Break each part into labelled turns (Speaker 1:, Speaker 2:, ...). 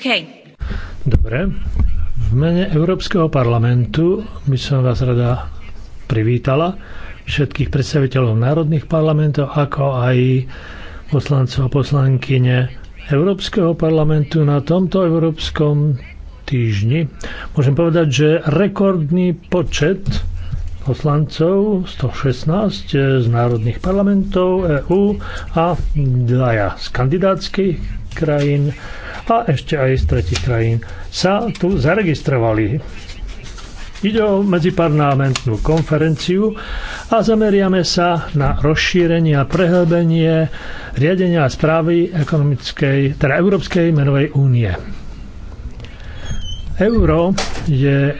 Speaker 1: OK. Dobre. V mene Európskeho parlamentu by som vás rada privítala všetkých predstaviteľov národných parlamentov, ako aj poslancov a poslankyne Európskeho parlamentu na tomto Európskom týždni. Môžem povedať, že rekordný počet poslancov, 116 z národných parlamentov EÚ a dvaja z kandidátskych krajín a ešte aj z tretich krajín sa tu zaregistrovali. Ide o medziparlamentnú konferenciu a zameriame sa na rozšírenie a prehlbenie riadenia a správy ekonomickej, teda Európskej menovej únie. Euro je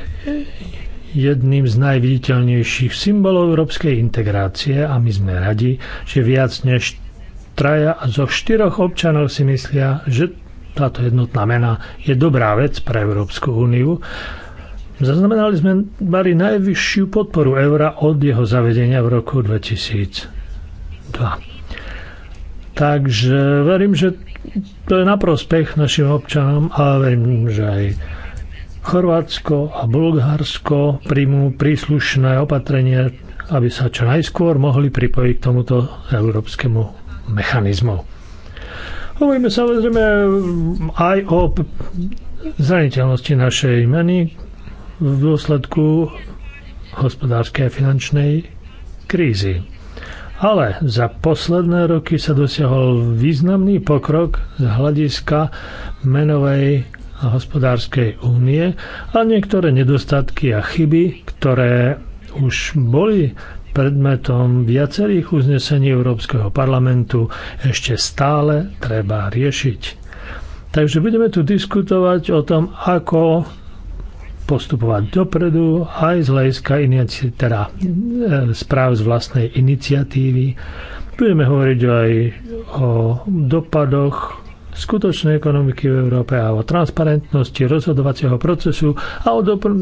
Speaker 1: jedným z najviditeľnejších symbolov európskej integrácie a my sme radi, že viac než traja zo štyroch občanov si myslia, že táto jednotná mena je dobrá vec pre Európsku úniu. Zaznamenali sme mali najvyššiu podporu eura od jeho zavedenia v roku 2002. Takže verím, že to je na prospech našim občanom a verím, že aj Chorvátsko a Bulharsko príjmú príslušné opatrenie, aby sa čo najskôr mohli pripojiť k tomuto európskemu mechanizmu. Hovoríme samozrejme aj o zraniteľnosti našej meny v dôsledku hospodárskej a finančnej krízy. Ale za posledné roky sa dosiahol významný pokrok z hľadiska menovej a hospodárskej únie a niektoré nedostatky a chyby, ktoré už boli predmetom viacerých uznesení Európskeho parlamentu ešte stále treba riešiť. Takže budeme tu diskutovať o tom, ako postupovať dopredu aj z hľadiska teda, e, správ z vlastnej iniciatívy. Budeme hovoriť aj o dopadoch skutočnej ekonomiky v Európe a o transparentnosti rozhodovacieho procesu a o dopr-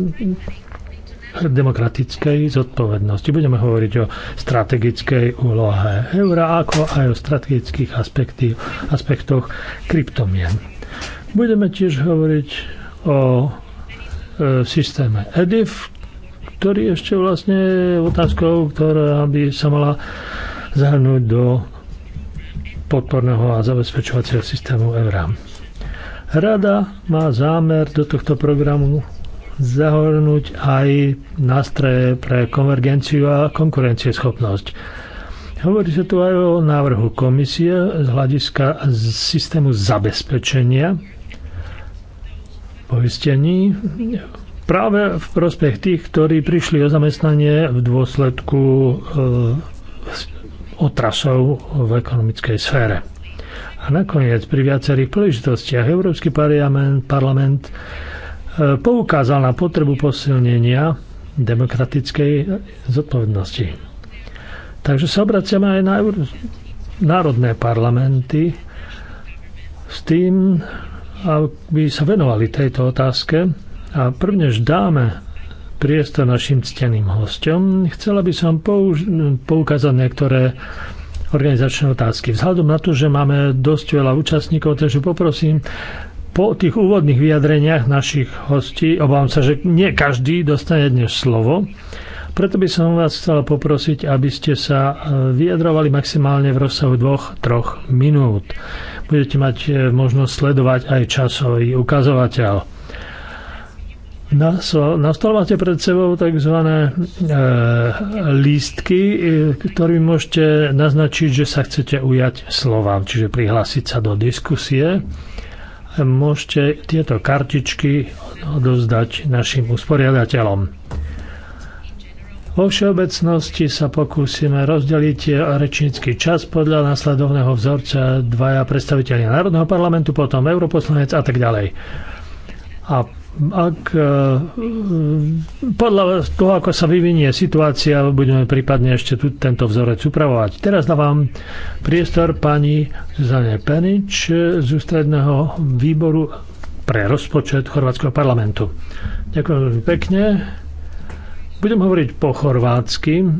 Speaker 1: demokratickej zodpovednosti. Budeme hovoriť o strategickej úlohe eura, ako aj o strategických aspekty, aspektoch kryptomien. Budeme tiež hovoriť o e, systéme EDIF, ktorý ešte vlastne je otázkou, ktorá by sa mala zahrnúť do podporného a zabezpečovacieho systému eura. Rada má zámer do tohto programu zahrnúť aj nástroje pre konvergenciu a konkurencieschopnosť. Hovorí sa tu aj o návrhu komisie z hľadiska systému zabezpečenia poistení práve v prospech tých, ktorí prišli o zamestnanie v dôsledku e, otrasov v ekonomickej sfére. A nakoniec pri viacerých príležitostiach Európsky parlament, parlament poukázal na potrebu posilnenia demokratickej zodpovednosti. Takže sa obraciame aj na národné parlamenty s tým, aby sa venovali tejto otázke. A prvnež dáme priestor našim cteným hostom, chcela by som poukázať niektoré organizačné otázky. Vzhľadom na to, že máme dosť veľa účastníkov, takže poprosím po tých úvodných vyjadreniach našich hostí obávam sa, že nie každý dostane dnes slovo. Preto by som vás chcel poprosiť, aby ste sa e, vyjadrovali maximálne v rozsahu 2-3 minút. Budete mať e, možnosť sledovať aj časový ukazovateľ. Na stole máte pred sebou tzv. E, lístky, e, ktorým môžete naznačiť, že sa chcete ujať slovám, čiže prihlásiť sa do diskusie môžete tieto kartičky odovzdať našim usporiadateľom. Vo všeobecnosti sa pokúsime rozdeliť rečnícky čas podľa následovného vzorca dvaja predstaviteľia Národného parlamentu, potom europoslanec a tak ďalej. A ak, e, podľa toho, ako sa vyvinie situácia, budeme prípadne ešte tu, tento vzorec upravovať. Teraz dávam priestor pani Zane Penič z ústredného výboru pre rozpočet Chorvátskeho parlamentu. Ďakujem veľmi pekne. Budem hovoriť po chorvátsky. E,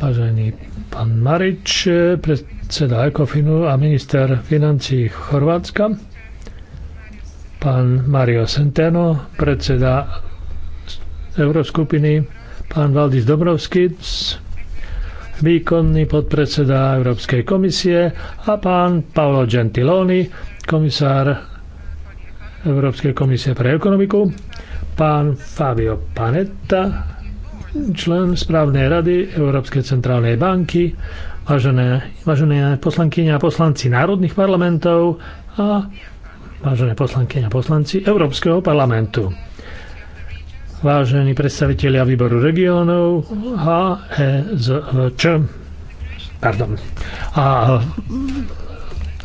Speaker 1: vážený pán Marič, pred predseda Ekofinu a minister financí Chorvátska, pán Mario Centeno, predseda Euroskupiny, pán Valdis Dobrovský, výkonný podpredseda Európskej komisie a pán Paolo Gentiloni, komisár Európskej komisie pre ekonomiku, pán Fabio Panetta, člen správnej rady Európskej centrálnej banky Vážené, vážené poslankyne a poslanci národných parlamentov a vážené poslankyne a poslanci Európskeho parlamentu, vážení predstavitelia výboru regiónov HEZČ, pardon, a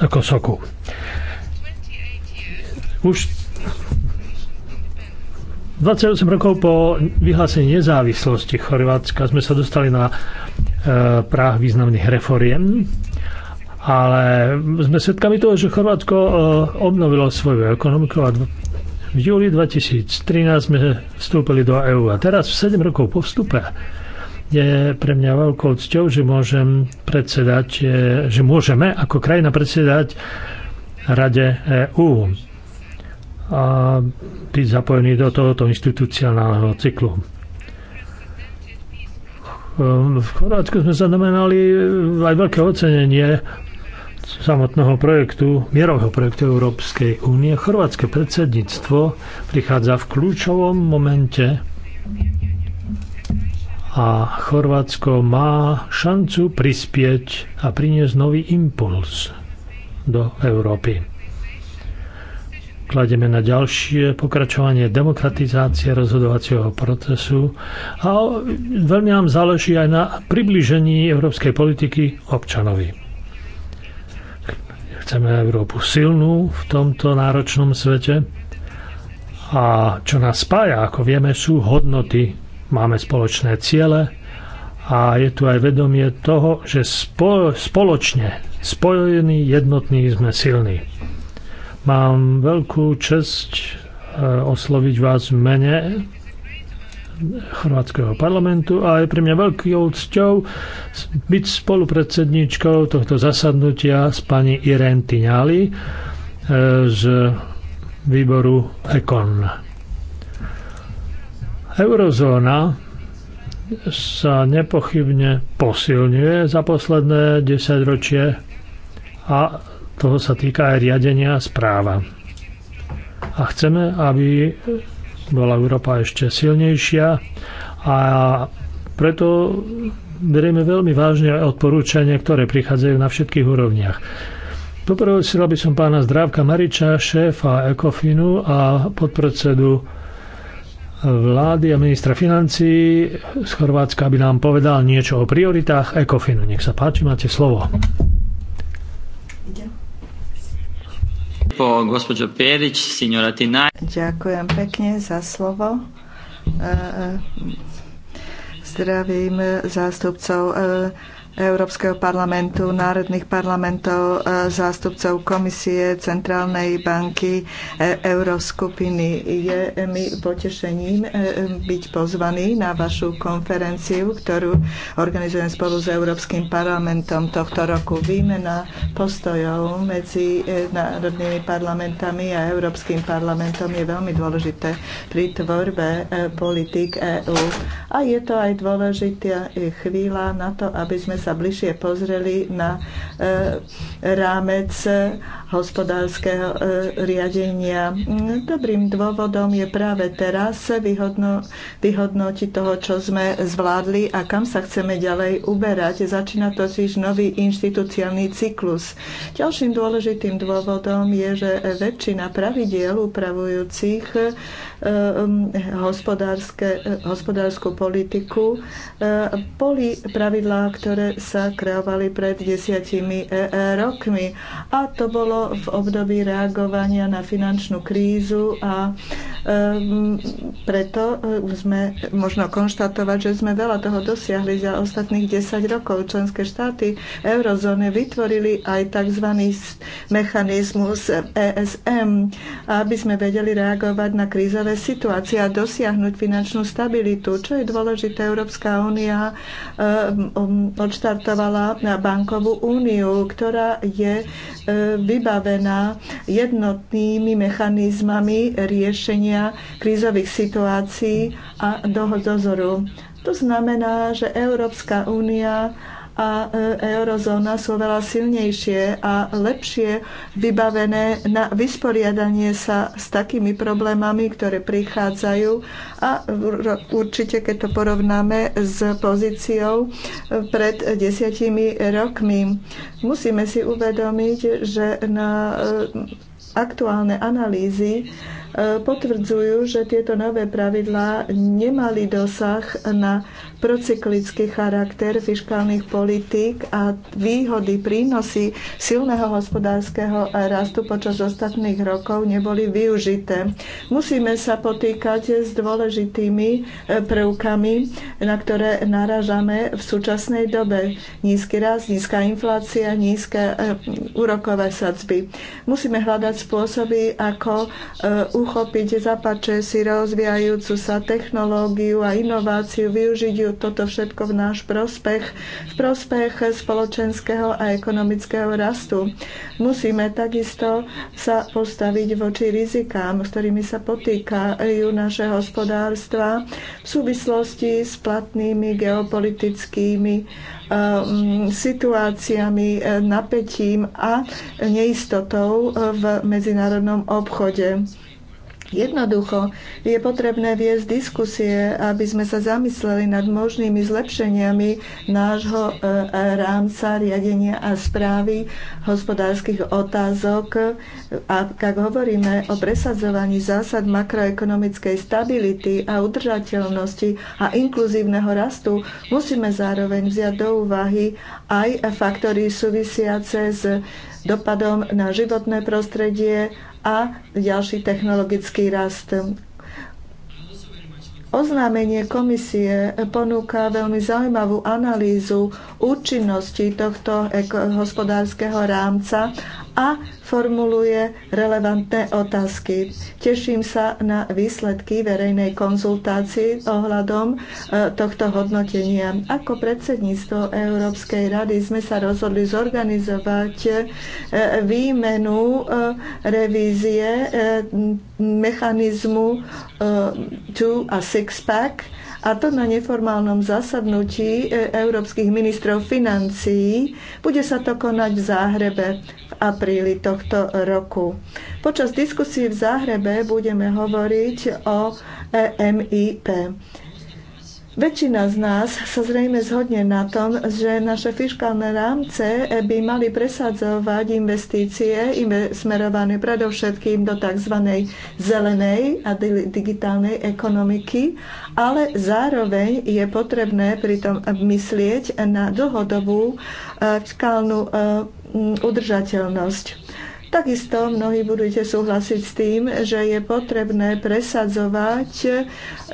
Speaker 1: ako soku. Už 28 rokov po vyhlásení nezávislosti Chorvátska sme sa dostali na E, práh významných reforiem. Ale sme svedkami toho, že Chorvátsko e, obnovilo svoju ekonomiku a v júli 2013 sme vstúpili do EÚ a teraz v 7 rokov po vstupe je pre mňa veľkou cťou, že môžem predsedať, e, že môžeme ako krajina predsedať Rade EÚ a byť zapojený do tohoto institucionálneho cyklu. Ehm, v Chorvátsku sme zaznamenali eh, aj veľké ocenenie samotného projektu, mierového projektu Európskej únie. Chorvátske predsedníctvo prichádza v kľúčovom momente a Chorvátsko má šancu prispieť a priniesť nový impuls do Európy. Klademe na ďalšie pokračovanie demokratizácie rozhodovacieho procesu a veľmi nám záleží aj na približení európskej politiky občanovi. Chceme Európu silnú v tomto náročnom svete a čo nás spája, ako vieme, sú hodnoty. Máme spoločné ciele a je tu aj vedomie toho, že spoločne, spojení, jednotní sme silní. Mám veľkú čest e, osloviť vás v mene chorvátskeho parlamentu a je pre mňa veľkou cťou byť spolupredsedničkou tohto zasadnutia s pani Irén Tignali e, z výboru ECON. Eurozóna sa nepochybne posilňuje za posledné 10 ročie a toho sa týka aj riadenia a správa. A chceme, aby bola Európa ešte silnejšia a preto berieme veľmi vážne odporúčania, ktoré prichádzajú na všetkých úrovniach. Poprosila by som pána Zdravka Mariča, šéfa Ekofinu a podpredsedu vlády a ministra financí z Chorvátska, aby nám povedal niečo o prioritách Ekofinu. Nech sa páči, máte slovo.
Speaker 2: lijepo, gospođo Perić, signora Tinaj. Ďakujem pekne za slovo. E, e, zdravím zástupcov e, Európskeho parlamentu, národných parlamentov, e, zástupcov komisie, Centrálnej banky, e, Euroskupiny. Je mi potešením e, byť pozvaný na vašu konferenciu, ktorú organizujem spolu s Európskym parlamentom tohto roku. Výmena postojov medzi národnými parlamentami a Európskym parlamentom je veľmi dôležité pri tvorbe politik EÚ. A je to aj dôležitá chvíľa na to, aby sme sa sa bližšie pozreli na eh, rámec hospodárskeho e, riadenia. Dobrým dôvodom je práve teraz vyhodno, vyhodnotiť toho, čo sme zvládli a kam sa chceme ďalej uberať. Začína totiž nový inštitúciálny cyklus. Ďalším dôležitým dôvodom je, že väčšina pravidiel upravujúcich e, hospodárskú politiku e, boli pravidlá, ktoré sa kreovali pred desiatimi rokmi. A to bolo v období reagovania na finančnú krízu a ehm, preto e, sme, možno konštatovať, že sme veľa toho dosiahli za ostatných 10 rokov. Členské štáty eurozóny vytvorili aj tzv. mechanizmus ESM, aby sme vedeli reagovať na krízové situácie a dosiahnuť finančnú stabilitu. Čo je dôležité, Európska únia ehm, odštartovala bankovú úniu, ktorá je e, vybavená vybavená jednotnými mechanizmami riešenia krízových situácií a dohodozoru. To znamená, že Európska únia a e, eurozóna sú veľa silnejšie a lepšie vybavené na vysporiadanie sa s takými problémami, ktoré prichádzajú a určite, keď to porovnáme s pozíciou e, pred desiatimi rokmi. Musíme si uvedomiť, že na e, aktuálne analýzy potvrdzujú, že tieto nové pravidlá nemali dosah na procyklický charakter fiskálnych politík a výhody, prínosy silného hospodárskeho rastu počas ostatných rokov neboli využité. Musíme sa potýkať s dôležitými e, prvkami, na ktoré naražame v súčasnej dobe. Nízky rast, nízka inflácia, nízke e, úrokové sadzby. Musíme hľadať spôsoby, ako e, uchopiť zapače si rozvíjajúcu sa technológiu a inováciu, využiť ju využijú toto všetko v náš prospech, v prospech spoločenského a ekonomického rastu. Musíme takisto sa postaviť voči rizikám, s ktorými sa potýkajú naše hospodárstva v súvislosti s platnými geopolitickými um, situáciami, eh, napätím a neistotou eh, v medzinárodnom obchode. Jednoducho je potrebné viesť diskusie, aby sme sa zamysleli nad možnými zlepšeniami nášho e, rámca riadenia a správy hospodárskych otázok. A ak hovoríme o presadzovaní zásad makroekonomickej stability a udržateľnosti a inkluzívneho rastu, musíme zároveň vziať do úvahy aj faktory súvisiace s dopadom na životné prostredie a ďalší technologický rast. Oznámenie komisie ponúka veľmi zaujímavú analýzu účinnosti tohto hospodárskeho rámca a formuluje relevantné otázky. Teším sa na výsledky verejnej konzultácii ohľadom e, tohto hodnotenia. Ako predsedníctvo Európskej rady sme sa rozhodli zorganizovať e, výmenu e, revízie mechanizmu 2 a 6-pack a to na neformálnom zasadnutí e, európskych ministrov financií. Bude sa to konať v Záhrebe v apríli tohto roku. Počas diskusí v Záhrebe budeme hovoriť o e MIP. Väčšina z nás sa zrejme zhodne na tom, že naše fiskálne rámce by mali presadzovať investície smerované predovšetkým do tzv. zelenej a digitálnej ekonomiky, ale zároveň je potrebné pritom myslieť na dlhodobú e, fiskálnu e, udržateľnosť. Takisto mnohí budete súhlasiť s tým, že je potrebné presadzovať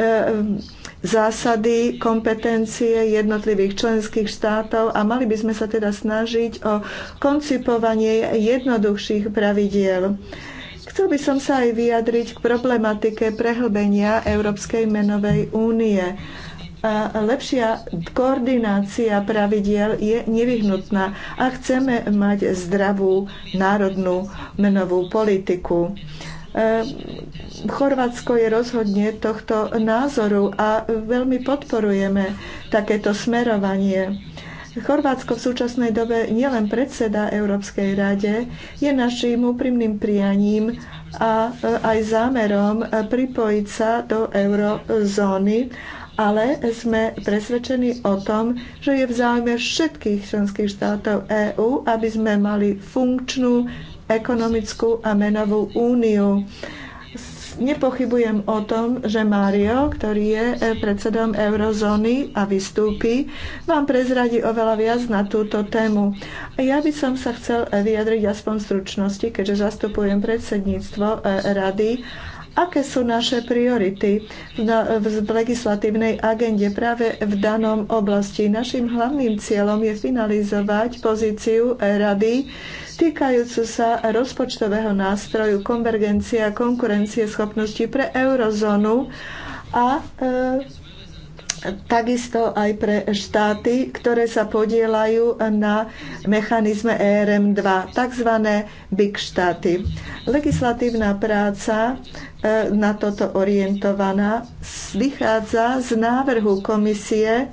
Speaker 2: e, zásady, kompetencie jednotlivých členských štátov a mali by sme sa teda snažiť o koncipovanie jednoduchších pravidiel. Chcel by som sa aj vyjadriť k problematike prehlbenia Európskej menovej únie. A lepšia koordinácia pravidiel je nevyhnutná a chceme mať zdravú národnú menovú politiku Chorvátsko je rozhodne tohto názoru a veľmi podporujeme takéto smerovanie. Chorvátsko v súčasnej dobe nielen predseda Európskej rade, je našim úprimným prianím a e, aj zámerom e, pripojiť sa do eurozóny, ale sme presvedčení o tom, že je v záujme všetkých členských štátov EÚ, aby sme mali funkčnú ekonomickú a menovú úniu Nepochybujem o tom, že Mário, ktorý je eh, predsedom eurozóny a vystúpi, vám prezradí oveľa viac na túto tému. Ja by som sa chcel eh, vyjadriť aspoň v stručnosti, keďže zastupujem predsedníctvo eh, rady aké sú naše priority v, legislatívnej agende práve v danom oblasti. Našim hlavným cieľom je finalizovať pozíciu rady týkajúcu sa rozpočtového nástroju konvergencia konkurencie schopnosti pre eurozónu a e, takisto aj pre štáty, ktoré sa podielajú na mechanizme ERM2, tzv. big štáty. Legislatívna práca e, na toto orientovaná vychádza z návrhu komisie.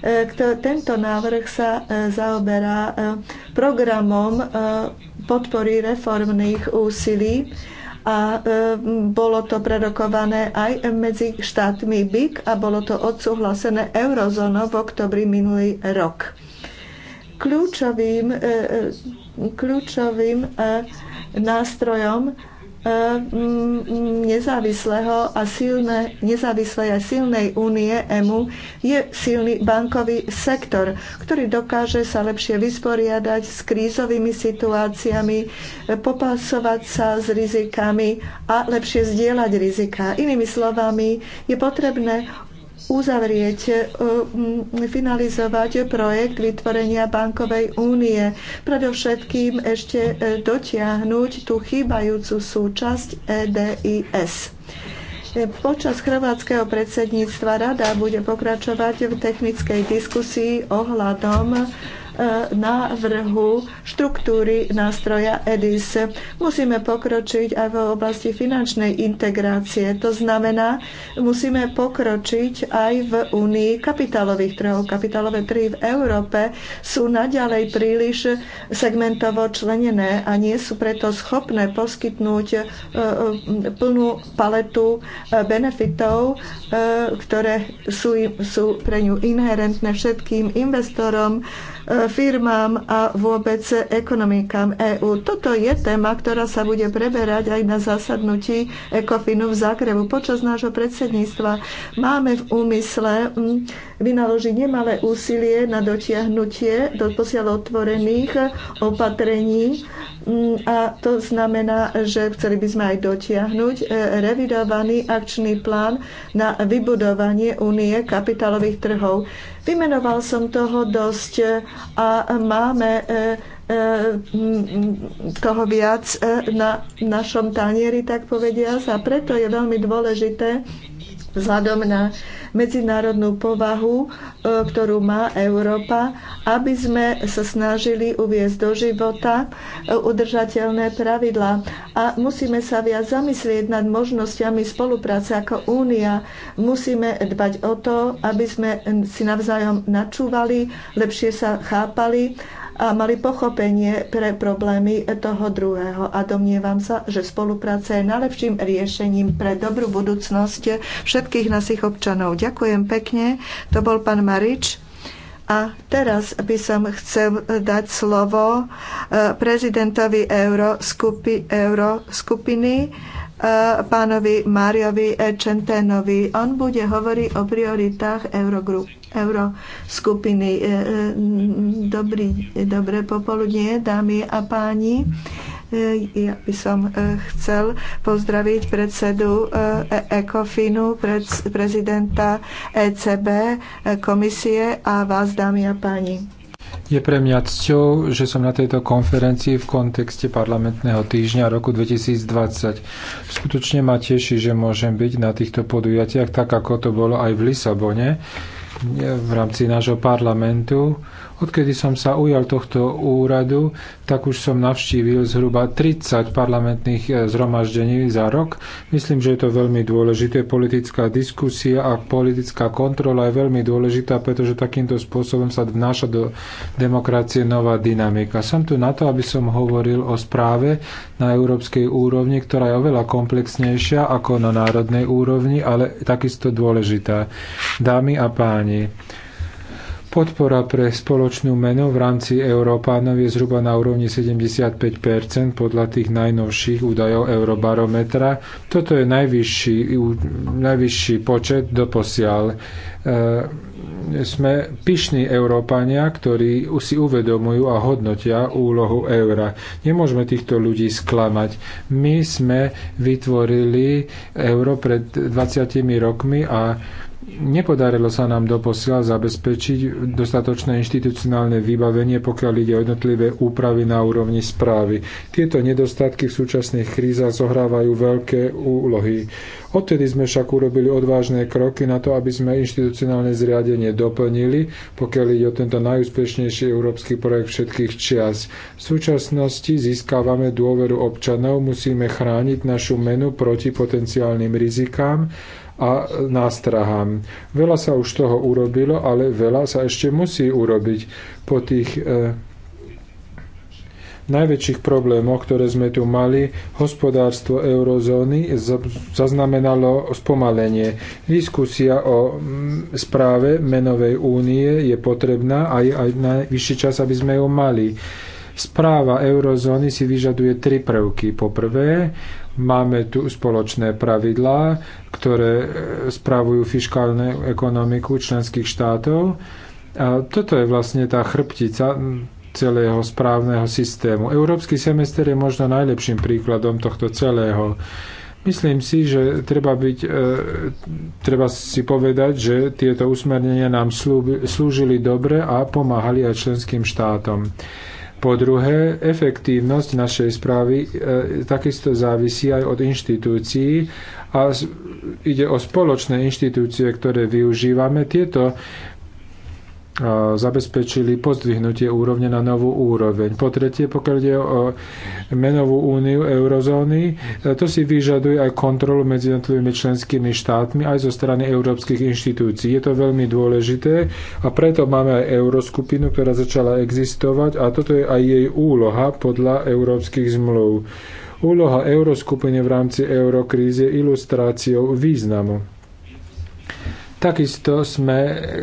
Speaker 2: E, tento návrh sa e, zaoberá programom podpory reformných úsilí a e, bolo to prerokované aj medzi štátmi BIC a bolo to odsúhlasené eurozónou v oktobri minulý rok. Kľúčovým, e, e, kľúčovým nástrojom E, nezávislého a silné, nezávislej a silnej únie EMU je silný bankový sektor, ktorý dokáže sa lepšie vysporiadať s krízovými situáciami, e, popasovať sa s rizikami a lepšie zdieľať rizika. Inými slovami, je potrebné uzavrieť, e, finalizovať projekt vytvorenia bankovej únie. Predovšetkým ešte e, dotiahnuť tú chýbajúcu súčasť EDIS. E, počas chrvátskeho predsedníctva rada bude pokračovať v technickej diskusii ohľadom návrhu štruktúry nástroja EDIS. Musíme pokročiť aj v oblasti finančnej integrácie. To znamená, musíme pokročiť aj v únii kapitálových trhov. Kapitálové trhy v Európe sú naďalej príliš segmentovo členené a nie sú preto schopné poskytnúť e, e, plnú paletu e, benefitov, ktoré sú, sú pre ňu inherentné všetkým investorom, E, firmám a vôbec ekonomikám EÚ. Toto je téma, ktorá sa bude preberať aj na zasadnutí ECOFINu v Zagrebu. Počas nášho predsedníctva máme v úmysle vynaloží nemalé úsilie na dotiahnutie do posiaľ otvorených opatrení mm, a to znamená, že chceli by sme aj dotiahnuť e, revidovaný akčný plán na vybudovanie únie kapitálových trhov. Vymenoval som toho dosť e, a máme e, mm, toho viac na našom tanieri, tak povediať. A preto je veľmi dôležité, vzhľadom na medzinárodnú povahu, e, ktorú má Európa, aby sme sa snažili uviezť do života e, udržateľné pravidlá. A musíme sa viac zamyslieť nad možnosťami spolupráce ako únia. Musíme dbať o to, aby sme si navzájom načúvali, lepšie sa chápali a mali pochopenie pre problémy toho druhého. A domnievam sa, že spolupráca je najlepším riešením pre dobrú budúcnosť všetkých našich občanov. Ďakujem pekne. To bol pán Marič. A teraz by som chcel dať slovo e, prezidentovi Euroskupi, Euroskupiny, e, pánovi Máriovi Čenténovi. On bude hovoriť o prioritách Eurogrupy. Euro skupiny e, e, Dobrý, dobré popoludne, dámy a páni. E, ja by som chcel pozdraviť predsedu ECOFINu, prezidenta ECB, komisie a vás, dámy a páni.
Speaker 3: Je pre mňa cťou, že som na tejto konferencii v kontexte parlamentného týždňa roku 2020. Skutočne ma teší, že môžem byť na týchto podujatiach, tak ako to bolo aj v Lisabone, v rámci nášho parlamentu Odkedy som sa ujal tohto úradu, tak už som navštívil zhruba 30 parlamentných e, zhromaždení za rok. Myslím, že je to veľmi dôležité. Politická diskusia a politická kontrola je veľmi dôležitá, pretože takýmto spôsobom sa vnáša do demokracie nová dynamika. Som tu na to, aby som hovoril o správe na európskej úrovni, ktorá je oveľa komplexnejšia ako na národnej úrovni, ale takisto dôležitá. Dámy a páni, Podpora pre spoločnú menu v rámci Európánov je zhruba na úrovni 75 podľa tých najnovších údajov Eurobarometra. Toto je najvyšší, najvyšší počet doposiaľ. E, sme pyšní Európania, ktorí si uvedomujú a hodnotia úlohu eura. Nemôžeme týchto ľudí sklamať. My sme vytvorili euro pred 20 rokmi a Nepodarilo sa nám doposiaľ zabezpečiť dostatočné inštitucionálne vybavenie, pokiaľ ide o jednotlivé úpravy na úrovni správy. Tieto nedostatky v súčasných krízach zohrávajú veľké úlohy. Odtedy sme však urobili odvážne kroky na to, aby sme inštitucionálne zriadenie doplnili, pokiaľ ide o tento najúspešnejší európsky projekt všetkých čias. V súčasnosti získavame dôveru občanov, musíme chrániť našu menu proti potenciálnym rizikám a nástrahám. Veľa sa už toho urobilo, ale veľa sa ešte musí urobiť po tých e, najväčších problémoch, ktoré sme tu mali, hospodárstvo eurozóny zaznamenalo spomalenie. Diskusia o mm, správe menovej únie je potrebná a je aj najvyšší čas, aby sme ju mali. Správa eurozóny si vyžaduje tri prvky. Po prvé, Máme tu spoločné pravidlá, ktoré e, spravujú fiskálnu ekonomiku členských štátov. A toto je vlastne tá chrbtica celého správneho systému. Európsky semester je možno najlepším príkladom tohto celého. Myslím si, že treba, byť, e, treba si povedať, že tieto usmernenia nám slúžili dobre a pomáhali aj členským štátom. Po druhé, efektívnosť našej správy e, takisto závisí aj od inštitúcií a ide o spoločné inštitúcie, ktoré využívame. Tieto zabezpečili pozdvihnutie úrovne na novú úroveň. Po tretie, pokiaľ ide o menovú úniu eurozóny, e, to si vyžaduje aj kontrolu medzi jednotlivými členskými štátmi aj zo strany európskych inštitúcií. Je to veľmi dôležité a preto máme aj euroskupinu, ktorá začala existovať a toto je aj jej úloha podľa európskych zmluv. Úloha euroskupiny v rámci eurokrízy je ilustráciou významu Takisto sme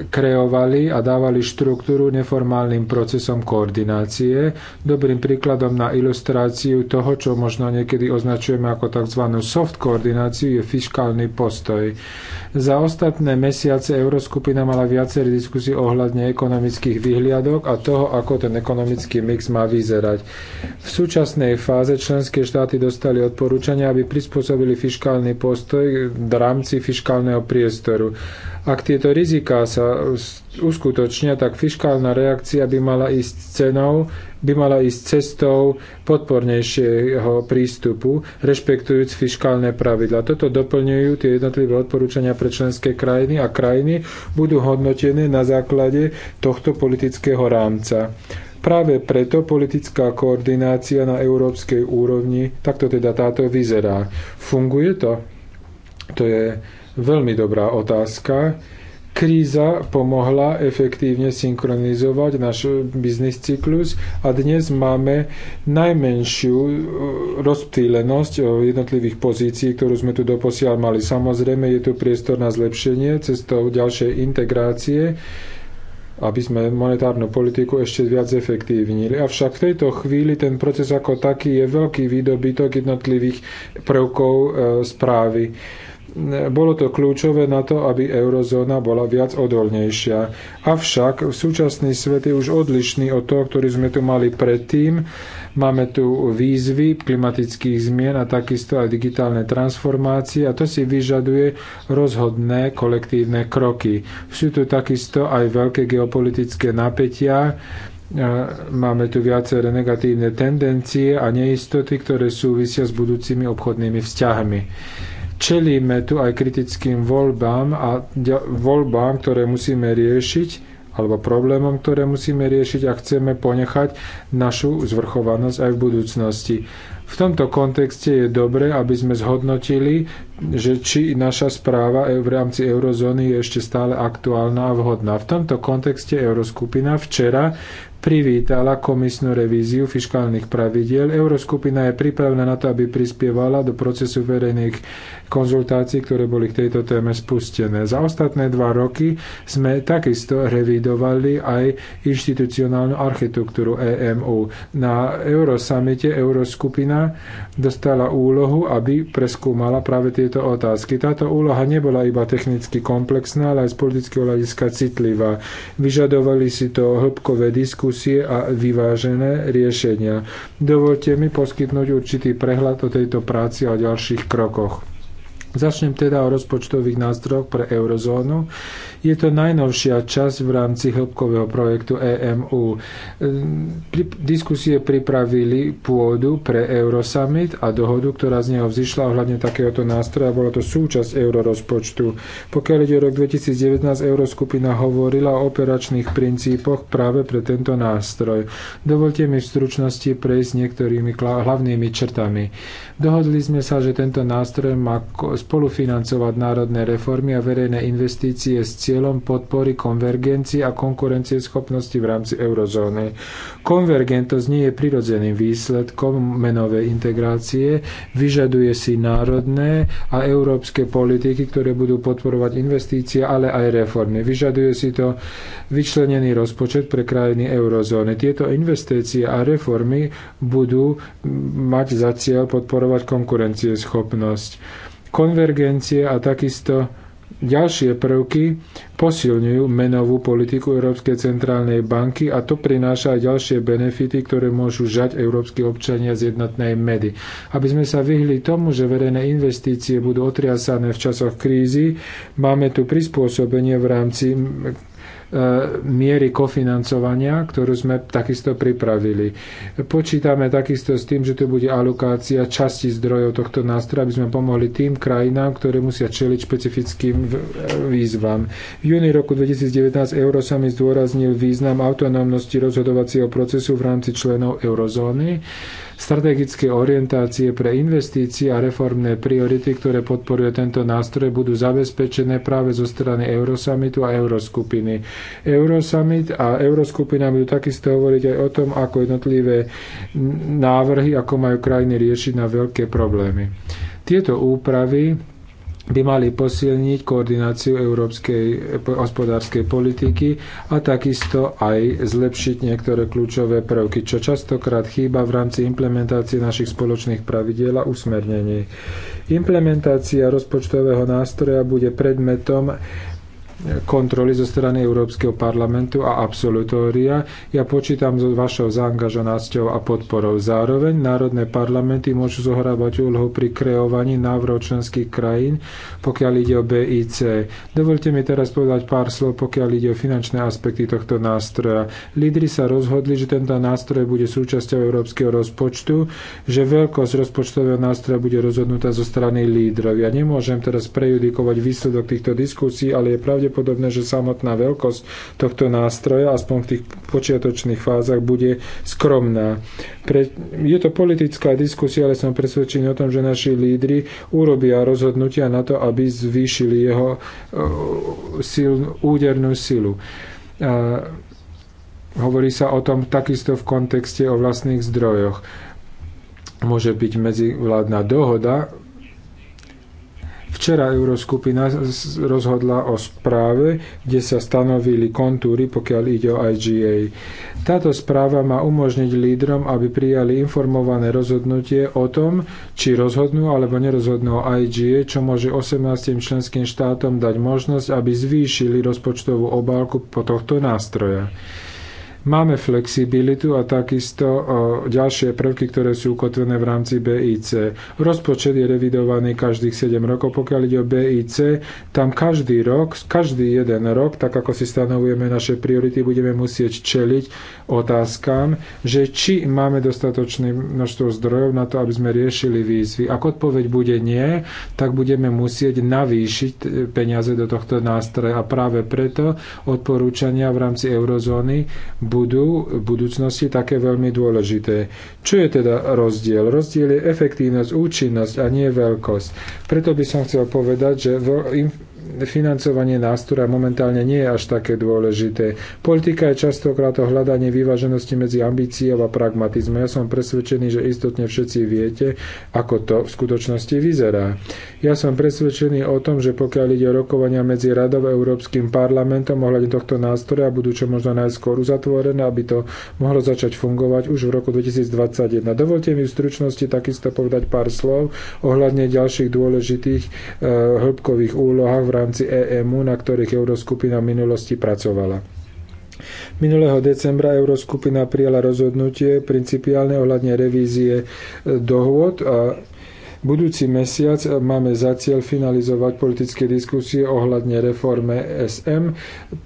Speaker 3: kreovali a dávali štruktúru neformálnym procesom koordinácie. Dobrým príkladom na ilustráciu toho, čo možno niekedy označujeme ako tzv. soft koordináciu, je fiskálny postoj. Za ostatné mesiace Euroskupina mala viacerý diskusí ohľadne ekonomických vyhliadok a toho, ako ten ekonomický mix má vyzerať. V súčasnej fáze členské štáty dostali odporúčania, aby prispôsobili fiskálny postoj v rámci fiskálneho priestoru ak tieto riziká sa uskutočnia, tak fiskálna reakcia by mala ísť cenou, by mala ísť cestou podpornejšieho prístupu, rešpektujúc fiskálne pravidla. Toto doplňujú tie jednotlivé odporúčania pre členské krajiny a krajiny budú hodnotené na základe tohto politického rámca. Práve preto politická koordinácia na európskej úrovni, takto teda táto vyzerá. Funguje to? To je Veľmi dobrá otázka. Kríza pomohla efektívne synchronizovať náš biznis cyklus a dnes máme najmenšiu e, rozptýlenosť e, jednotlivých pozícií, ktorú sme tu doposiaľ mali. Samozrejme, je tu priestor na zlepšenie cestou ďalšej integrácie aby sme monetárnu politiku ešte viac efektívnili. Avšak v tejto chvíli ten proces ako taký je veľký výdobytok jednotlivých prvkov e, správy bolo to kľúčové na to, aby eurozóna bola viac odolnejšia. Avšak súčasný svet je už odlišný od toho, ktorý sme tu mali predtým. Máme tu výzvy klimatických zmien a takisto aj digitálne transformácie a to si vyžaduje rozhodné kolektívne kroky. Sú tu takisto aj veľké geopolitické napätia, e, máme tu viaceré negatívne tendencie a neistoty, ktoré súvisia s budúcimi obchodnými vzťahmi. Čelíme tu aj kritickým voľbám a voľbám, ktoré musíme riešiť alebo problémom, ktoré musíme riešiť a chceme ponechať našu zvrchovanosť aj v budúcnosti. V tomto kontexte je dobré, aby sme zhodnotili, že či naša správa e- v rámci eurozóny je ešte stále aktuálna a vhodná. V tomto kontexte Euroskupina včera privítala komisnú revíziu fiškálnych pravidiel. Euroskupina je pripravená na to, aby prispievala do procesu verejných konzultácií, ktoré boli k tejto téme spustené. Za ostatné dva roky sme takisto revidovali aj inštitucionálnu architektúru EMU. Na Eurosamite Euroskupina dostala úlohu, aby preskúmala práve tieto otázky. Táto úloha nebola iba technicky komplexná, ale aj z politického hľadiska citlivá. Vyžadovali si to hĺbkové diskusie diskusie a vyvážené riešenia. Dovolte mi poskytnúť určitý prehľad o tejto práci a ďalších krokoch. Začnem teda o rozpočtových nástrojoch pre eurozónu. Je to najnovšia časť v rámci hĺbkového projektu EMU. Diskusie pripravili pôdu pre Eurosummit a dohodu, ktorá z neho vzýšla ohľadne takéhoto nástroja. Bola to súčasť eurorozpočtu. Pokiaľ ide o rok 2019, Euroskupina hovorila o operačných princípoch práve pre tento nástroj. Dovolte mi v stručnosti prejsť niektorými hlavnými črtami. Dohodli sme sa, že tento nástroj má spolufinancovať národné reformy a verejné investície s cieľom cieľom podpory konvergencie a konkurencieschopnosti v rámci eurozóny. Konvergentosť nie je prirodzeným výsledkom menovej integrácie, vyžaduje si národné a európske politiky, ktoré budú podporovať investície, ale aj reformy. Vyžaduje si to vyčlenený rozpočet pre krajiny eurozóny. Tieto investície a reformy budú mať za cieľ podporovať konkurencieschopnosť konvergencie a takisto Ďalšie prvky posilňujú menovú politiku Európskej centrálnej banky a to prináša aj ďalšie benefity, ktoré môžu žať európsky občania z jednotnej medy. Aby sme sa vyhli tomu, že verejné investície budú otriasané v časoch krízy, máme tu prispôsobenie v rámci E, miery kofinancovania, ktorú sme takisto pripravili. Počítame takisto s tým, že tu bude alokácia časti zdrojov tohto nástroja, aby sme pomohli tým krajinám, ktoré musia čeliť špecifickým e, výzvam. V júni roku 2019 Eurosummit zdôraznil význam autonómnosti rozhodovacieho procesu v rámci členov eurozóny. Strategické orientácie pre investície a reformné priority, ktoré podporuje tento nástroj, budú zabezpečené práve zo strany Eurosummitu a Euroskupiny. Eurosummit a Euroskupina budú takisto hovoriť aj o tom, ako jednotlivé návrhy, ako majú krajiny riešiť na veľké problémy. Tieto úpravy by mali posilniť koordináciu európskej eh, hospodárskej politiky a takisto aj zlepšiť niektoré kľúčové prvky, čo častokrát chýba v rámci implementácie našich spoločných pravidiel a usmernení. Implementácia rozpočtového nástroja bude predmetom kontroly zo strany Európskeho parlamentu a absolutória. Ja počítam so vašou zaangažonácťou a podporou. Zároveň národné parlamenty môžu zohrávať úlohu pri kreovaní návrhov členských krajín, pokiaľ ide o BIC. Dovolte mi teraz povedať pár slov, pokiaľ ide o finančné aspekty tohto nástroja. Lídry sa rozhodli, že tento nástroj bude súčasťou európskeho rozpočtu, že veľkosť rozpočtového nástroja bude rozhodnutá zo strany lídrov. Ja nemôžem teraz prejudikovať výsledok týchto diskusí, ale je pravde pravdepodobné, že samotná veľkosť tohto nástroja, aspoň v tých počiatočných fázach, bude skromná. Pre, je to politická diskusia, ale som presvedčený o tom, že naši lídry urobia rozhodnutia na to, aby zvýšili jeho e, sil, údernú silu. Uh, hovorí sa o tom takisto v kontexte o vlastných zdrojoch môže byť medzivládna dohoda, Včera Euroskupina rozhodla o správe, kde sa stanovili kontúry, pokiaľ ide o IGA. Táto správa má umožniť lídrom, aby prijali informované rozhodnutie o tom, či rozhodnú alebo nerozhodnú o IGA, čo môže 18 členským štátom dať možnosť, aby zvýšili rozpočtovú obálku po tohto nástroja. Máme flexibilitu a takisto ďalšie prvky, ktoré sú ukotvené v rámci BIC. Rozpočet je revidovaný každých 7 rokov. Pokiaľ ide o BIC, tam každý rok, každý jeden rok, tak ako si stanovujeme naše priority, budeme musieť čeliť otázkam, že či máme dostatočné množstvo zdrojov na to, aby sme riešili výzvy. Ak odpoveď bude nie, tak budeme musieť navýšiť peniaze do tohto nástroja. A práve preto odporúčania v rámci eurozóny budú v budúcnosti také veľmi dôležité. Čo je teda rozdiel? Rozdiel je efektívnosť, účinnosť a nie veľkosť. Preto by som chcel povedať, že financovanie nástroja momentálne nie je až také dôležité. Politika je častokrát o hľadanie vyváženosti medzi ambíciou a pragmatizmom. Ja som presvedčený, že istotne všetci viete, ako to v skutočnosti vyzerá. Ja som presvedčený o tom, že pokiaľ ide o rokovania medzi Radov a Európskym parlamentom ohľadne tohto nástroja, budú čo možno najskôr uzatvorené, aby to mohlo začať fungovať už v roku 2021. Dovolte mi v stručnosti takisto povedať pár slov ohľadne ďalších dôležitých e, hĺbkových úlohách v rámci EMU, na ktorých Euroskupina v minulosti pracovala. Minulého decembra Euroskupina prijala rozhodnutie principiálne ohľadne revízie e, dohôd a Budúci mesiac e, máme za cieľ finalizovať politické diskusie ohľadne reforme SM,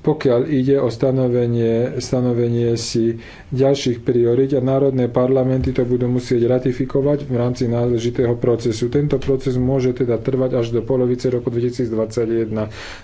Speaker 3: pokiaľ ide o stanovenie, stanovenie si ďalších priorit a národné parlamenty to budú musieť ratifikovať v rámci náležitého procesu. Tento proces môže teda trvať až do polovice roku 2021.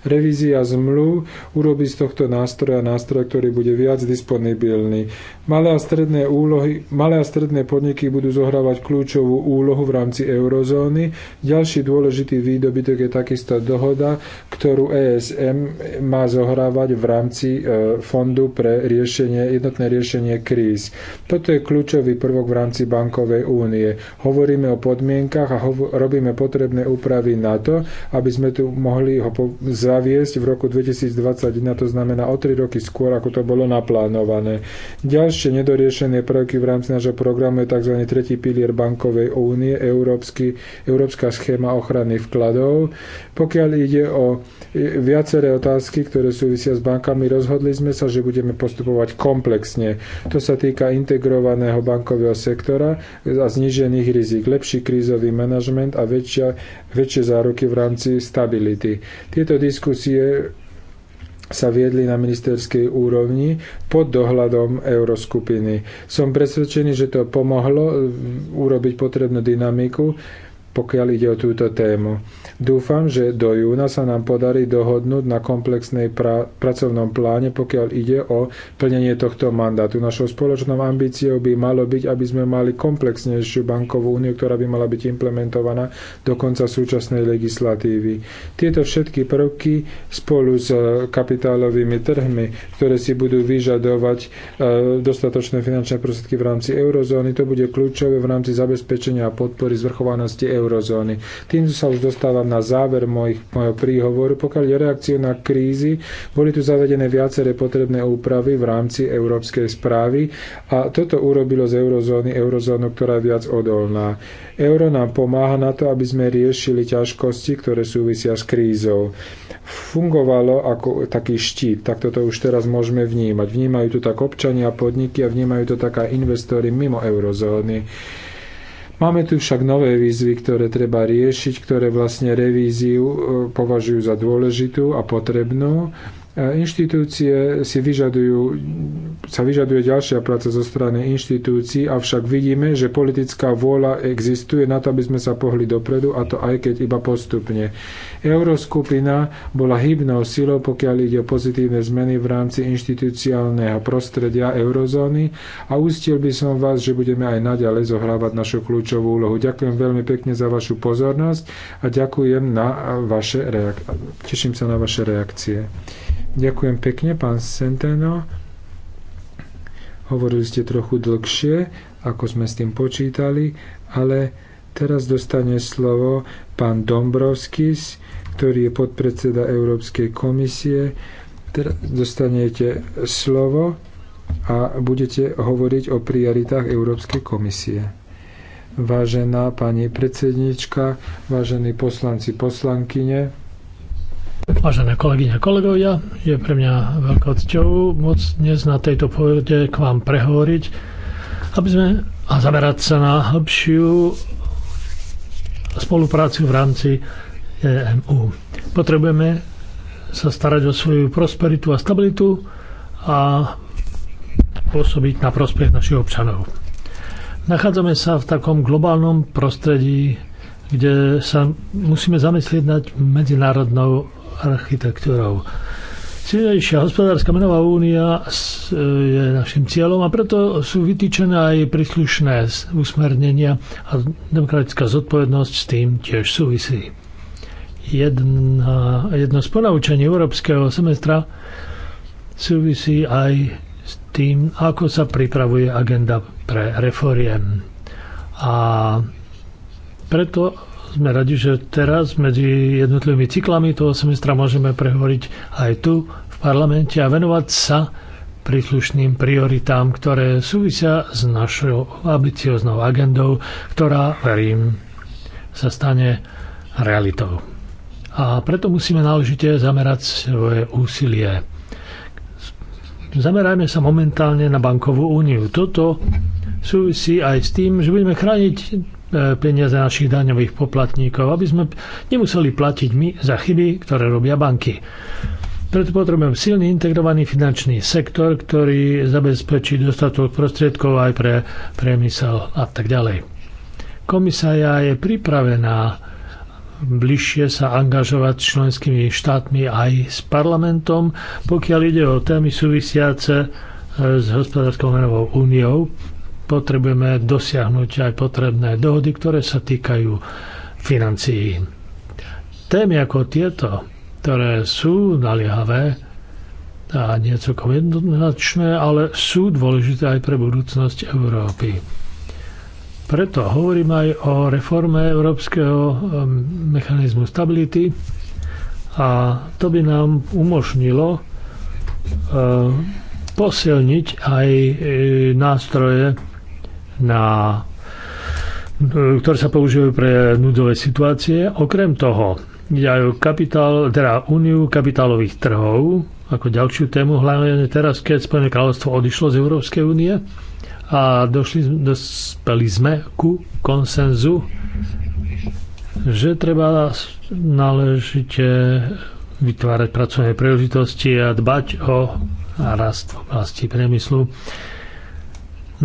Speaker 3: Revízia zmluv urobí z tohto nástroja nástroj, ktorý bude viac disponibilný. Malé a stredné, úlohy, malé a stredné podniky budú zohrávať kľúčovú úlohu v rámci euro eurozóny. Ďalší dôležitý výdobytok je takisto dohoda, ktorú ESM má zohrávať v rámci e, fondu pre riešenie, jednotné riešenie kríz. Toto je kľúčový prvok v rámci bankovej únie. Hovoríme o podmienkach a robíme potrebné úpravy na to, aby sme tu mohli ho zaviesť v roku 2021, to znamená o 3 roky skôr, ako to bolo naplánované. Ďalšie nedoriešené prvky v rámci nášho programu je tzv. tretí pilier bankovej únie, Európsky Európska schéma ochrany vkladov. Pokiaľ ide o viaceré otázky, ktoré súvisia s bankami, rozhodli sme sa, že budeme postupovať komplexne. To sa týka integrovaného bankového sektora a znížených rizik, lepší krízový manažment a väčšia, väčšie záruky v rámci stability. Tieto diskusie sa viedli na ministerskej úrovni pod dohľadom euroskupiny. Som presvedčený, že to pomohlo mm, urobiť potrebnú dynamiku pokiaľ ide o túto tému. Dúfam, že do júna sa nám podarí dohodnúť na komplexnej pra- pracovnom pláne, pokiaľ ide o plnenie tohto mandátu. Našou spoločnou ambíciou by malo byť, aby sme mali komplexnejšiu bankovú úniu, ktorá by mala byť implementovaná do konca súčasnej legislatívy. Tieto všetky prvky spolu s e, kapitálovými trhmi, ktoré si budú vyžadovať e, dostatočné finančné prostriedky v rámci eurozóny, to bude kľúčové v rámci zabezpečenia a podpory zvrchovanosti eurozóny eurozóny. Tým sa už dostávam na záver mojich, mojho príhovoru. Pokiaľ je reakciu na krízy, boli tu zavedené viaceré potrebné úpravy v rámci európskej správy a toto urobilo z eurozóny eurozónu, ktorá je viac odolná. Euro nám pomáha na to, aby sme riešili ťažkosti, ktoré súvisia s krízou. Fungovalo ako taký štít, tak toto už teraz môžeme vnímať. Vnímajú to tak občania, podniky a vnímajú to tak aj investori mimo eurozóny. Máme tu však nové výzvy, ktoré treba riešiť, ktoré vlastne revíziu e, považujú za dôležitú a potrebnú. E, inštitúcie si vyžadujú, sa vyžaduje ďalšia práca zo strany inštitúcií, avšak vidíme, že politická vôľa existuje na to, aby sme sa pohli dopredu, a to aj keď iba postupne. Euroskupina bola hybnou silou, pokiaľ ide o pozitívne zmeny v rámci inštitúciálneho prostredia eurozóny a ústil by som vás, že budeme aj naďalej zohrávať našu kľúčovú úlohu. Ďakujem veľmi pekne za vašu pozornosť a ďakujem na vaše reak- teším sa na vaše reakcie. Ďakujem pekne, pán Centeno. Hovorili ste trochu dlhšie, ako sme s tým počítali, ale Teraz dostane slovo pán Dombrovskis, ktorý je podpredseda Európskej komisie. Teraz dostanete slovo a budete hovoriť o prioritách Európskej komisie. Vážená pani predsednička, vážení poslanci, poslankyne,
Speaker 1: Vážené kolegyne, kolegovia, je pre mňa veľkou cťou moc dnes na tejto pôde k vám prehovoriť aby sme, a zamerať sa na hĺbšiu spoluprácu v rámci EMU. Potrebujeme sa starať o svoju prosperitu a stabilitu a pôsobiť na prospech našich občanov. Nachádzame sa v takom globálnom prostredí, kde sa musíme zamyslieť nad medzinárodnou architektúrou. Silnejšia hospodárska menová únia e, je našim cieľom a preto sú vytýčené aj príslušné usmernenia a demokratická zodpovednosť s tým tiež súvisí. Jedna, jedno z ponaučení európskeho semestra súvisí aj s tým, ako sa pripravuje agenda pre reforiem. A preto sme radi, že teraz medzi jednotlivými cyklami toho semestra môžeme prehovoriť aj tu v parlamente a venovať sa príslušným prioritám, ktoré súvisia s našou ambicioznou agendou, ktorá, verím, sa stane realitou. A preto musíme náležite zamerať svoje úsilie. Zamerajme sa momentálne na bankovú úniu. Toto súvisí aj s tým, že budeme chrániť E, peniaze našich daňových poplatníkov, aby sme nemuseli platiť my za chyby, ktoré robia banky. Preto potrebujeme silný integrovaný finančný sektor, ktorý zabezpečí dostatok prostriedkov aj pre priemysel a tak ďalej. Komisia je pripravená bližšie sa angažovať s členskými štátmi aj s parlamentom, pokiaľ ide o témy súvisiace e, s hospodárskou menovou úniou, potrebujeme dosiahnuť aj potrebné dohody, ktoré sa týkajú financií. Témy ako tieto, ktoré sú naliehavé a nie celkom jednoznačné, ale sú dôležité aj pre budúcnosť Európy. Preto hovorím aj o reforme Európskeho um, mechanizmu stability a to by nám umožnilo uh, posilniť aj e, nástroje na ktoré sa používajú pre núdzové situácie. Okrem toho, ide aj o kapitál, teda úniu kapitálových trhov, ako ďalšiu tému, hlavne teraz, keď Spojené kráľovstvo odišlo z Európskej únie a došli, dospeli sme ku konsenzu, že treba náležite vytvárať pracovné príležitosti a dbať o rast v oblasti priemyslu.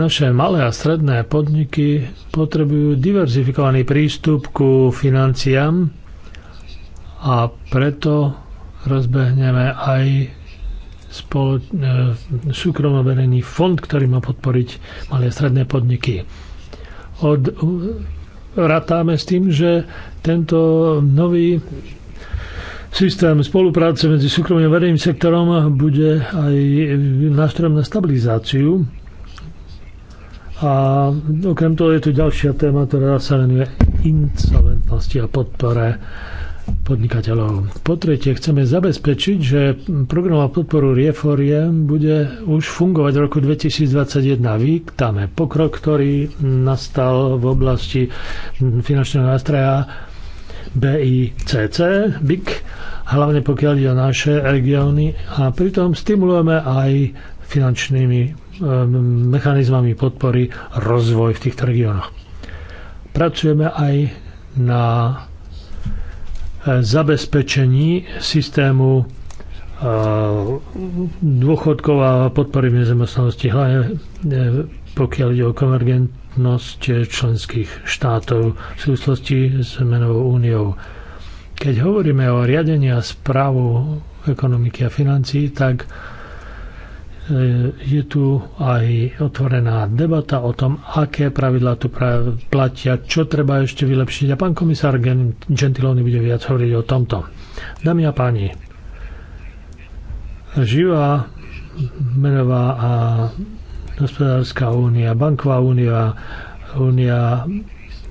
Speaker 1: Naše malé a stredné podniky potrebujú diverzifikovaný prístup ku financiám a preto rozbehneme aj spolo- e, súkromnoverejný fond, ktorý má podporiť malé a stredné podniky. Od, ratáme s tým, že tento nový systém spolupráce medzi súkromným a verejným sektorom bude aj nástrojom na stabilizáciu a okrem toho je tu ďalšia téma, ktorá sa venuje insolventnosti a podpore podnikateľov. Po tretie, chceme zabezpečiť, že program a podporu reforiem bude už fungovať v roku 2021. Vítame pokrok, ktorý nastal v oblasti finančného nástroja BICC, BIC, hlavne pokiaľ ide o naše regióny a pritom stimulujeme aj finančnými Ehm, mechanizmami podpory rozvoj v týchto regiónoch. Pracujeme aj na eh, zabezpečení systému eh, dôchodkov a podpory v nezamestnanosti, hlavne eh, pokiaľ ide o konvergentnosť členských štátov v súvislosti s menovou úniou. Keď hovoríme o riadení a správu ekonomiky a financí, tak E, je tu aj otvorená debata o tom, aké pravidlá tu platia, čo treba ešte vylepšiť. A pán komisár Gentiloni bude viac hovoriť o tomto. Dámy a páni, živá menová a hospodárska únia, banková únia, únia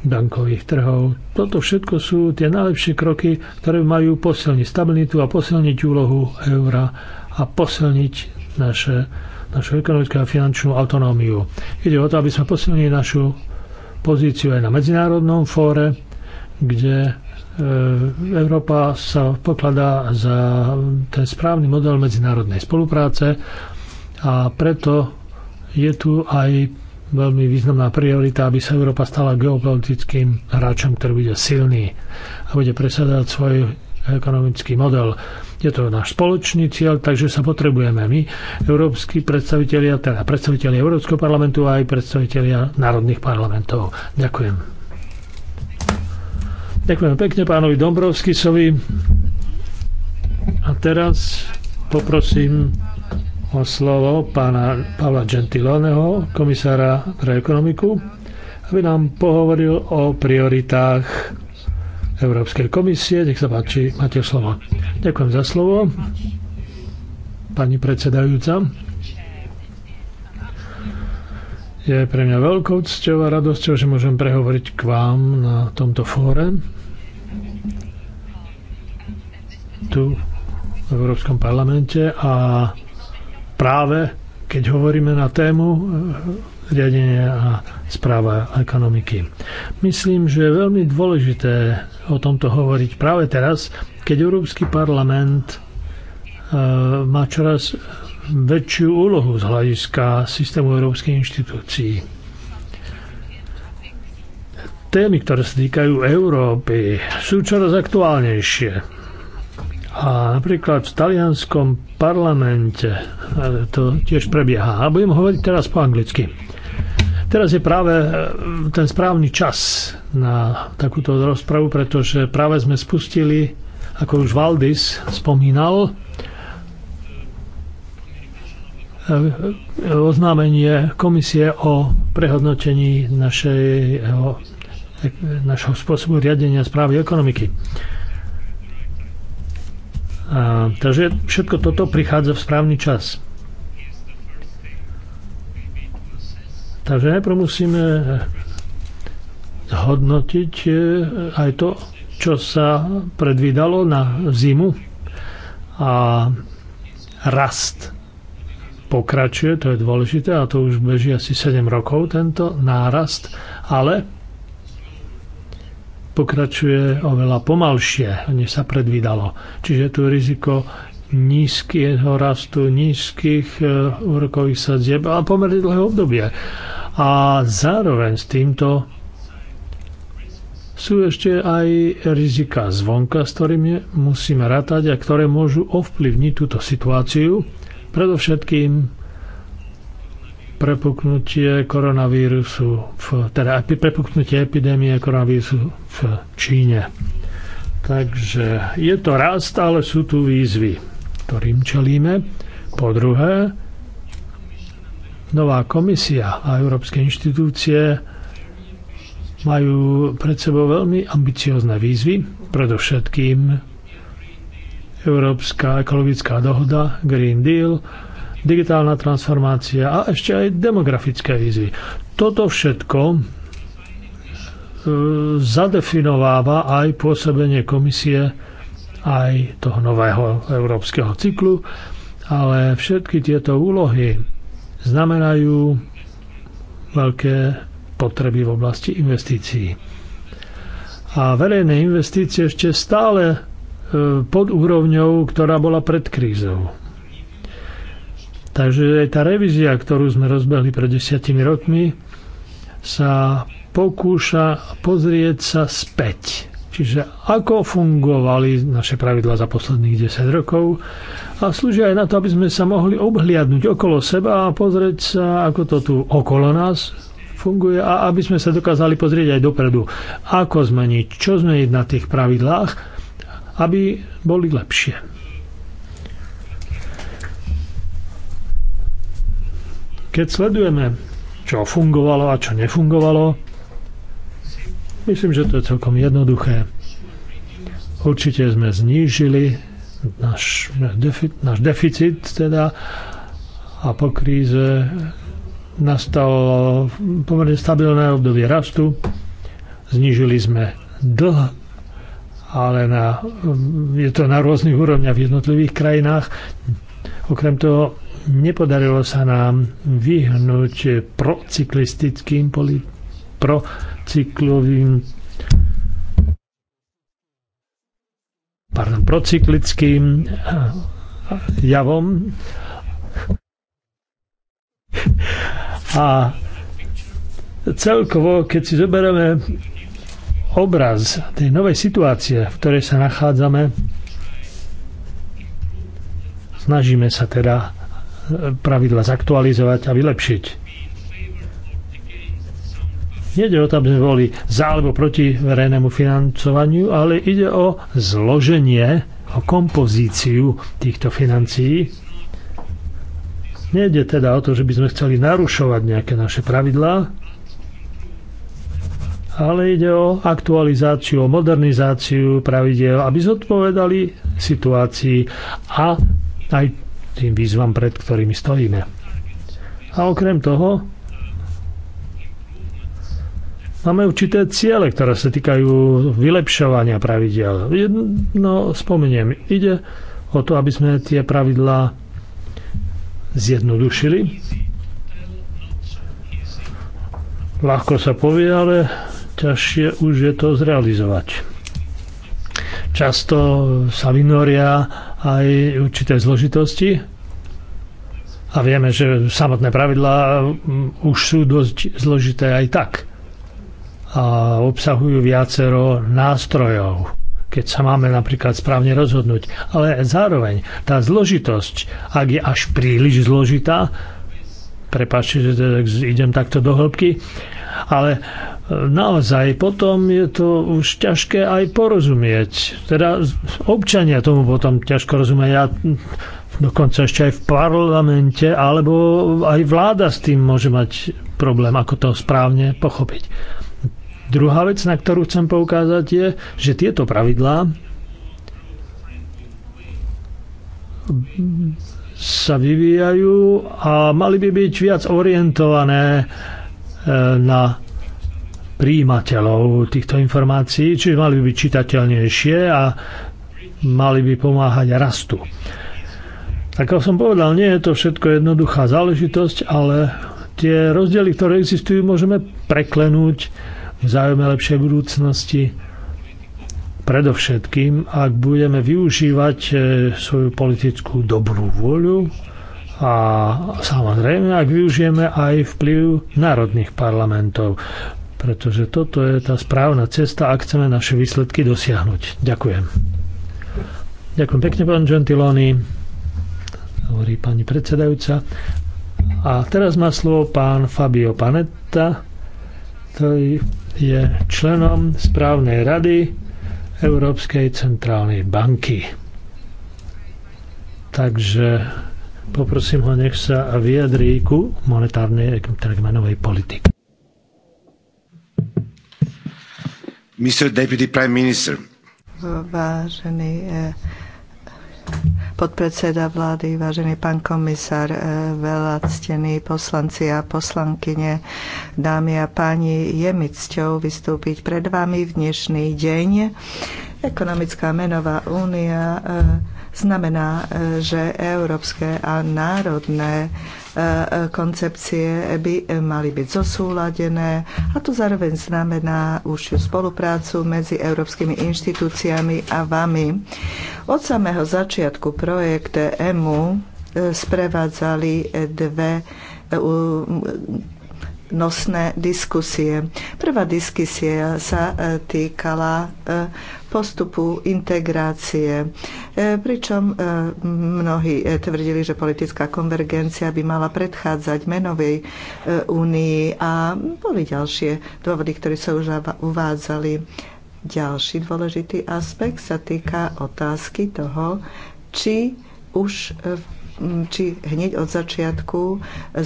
Speaker 1: bankových trhov. Toto všetko sú tie najlepšie kroky, ktoré majú posilniť stabilitu a posilniť úlohu eura a posilniť naše, našu ekonomickú a finančnú autonómiu. Ide o to, aby sme posilnili našu pozíciu aj na medzinárodnom fóre, kde e, Európa sa pokladá za ten správny model medzinárodnej spolupráce a preto je tu aj veľmi významná priorita, aby sa Európa stala geopolitickým hráčom, ktorý bude silný a bude presadať svoj ekonomický model. Je to náš spoločný cieľ, takže sa potrebujeme my, európsky predstavitelia, teda predstavitelia Európskeho parlamentu a aj predstavitelia národných parlamentov. Ďakujem. Ďakujem pekne pánovi Dombrovskisovi. A teraz poprosím o slovo pána Pavla Gentiloneho, komisára pre ekonomiku, aby nám pohovoril o prioritách Európskej komisie. Nech sa páči, máte slovo. Ďakujem za slovo, pani predsedajúca. Je pre mňa veľkou cťou a radosťou, že môžem prehovoriť k vám na tomto fóre. Tu v Európskom parlamente a práve keď hovoríme na tému riadenia a správa ekonomiky. Myslím, že je veľmi dôležité o tomto hovoriť práve teraz, keď Európsky parlament e, má čoraz väčšiu úlohu z hľadiska systému európskych inštitúcií. Témy, ktoré sa týkajú Európy, sú čoraz aktuálnejšie. A napríklad v talianskom parlamente e, to tiež prebieha. A budem hovoriť teraz po anglicky. Teraz je práve e, ten správny čas na takúto rozpravu, pretože práve sme spustili, ako už Valdis spomínal, e, e, oznámenie komisie o prehodnotení našeho našho spôsobu riadenia správy ekonomiky. A, takže všetko toto prichádza v správny čas. Takže najprv musíme hodnotiť eh, aj to, čo sa predvídalo na zimu a rast pokračuje, to je dôležité a to už beží asi 7 rokov tento nárast, ale pokračuje oveľa pomalšie, než sa predvídalo. Čiže tu riziko nízkeho rastu, nízkych eh, úrokových sadzieb a pomerne dlhého obdobie. A zároveň s týmto sú ešte aj rizika zvonka, s ktorými musíme ratať a ktoré môžu ovplyvniť túto situáciu. Predovšetkým prepuknutie koronavírusu, v, teda prepuknutie epidémie koronavírusu v Číne. Takže je to rast, ale sú tu výzvy, ktorým čelíme. Po druhé, nová komisia a európske inštitúcie majú pred sebou veľmi ambiciozne výzvy, predovšetkým Európska ekologická dohoda, Green Deal, digitálna transformácia a ešte aj demografické výzvy. Toto všetko e, zadefinováva aj pôsobenie komisie aj toho nového európskeho cyklu, ale všetky tieto úlohy znamenajú veľké potreby v oblasti investícií. A verejné investície ešte stále e, pod úrovňou, ktorá bola pred krízou. Takže aj tá revízia, ktorú sme rozbehli pred desiatimi rokmi, sa pokúša pozrieť sa späť Čiže ako fungovali naše pravidla za posledných 10 rokov a slúžia aj na to, aby sme sa mohli obhliadnúť okolo seba a pozrieť sa, ako to tu okolo nás funguje a aby sme sa dokázali pozrieť aj dopredu, ako zmeniť, čo zmeniť na tých pravidlách, aby boli lepšie. Keď sledujeme, čo fungovalo a čo nefungovalo, Myslím, že to je celkom jednoduché. Určite sme znížili náš, defi, náš deficit teda a po kríze nastalo pomerne stabilné obdobie rastu. Znížili sme dlh, ale na, je to na rôznych úrovniach v jednotlivých krajinách. Okrem toho nepodarilo sa nám vyhnúť procyklistickým politikom pro cyklovým pardon, procyklickým eh, javom. A celkovo, keď si zoberieme obraz tej novej situácie, v ktorej sa nachádzame, snažíme sa teda eh, pravidla zaktualizovať a vylepšiť. Nede o to, aby sme boli za alebo proti verejnému financovaniu, ale ide o zloženie, o kompozíciu týchto financií. Nejde teda o to, že by sme chceli narušovať nejaké naše pravidlá, ale ide o aktualizáciu, o modernizáciu pravidel, aby zodpovedali situácii a aj tým výzvam, pred ktorými stojíme. A okrem toho, máme určité ciele, ktoré sa týkajú vylepšovania pravidel. No, spomeniem, ide o to, aby sme tie pravidlá zjednodušili. Ľahko sa povie, ale ťažšie už je to zrealizovať. Často sa vynoria aj určité zložitosti a vieme, že samotné pravidlá mm, už sú dosť zložité aj tak a obsahujú viacero nástrojov, keď sa máme napríklad správne rozhodnúť. Ale zároveň tá zložitosť, ak je až príliš zložitá, prepáčte, že idem takto do hĺbky, ale e, naozaj potom je to už ťažké aj porozumieť. Teda občania tomu potom ťažko rozumieť. Ja dokonca ešte aj v parlamente, alebo aj vláda s tým môže mať problém, ako to správne pochopiť. Druhá vec, na ktorú chcem poukázať, je, že tieto pravidlá sa vyvíjajú a mali by byť viac orientované e, na príjimateľov týchto informácií, čiže mali by byť čitateľnejšie a mali by pomáhať rastu. Ako som povedal, nie je to všetko jednoduchá záležitosť, ale tie rozdiely, ktoré existujú, môžeme preklenúť v záujme lepšej budúcnosti. Predovšetkým, ak budeme využívať e, svoju politickú dobrú voľu a samozrejme, ak využijeme aj vplyv národných parlamentov, pretože toto je tá správna cesta, ak chceme naše výsledky dosiahnuť. Ďakujem. Ďakujem pekne, pán Gentiloni, hovorí pani predsedajúca. A teraz má slovo pán Fabio Panetta, ktorý je členom správnej rady Európskej centrálnej banky. Takže poprosím ho, nech sa vyjadrí ku monetárnej teda politike.
Speaker 3: Mr. Deputy Prime Minister.
Speaker 2: Vážený eh, podpredseda vlády, vážený pán komisár, eh, veľa ctení poslanci a poslankyne, dámy a páni, je mi cťou vystúpiť pred vami v dnešný deň. Ekonomická menová únia eh, znamená, eh, že európske a národné E, koncepcie by mali byť zosúladené a to zároveň znamená užšiu spoluprácu medzi európskymi inštitúciami a vami. Od samého začiatku projekt EMU e, sprevádzali dve e, nosné diskusie. Prvá diskusia sa e, týkala e, postupu integrácie, e, pričom mnohí tvrdili, že politická konvergencia by mala predchádzať menovej únii a boli ďalšie dôvody, ktoré sa už uvádzali. Ďalší dôležitý aspekt sa týka otázky toho, či už v či hneď od začiatku e,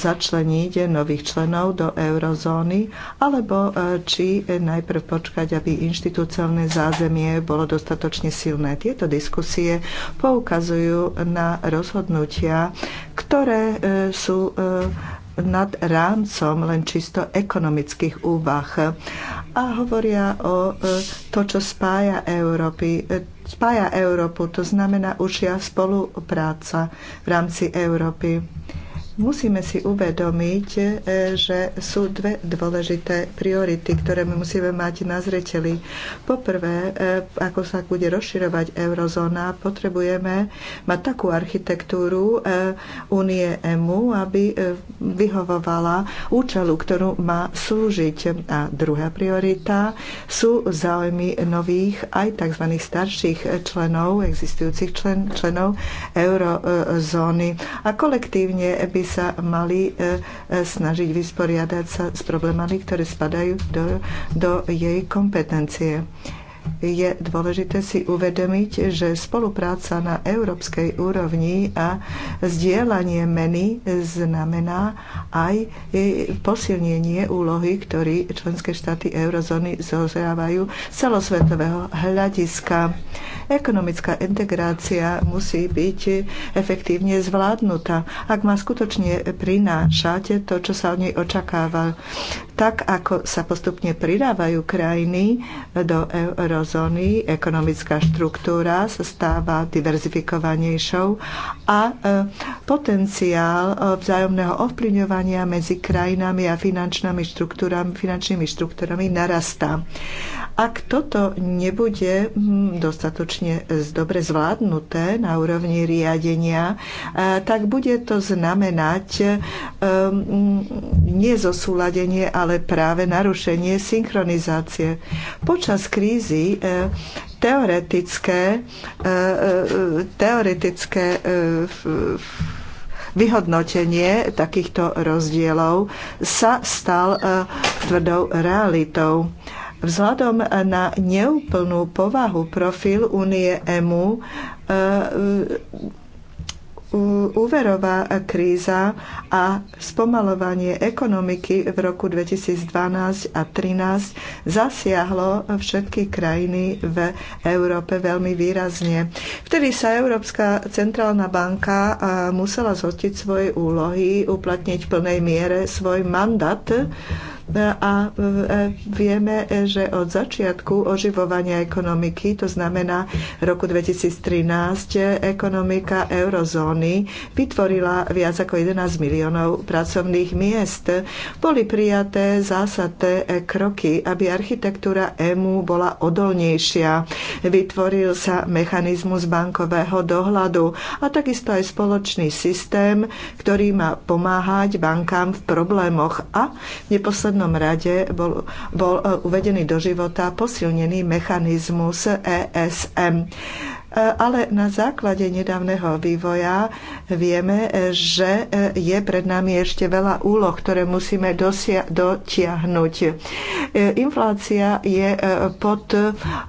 Speaker 2: začleniť nových členov do eurozóny, alebo e, či najprv počkať, aby inštitúciálne zázemie bolo dostatočne silné. Tieto diskusie poukazujú na rozhodnutia, ktoré e, sú nad rámcom len čisto ekonomických úvah a hovoria o e, to, čo spája Európy. E, spája Európu, to znamená užia spolupráca v rámci Európy Musíme si uvedomiť, e, že sú dve dôležité priority, ktoré my musíme mať na zreteli. Poprvé, e, ako sa bude rozširovať eurozóna, potrebujeme mať takú architektúru e, Unie, EMU, aby vyhovovala účelu, ktorú má slúžiť. A druhá priorita sú záujmy nových aj tzv. starších členov, existujúcich člen, členov eurozóny. A kolektívne by sa mali e, e, snažiť vysporiadať sa s problémami, ktoré spadajú do, do jej kompetencie je dôležité si uvedomiť, že spolupráca na európskej úrovni a zdieľanie meny znamená aj posilnenie úlohy, ktorý členské štáty eurozóny zohrávajú celosvetového hľadiska. Ekonomická integrácia musí byť efektívne zvládnutá, ak má skutočne prinášať to, čo sa od nej očakáva. Tak, ako sa postupne pridávajú krajiny do eurozóny, eurozóny ekonomická štruktúra sa stáva diverzifikovanejšou a e, potenciál e, vzájomného ovplyvňovania medzi krajinami a finančnými štruktúrami, finančnými štruktúrami narastá. Ak toto nebude hm, dostatočne dobre zvládnuté na úrovni riadenia, eh, tak bude to znamenať eh, hm, nie zosúladenie, ale práve narušenie synchronizácie. Počas krízy eh, teoretické, teoretické vyhodnotenie takýchto rozdielov sa stal tvrdou realitou. Vzhľadom na neúplnú povahu profil Únie EMU e, úverová kríza a spomalovanie ekonomiky v roku 2012 a 2013 zasiahlo všetky krajiny v Európe veľmi výrazne. Vtedy sa Európska centrálna banka e, musela zhotiť svoje úlohy, uplatniť v plnej miere svoj mandát No a e, vieme, že od začiatku oživovania ekonomiky, to znamená roku 2013, ekonomika eurozóny vytvorila viac ako 11 miliónov pracovných miest. Boli prijaté zásadné kroky, aby architektúra EMU bola odolnejšia. Vytvoril sa mechanizmus bankového dohľadu a takisto aj spoločný systém, ktorý má pomáhať bankám v problémoch a v neposlednom rade bol, bol e, uvedený do života posilnený mechanizmus ESM ale na základe nedávneho vývoja vieme, že e, je pred nami ešte veľa úloh, ktoré musíme dosia- dotiahnuť. E, inflácia je e, pod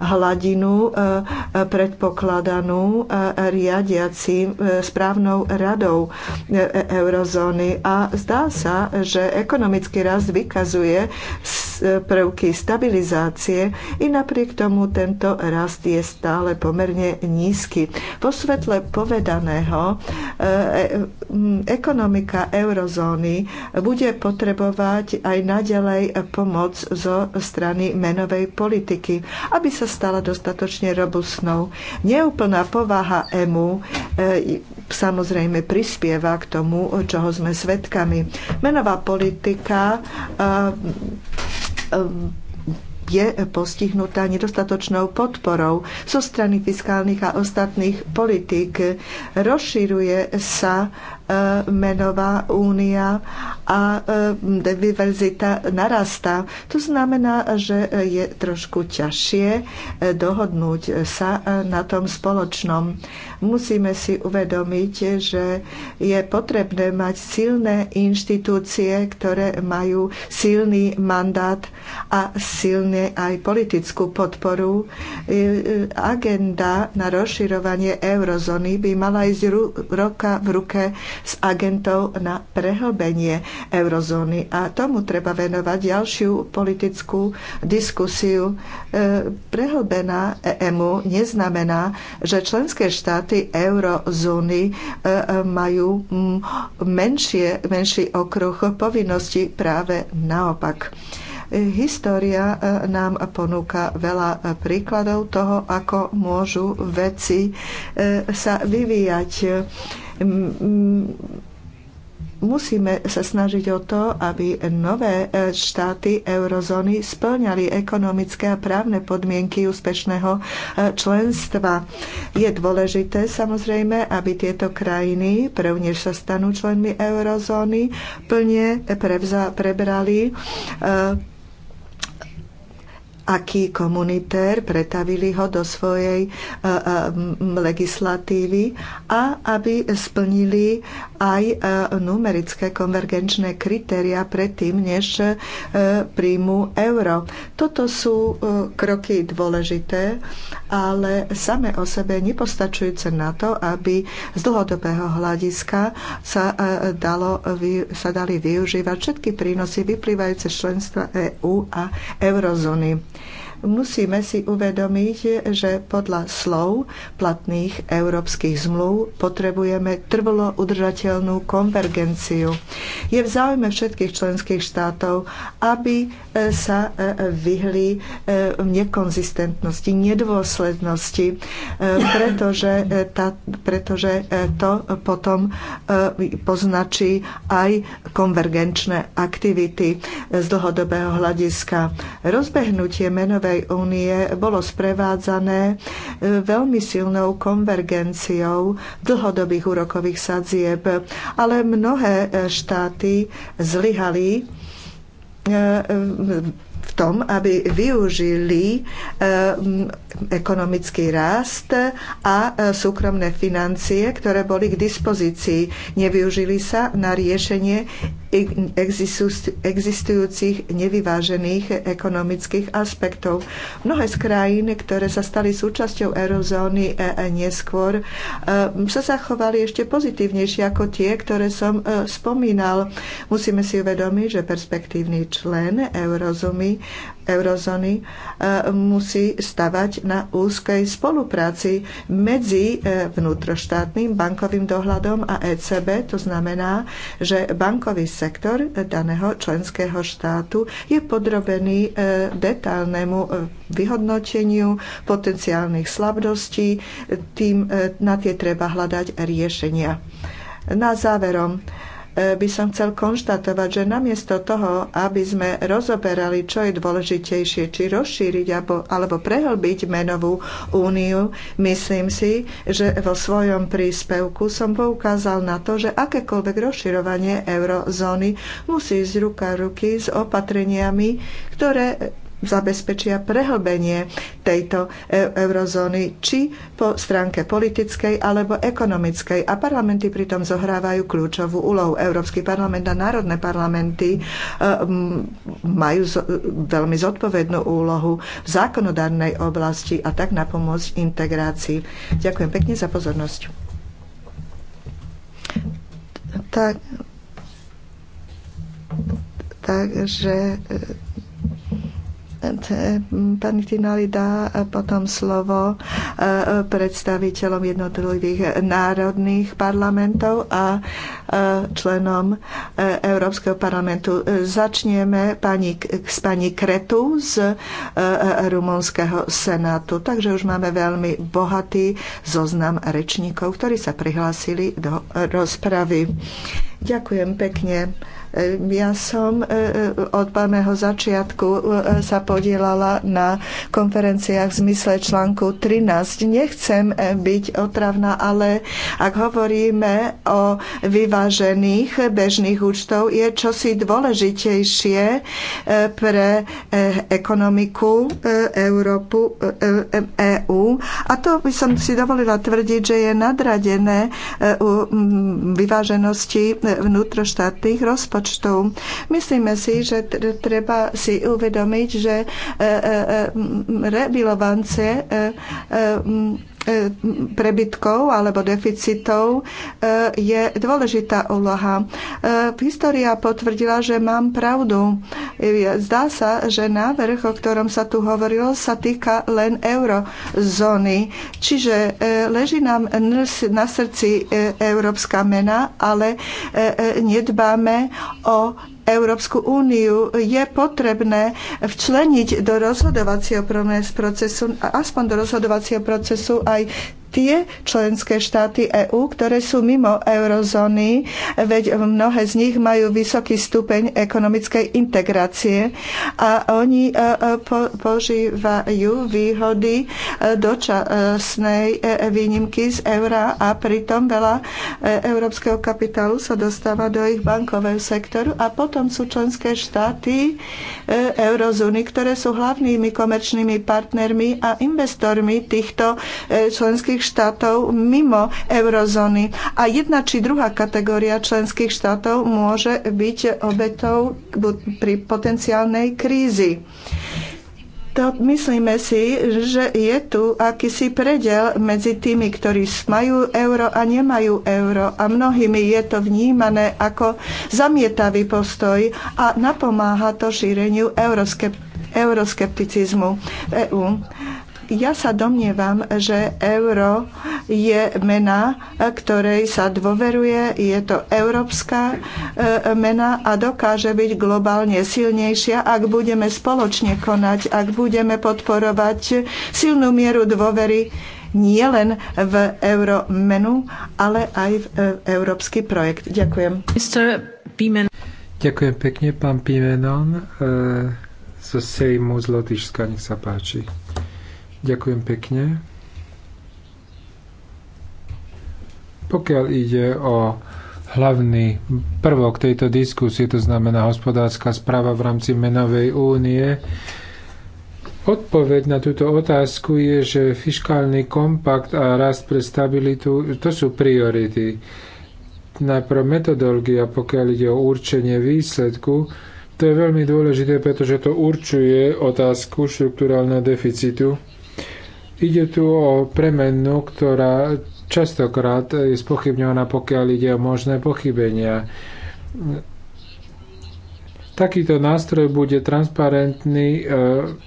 Speaker 2: hladinu predpokladanú riadiacím správnou radou eurozóny a zdá sa, že ekonomický rast vykazuje prvky stabilizácie i napriek tomu tento rast je stále pomerne nízky. Po svetle povedaného eh, eh, ekonomika eurozóny bude potrebovať aj naďalej pomoc zo strany menovej politiky, aby sa stala dostatočne robustnou. Neúplná povaha EMU eh, samozrejme prispieva k tomu, čoho sme svedkami. Menová politika je postihnutá nedostatočnou podporou zo strany fiskálnych a ostatných politik. Rozširuje sa Eh, menová únia a eh, diverzita narastá. To znamená, že je trošku ťažšie eh, dohodnúť sa na tom spoločnom. Musíme si uvedomiť, že je potrebné mať silné inštitúcie, ktoré majú silný mandát a silne aj politickú podporu. Agenda na rozširovanie eurozóny by mala ísť roka v ruke s agentov na prehlbenie eurozóny. A tomu treba venovať ďalšiu politickú diskusiu. E, prehlbená EMU neznamená, že členské štáty eurozóny e, majú menšie, menší okruh povinností práve naopak. E, história nám ponúka veľa príkladov toho, ako môžu veci sa vyvíjať musíme sa snažiť o to, aby nové e, štáty eurozóny splňali ekonomické a právne podmienky úspešného e, členstva. Je dôležité samozrejme, aby tieto krajiny, prvne sa stanú členmi eurozóny, plne prebrali e, aký komunitér, pretavili ho do svojej e, e, legislatívy a aby splnili aj e, numerické konvergenčné kritéria predtým, než príjmu euro. Toto sú kroky dôležité, ale same o sebe nepostačujúce na to, aby z dlhodobého hľadiska sa, dalo, sa dali využívať všetky prínosy vyplývajúce z členstva EÚ EU a eurozóny. Musíme si uvedomiť, že podľa slov platných európskych zmluv potrebujeme trvalo udržateľnú konvergenciu. Je v záujme všetkých členských štátov, aby e, sa e, vyhli e, nekonzistentnosti, nedôslednosti, pretože, tá, pretože to potom poznačí aj konvergenčné aktivity z dlhodobého hľadiska. Rozbehnutie menovej Európskej únie bolo sprevádzané e, veľmi silnou konvergenciou dlhodobých úrokových sadzieb, ale mnohé e, štáty zlyhali e, tom, aby využili eh, ekonomický rast a eh, súkromné financie, ktoré boli k dispozícii. Nevyužili sa na riešenie existujúcich nevyvážených ekonomických aspektov. Mnohé z krajín, ktoré sa stali súčasťou eurozóny eh, neskôr, sa zachovali ešte pozitívnejšie ako tie, ktoré som spomínal. Musíme si uvedomiť, že perspektívny člen eurozomy eurozóny e, musí stavať na úzkej spolupráci medzi e, vnútroštátnym bankovým dohľadom a ECB. To znamená, že bankový sektor daného členského štátu je podrobený e, detálnemu vyhodnoteniu potenciálnych slabností. Tým, na tie treba hľadať riešenia. Na záverom, by som chcel konštatovať, že namiesto toho, aby sme rozoberali, čo je dôležitejšie, či rozšíriť alebo, alebo prehlbiť menovú úniu, myslím si, že vo svojom príspevku som poukázal na to, že akékoľvek rozširovanie eurozóny musí ísť ruka ruky s opatreniami, ktoré zabezpečia prehlbenie tejto e, eurozóny, či po stránke politickej alebo ekonomickej. A parlamenty pritom zohrávajú kľúčovú úlohu. Európsky parlament a národné parlamenty e, majú veľmi zodpovednú úlohu v zákonodárnej oblasti a tak na pomoc integrácii. Ďakujem pekne za pozornosť. Tak, takže e, Pani Tinali dá potom slovo e, predstaviteľom jednotlivých národných parlamentov a e, členom e, Európskeho parlamentu. Začneme pani, s pani Kretu z Rumunského senátu. Takže už máme veľmi bohatý zoznam rečníkov, ktorí sa prihlásili do rozpravy. Ďakujem pekne. E, ja som e, e, od samého začiatku sa podielala na konferenciách v zmysle článku 13. Nechcem byť otravná, ale ak hovoríme o vyvážených bežných účtov, je čosi dôležitejšie pre ekonomiku Európu, EÚ. A to by som si dovolila tvrdiť, že je nadradené vyváženosti vnútroštátnych rozpočtov rozpočtu. Myslíme si, že treba si uvedomiť, že e, e, e, rebilovance E, prebytkov alebo deficitov e, je dôležitá úloha. E, história potvrdila, že mám pravdu. Zdá sa, že návrh, o ktorom sa tu hovorilo, sa týka len eurozóny. Čiže leží nám na srdci európska mena, ale nedbáme o Európsku úniu je potrebné včleniť do rozhodovacieho procesu, aspoň do rozhodovacieho procesu aj tie členské štáty EÚ, ktoré sú mimo eurozóny, veď mnohé z nich majú vysoký stupeň ekonomickej integrácie a oni e, e, požívajú výhody e, dočasnej výnimky z eura a pritom veľa európskeho kapitálu sa dostáva do ich bankového sektoru a potom sú členské štáty eurozóny, ktoré sú hlavnými komerčnými partnermi a investormi týchto členských štátov mimo eurozóny. A jedna či druhá kategória členských štátov môže byť obetou pri potenciálnej krízi. To myslíme si, že je tu akýsi predel medzi tými, ktorí majú euro a nemajú euro a mnohými je to vnímané ako zamietavý postoj a napomáha to šíreniu euroskepticizmu v EÚ. Ja sa domnievam, že euro je mena, ktorej sa dôveruje, je to európska e, mena a dokáže byť globálne silnejšia, ak budeme spoločne konať, ak budeme podporovať silnú mieru dôvery nielen v euromenu, ale aj v e, európsky projekt. Ďakujem.
Speaker 3: Ďakujem pekne, pán Pimenon e, zo Sejmu z Lotyšska. Nech sa páči. Ďakujem pekne. Pokiaľ ide o hlavný prvok tejto diskusie, to znamená hospodárska správa v rámci menovej únie, Odpoveď na túto otázku je, že fiskálny kompakt a rast pre stabilitu, to sú priority. Najprv metodológia, pokiaľ ide o určenie výsledku, to je veľmi dôležité, pretože to určuje otázku štruktúrálneho deficitu Ide tu o premenu, ktorá častokrát je spochybňovaná, pokiaľ ide o možné pochybenia. Takýto nástroj bude transparentný e,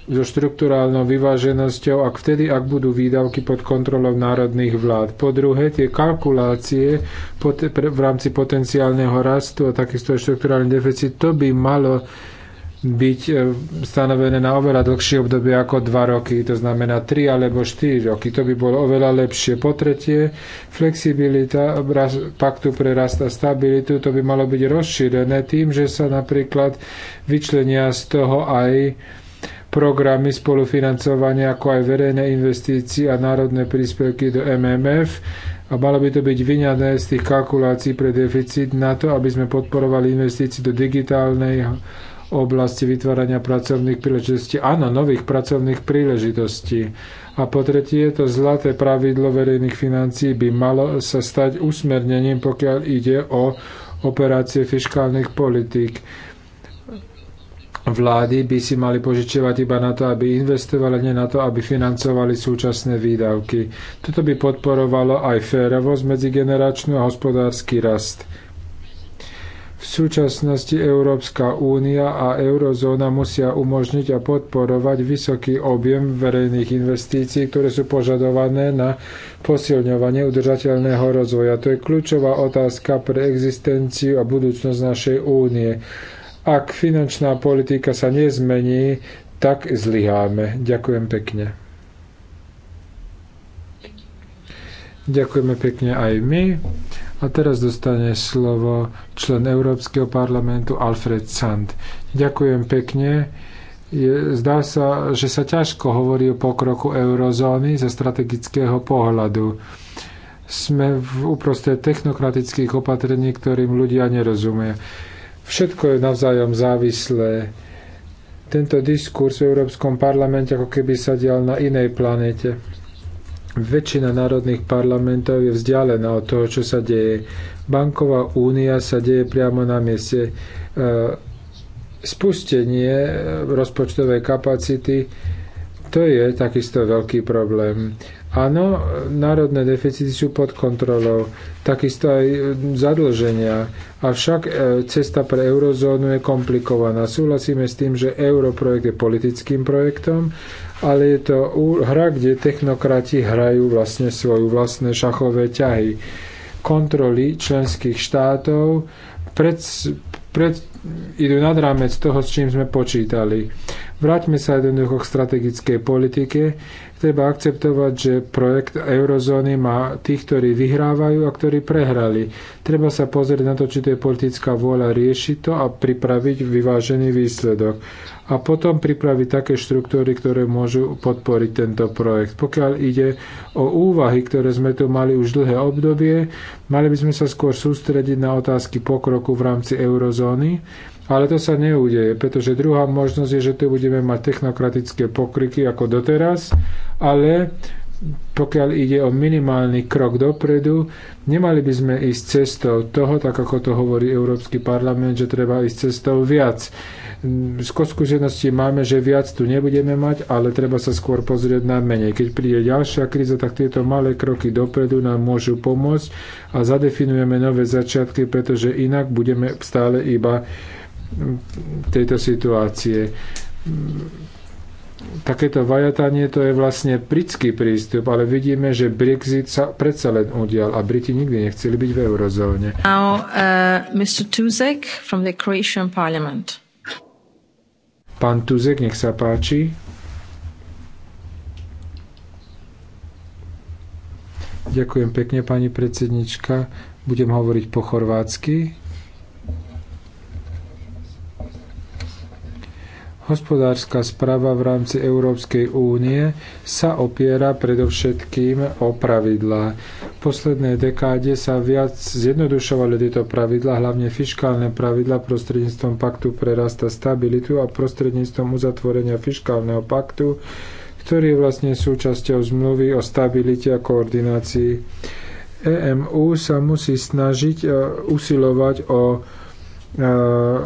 Speaker 3: so štruktúrálnou vyváženosťou, ak vtedy, ak budú výdavky pod kontrolou národných vlád. Po druhé, tie kalkulácie pot, pre, v rámci potenciálneho rastu a takisto štruktúrálny deficit, to by malo byť e, stanovené na oveľa dlhšie obdobie ako 2 roky, to znamená 3 alebo 4 roky. To by bolo oveľa lepšie. Po tretie, flexibilita paktu pre rast a stabilitu, to by malo byť rozšírené tým, že sa napríklad vyčlenia z toho aj programy spolufinancovania, ako aj verejné investície a národné príspevky do MMF, a malo by to byť vyňané z tých kalkulácií pre deficit na to, aby sme podporovali investície do digitálnej oblasti vytvárania pracovných príležitostí. Áno, nových pracovných príležitostí. A po tretie, to zlaté pravidlo verejných financií by malo sa stať usmernením, pokiaľ ide o operácie fiskálnych politík. Vlády by si mali požičiavať iba na to, aby investovali, nie na to, aby financovali súčasné výdavky. Toto by podporovalo aj férovosť medzigeneračnú a hospodársky rast súčasnosti Európska únia a eurozóna musia umožniť a podporovať vysoký objem verejných investícií, ktoré sú požadované na posilňovanie udržateľného rozvoja. To je kľúčová otázka pre existenciu a budúcnosť našej únie. Ak finančná politika sa nezmení, tak zlyháme. Ďakujem pekne. Ďakujeme pekne aj my. A teraz dostane slovo člen Európskeho parlamentu Alfred Sand. Ďakujem pekne. Je, zdá sa, že sa ťažko hovorí o pokroku eurozóny zo strategického pohľadu. Sme v uprostred technokratických opatrení, ktorým ľudia nerozumie. Všetko je navzájom závislé. Tento diskurs v Európskom parlamente ako keby sa dial na inej planete väčšina národných parlamentov je vzdialená od toho, čo sa deje. Banková únia sa deje priamo na mieste. E, spustenie e, rozpočtovej kapacity to je takisto veľký problém. Áno, národné deficity sú pod kontrolou, takisto aj e, zadlženia, avšak cesta pre eurozónu je komplikovaná. Súhlasíme s tým, že europrojekt je politickým projektom ale je to hra, kde technokrati hrajú vlastne svoju vlastné šachové ťahy. Kontroly členských štátov pred, pred, idú nad rámec toho, s čím sme počítali. Vráťme sa jednoducho k strategickej politike. Treba akceptovať, že projekt eurozóny má tých, ktorí vyhrávajú a ktorí prehrali. Treba sa pozrieť na to, či to je politická vôľa riešiť to a pripraviť vyvážený výsledok a potom pripraviť také štruktúry, ktoré môžu podporiť tento projekt. Pokiaľ ide o úvahy, ktoré sme tu mali už dlhé obdobie, mali by sme sa skôr sústrediť na otázky pokroku v rámci eurozóny, ale to sa neudeje, pretože druhá možnosť je, že tu budeme mať technokratické pokryky ako doteraz, ale pokiaľ ide o minimálny krok dopredu, nemali by sme ísť cestou toho, tak ako to hovorí Európsky parlament, že treba ísť cestou viac. Z skúsenosti máme, že viac tu nebudeme mať, ale treba sa skôr pozrieť na menej. Keď príde ďalšia kríza, tak tieto malé kroky dopredu nám môžu pomôcť a zadefinujeme nové začiatky, pretože inak budeme stále iba v tejto situácie takéto vajatanie to je vlastne britský prístup, ale vidíme, že Brexit sa predsa len udial a Briti nikdy nechceli byť v eurozóne.
Speaker 2: Now, uh, Mr. Tuzek from the Croatian Parliament.
Speaker 3: Pán Tuzek, nech sa páči. Ďakujem pekne, pani predsednička. Budem hovoriť po chorvátsky. Hospodárska správa v rámci Európskej únie sa opiera predovšetkým o pravidlá. V poslednej dekáde sa viac zjednodušovali tieto pravidlá, hlavne fiškálne pravidlá prostredníctvom paktu pre stabilitu a prostredníctvom uzatvorenia fiškálneho paktu, ktorý je vlastne súčasťou zmluvy o stabilite a koordinácii. EMU sa musí snažiť e, usilovať o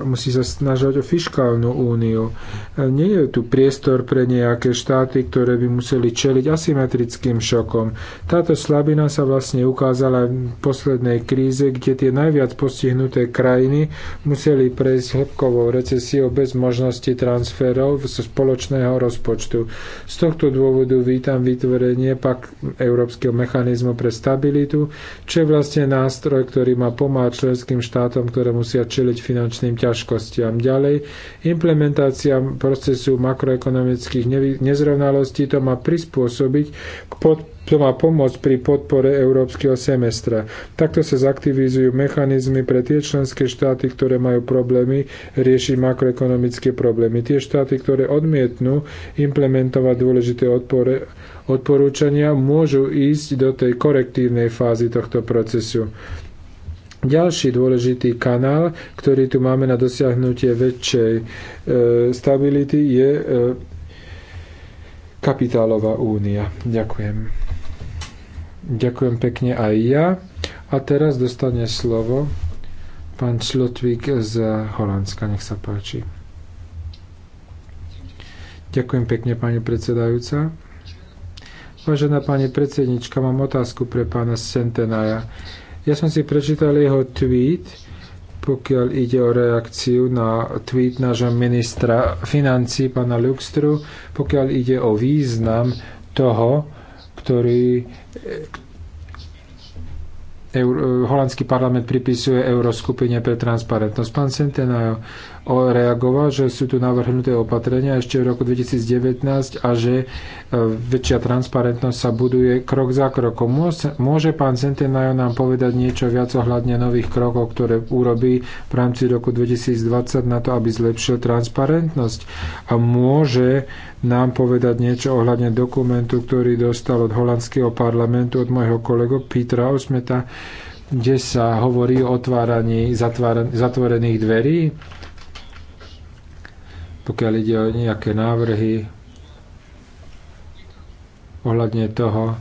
Speaker 3: musí sa snažiť o fiskálnu úniu. Nie je tu priestor pre nejaké štáty, ktoré by museli čeliť asymetrickým šokom. Táto slabina sa vlastne ukázala v poslednej kríze, kde tie najviac postihnuté krajiny museli prejsť hĺbkovou recesiou bez možnosti transferov zo spoločného rozpočtu. Z tohto dôvodu vítam vytvorenie pak Európskeho mechanizmu pre stabilitu, čo je vlastne nástroj, ktorý má pomáhať členským štátom, ktoré musia čeliť čeliť finančným ťažkostiam. Ďalej, implementácia procesu makroekonomických nezrovnalostí to má prispôsobiť k pod to má pomôcť pri podpore európskeho semestra. Takto sa zaktivizujú mechanizmy pre tie členské štáty, ktoré majú problémy riešiť makroekonomické problémy. Tie štáty, ktoré odmietnú implementovať dôležité odpore, odporúčania, môžu ísť do tej korektívnej fázy tohto procesu. Ďalší dôležitý kanál, ktorý tu máme na dosiahnutie väčšej e, stability, je e, kapitálová únia. Ďakujem. Ďakujem pekne aj ja. A teraz dostane slovo pán Člotvík z Holandska. Nech sa páči. Ďakujem pekne, pani predsedajúca. Vážená pani predsednička, mám otázku pre pána Centenaja. Ja som si prečítal jeho tweet, pokiaľ ide o reakciu na tweet nášho ministra financí, pana Luxtru, pokiaľ ide o význam toho, ktorý eh, holandský parlament pripisuje Euroskupine pre transparentnosť. Pán Centenajo, reagoval, že sú tu navrhnuté opatrenia ešte v roku 2019 a že e, väčšia transparentnosť sa buduje krok za krokom. Môže pán Centenajo nám povedať niečo viac ohľadne nových krokov, ktoré urobí v rámci roku 2020 na to, aby zlepšil transparentnosť? A môže nám povedať niečo ohľadne dokumentu, ktorý dostal od holandského parlamentu, od môjho kolegu Petra Osmeta, kde sa hovorí o otváraní zatvorených dverí? pokiaľ ide o nejaké návrhy ohľadne toho,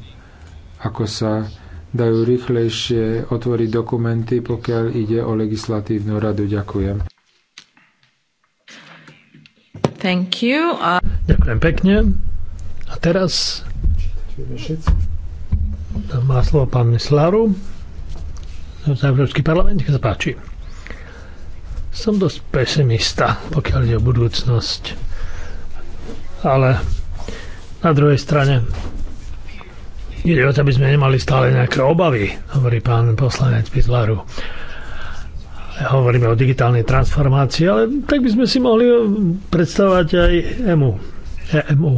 Speaker 3: ako sa dajú rýchlejšie otvoriť dokumenty, pokiaľ ide o legislatívnu radu. Ďakujem. Thank you. Uh...
Speaker 1: Ďakujem pekne. A teraz má slovo pán Slaru za Európsky parlament. Nech sa páči som dosť pesimista, pokiaľ ide o budúcnosť. Ale na druhej strane ide o to, aby sme nemali stále nejaké obavy, hovorí pán poslanec Pitlaru. Hovoríme o digitálnej transformácii, ale tak by sme si mohli predstavovať aj EMU. EMU.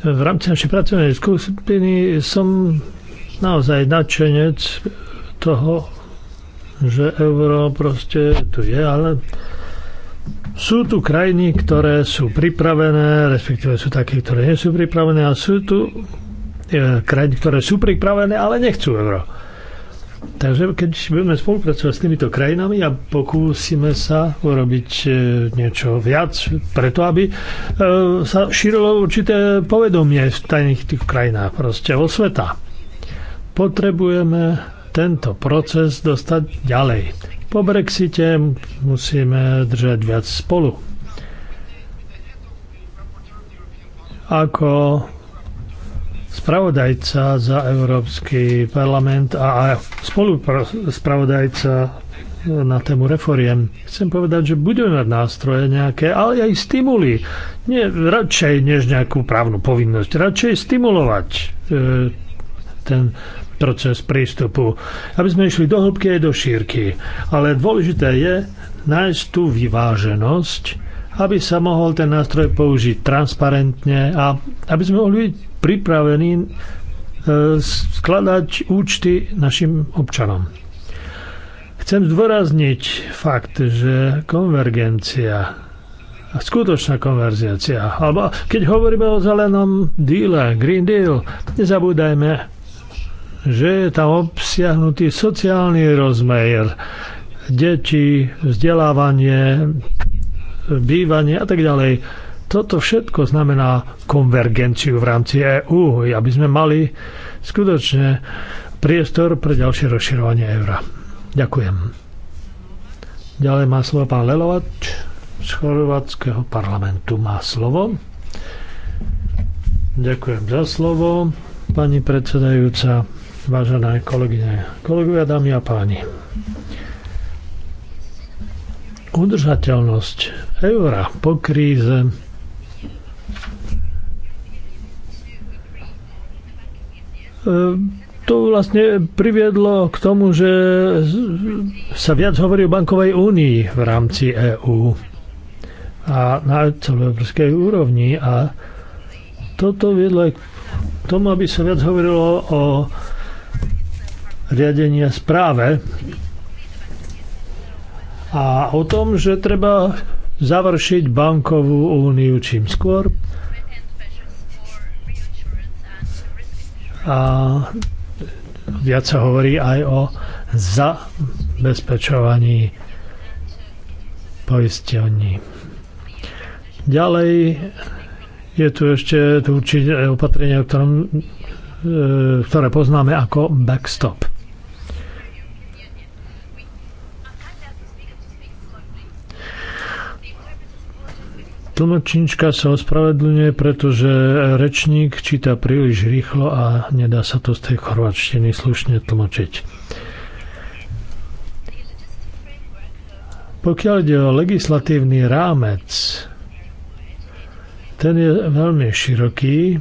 Speaker 1: V rámci našej pracovnej skupiny som naozaj nadšenec toho, že euro proste tu je, ale sú tu krajiny, ktoré sú pripravené, respektíve sú také, ktoré nie sú pripravené a sú tu e, krajiny, ktoré sú pripravené, ale nechcú euro. Takže keď budeme spolupracovať s týmito krajinami a pokúsime sa urobiť e, niečo viac preto, aby e, sa šírilo určité povedomie v tajných tých krajinách, proste vo sveta. Potrebujeme tento proces dostať ďalej. Po Brexite musíme držať viac spolu. Ako spravodajca za Európsky parlament a spravodajca na tému reforiem. Chcem povedať, že budeme mať nástroje nejaké, ale aj stimuly. Nie, radšej než nejakú právnu povinnosť. Radšej stimulovať e, ten proces prístupu, aby sme išli do hĺbky aj do šírky. Ale dôležité je nájsť tú vyváženosť, aby sa mohol ten nástroj použiť transparentne a aby sme mohli byť pripravení e, skladať účty našim občanom. Chcem zdôrazniť fakt, že konvergencia skutočná konverziácia. Alebo keď hovoríme o zelenom díle, Green Deal, nezabúdajme že je tam obsiahnutý sociálny rozmer, deti, vzdelávanie, bývanie a tak ďalej. Toto všetko znamená konvergenciu v rámci EÚ, aby sme mali skutočne priestor pre ďalšie rozširovanie eura. Ďakujem. Ďalej má slovo pán Lelovač z chorvátskeho parlamentu. Má slovo. Ďakujem za slovo, pani predsedajúca vážené kolegyne, kolegovia, dámy a páni. Udržateľnosť eura po kríze e, to vlastne priviedlo k tomu, že sa viac hovorí o bankovej únii v rámci EÚ a na celoeurópskej úrovni a toto viedlo aj k tomu, aby sa viac hovorilo o riadenia správe a o tom, že treba završiť bankovú úniu čím skôr. A viac sa hovorí aj o zabezpečovaní poisťovní. Ďalej je tu ešte tu určite opatrenie, ktorom, e, ktoré poznáme ako backstop. Tlmočníčka sa ospravedlňuje, pretože rečník číta príliš rýchlo a nedá sa to z tej chorvačtiny slušne tlmočiť. Pokiaľ ide o legislatívny rámec, ten je veľmi široký.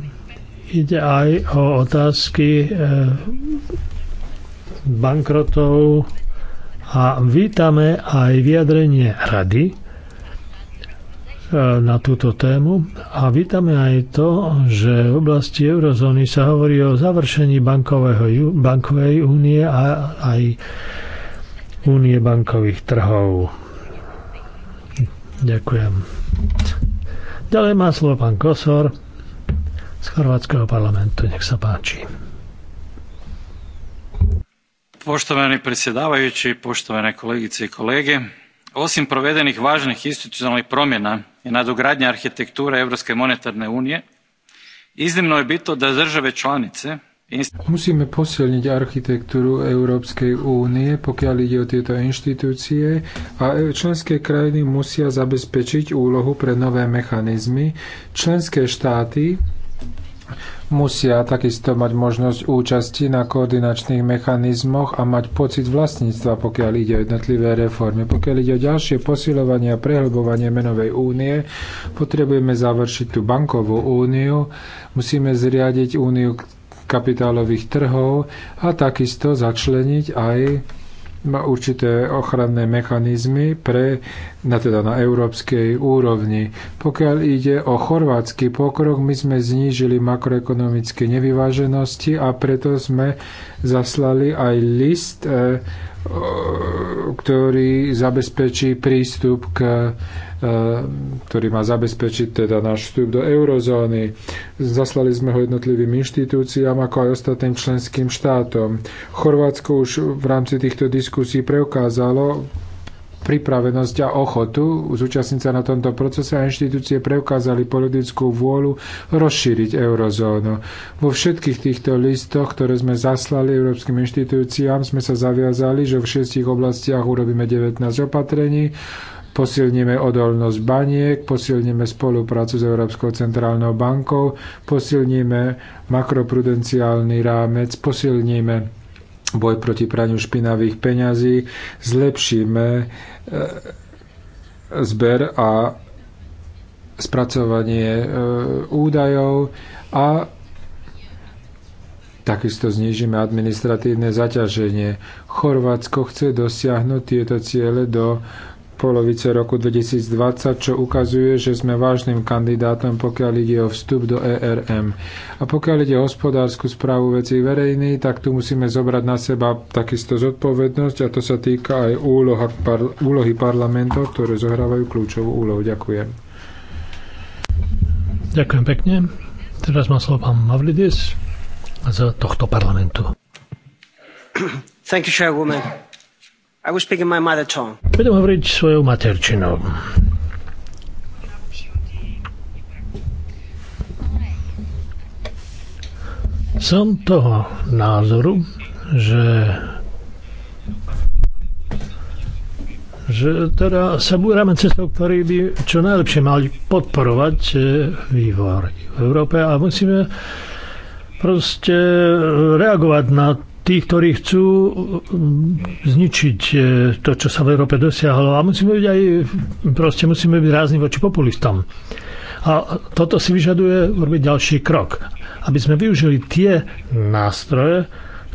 Speaker 1: Ide aj o otázky e, bankrotov a vítame aj vyjadrenie rady, Eh, na túto tému a vítame aj to, že v oblasti eurozóny sa hovorí o završení bankového, bankovej únie a aj únie bankových trhov. Ďakujem. Ďalej má slovo pán Kosor z Chorvátskeho parlamentu. Nech sa páči. Poštovani predsjedavajući, poštovane kolegice a kolege, osim provedenih važnih institucionalnih promjena i nadogradnje arhitekture Europske monetarne unije, iznimno je
Speaker 3: bitno da države članice Musíme posilniť architektúru Európskej únie, pokiaľ ide o tieto inštitúcie a členské krajiny musia zabezpečiť úlohu pre nové mechanizmy. Členské štáty musia takisto mať možnosť účasti na koordinačných mechanizmoch a mať pocit vlastníctva, pokiaľ ide o jednotlivé reformy. Pokiaľ ide o ďalšie posilovanie a prehlbovanie menovej únie, potrebujeme završiť tú bankovú úniu, musíme zriadiť úniu kapitálových trhov a takisto začleniť aj má určité ochranné mechanizmy pre, na, teda na európskej úrovni. Pokiaľ ide o chorvátsky pokrok, my sme znížili makroekonomické nevyváženosti a preto sme zaslali aj list e, Eh, ktorý zabezpečí prístup k eh, ktorý má zabezpečiť teda náš vstup do eurozóny. Zaslali sme ho jednotlivým inštitúciám, ako aj ostatným členským štátom. Chorvátsko už v rámci týchto diskusí preukázalo pripravenosť a ochotu zúčastniť sa na tomto procese a inštitúcie preukázali politickú vôľu rozšíriť eurozónu. Vo všetkých týchto listoch, ktoré sme zaslali európskym inštitúciám, sme sa zaviazali, že v šiestich oblastiach urobíme 19 opatrení, posilníme odolnosť baniek, posilníme spoluprácu s Európskou centrálnou bankou, posilníme makroprudenciálny rámec, posilníme boj proti praniu špinavých peňazí, zlepšíme e, zber a spracovanie e, údajov a Takisto znížime administratívne zaťaženie. Chorvátsko chce dosiahnuť tieto ciele do polovice roku 2020, čo ukazuje, že sme vážnym kandidátom, pokiaľ ide o vstup do ERM. A pokiaľ ide o hospodárskú správu veci verejnej, tak tu musíme zobrať na seba takisto zodpovednosť a to sa týka aj úloha, par, úlohy parlamentov, ktoré zohrávajú kľúčovú úlohu. Ďakujem.
Speaker 1: Ďakujem pekne. Teraz má slovo pán Mavlidis z tohto parlamentu. Thank you, Chairwoman. I will speak my mother tongue. Budem hovoriť svojou materčinou. Som toho názoru, že že teda sa búrame cestou, ktorý by čo najlepšie mali podporovať e, vývoj v Európe a musíme proste reagovať na Tí, ktorí chcú mm, zničiť e, to, čo sa v Európe dosiahlo. A musíme byť aj, proste musíme byť rázni voči populistom. A toto si vyžaduje urobiť ďalší krok, aby sme využili tie nástroje,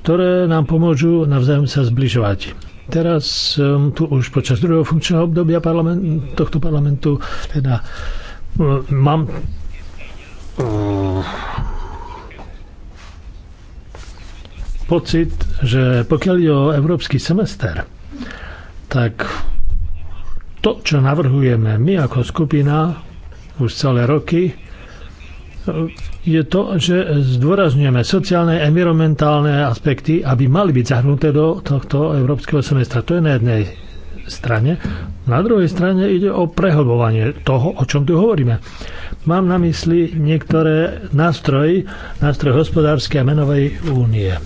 Speaker 1: ktoré nám pomôžu navzájom sa zbližovať. Teraz e, tu už počas druhého funkčného obdobia parlament, tohto parlamentu teda mám pocit, že pokiaľ je o európsky semester, tak to, čo navrhujeme my ako skupina už celé roky, je to, že zdôrazňujeme sociálne, environmentálne aspekty, aby mali byť zahrnuté do tohto európskeho semestra. To je na jednej strane. Na druhej strane ide o prehlbovanie toho, o čom tu hovoríme. Mám na mysli niektoré nástroje, nástroj hospodárskej a menovej únie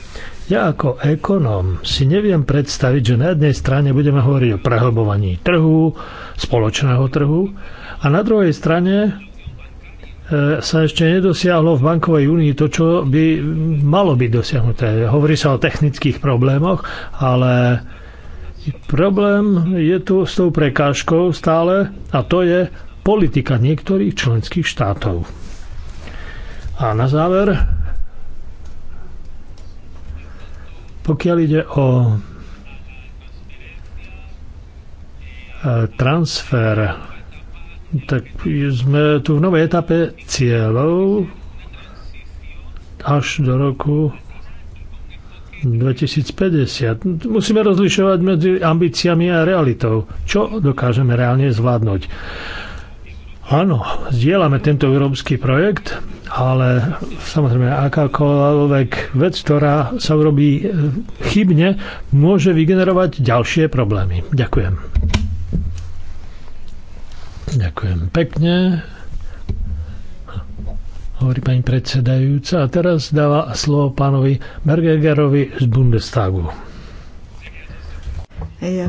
Speaker 1: ja ako ekonóm si neviem predstaviť, že na jednej strane budeme hovoriť o prehlbovaní trhu, spoločného trhu a na druhej strane e, sa ešte nedosiahlo v bankovej únii to, čo by malo byť dosiahnuté. Hovorí sa o technických problémoch, ale problém je tu s tou prekážkou stále a to je politika niektorých členských štátov. A na záver Pokiaľ ide o e, transfer, tak sme tu v novej etape cieľov až do roku 2050. Musíme rozlišovať medzi ambíciami a realitou. Čo dokážeme reálne zvládnuť? Áno, zdieľame tento európsky projekt, ale samozrejme akákoľvek vec, ktorá sa urobí e, chybne, môže vygenerovať ďalšie problémy. Ďakujem. Ďakujem pekne. Hovorí pani predsedajúca. A teraz dáva slovo pánovi Bergegerovi z Bundestagu.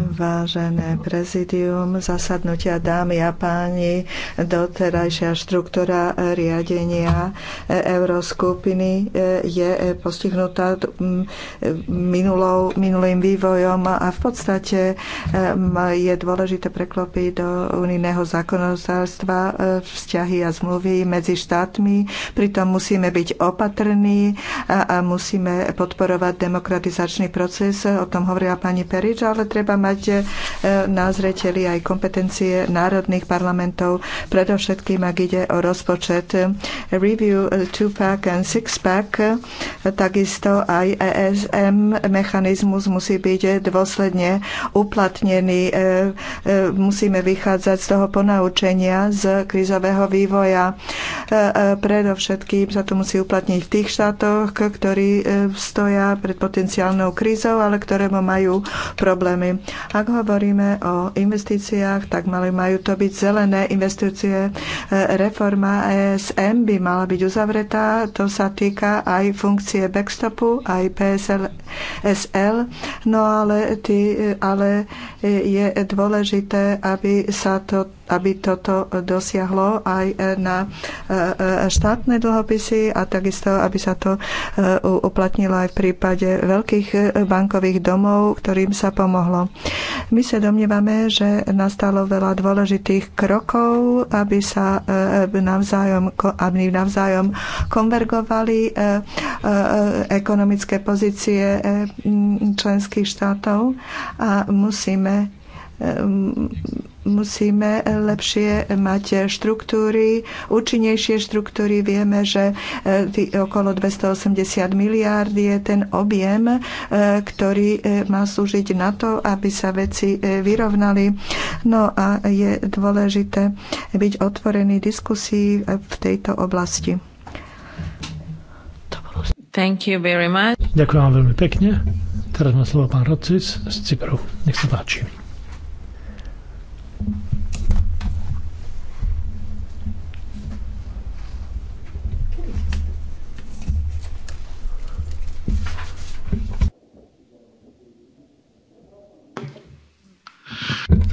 Speaker 2: Vážené prezidium, zasadnutia dámy a páni, doterajšia štruktúra riadenia euroskupiny eh, je eh, postihnutá mm, minulou, minulým vývojom a v podstate eh, je dôležité preklopiť do unijného zákonodárstva vzťahy a zmluvy medzi štátmi. Pritom musíme byť opatrní a musíme podporovať demokratizačný proces. O tom hovorila pani Perič, ale treba treba mať e, na zreteli aj kompetencie národných parlamentov, predovšetkým ak ide o rozpočet. Review 2-pack e, and 6-pack, e, takisto aj ESM mechanizmus musí byť dôsledne uplatnený. Musíme vychádzať z toho ponaučenia z krizového vývoja. Predovšetkým sa to musí uplatniť v tých štátoch, ktorí stoja pred potenciálnou krízou, ale ktorému majú problémy firmy. Ak hovoríme o investíciách, tak mali, majú to byť zelené investície. Reforma ESM by mala byť uzavretá. To sa týka aj funkcie backstopu, aj PSL, SL. No ale, ty, ale je dôležité, aby sa to aby toto dosiahlo aj na e, e, štátne dlhopisy a takisto, aby sa to e, uplatnilo aj v prípade veľkých bankových domov, ktorým sa pomohlo. My sa domnievame, že nastalo veľa dôležitých krokov, aby sa navzájom, aby navzájom konvergovali ekonomické pozície členských štátov a musíme musíme lepšie mať štruktúry, účinnejšie štruktúry. Vieme, že eh, okolo 280 miliárd je ten objem, eh, ktorý eh, má slúžiť na to, aby sa veci vyrovnali. No a je dôležité byť otvorený diskusii v tejto oblasti.
Speaker 1: Thank you very much. Ďakujem vám veľmi pekne. Teraz má slovo pán Rodcis z Cypru. Nech sa páči.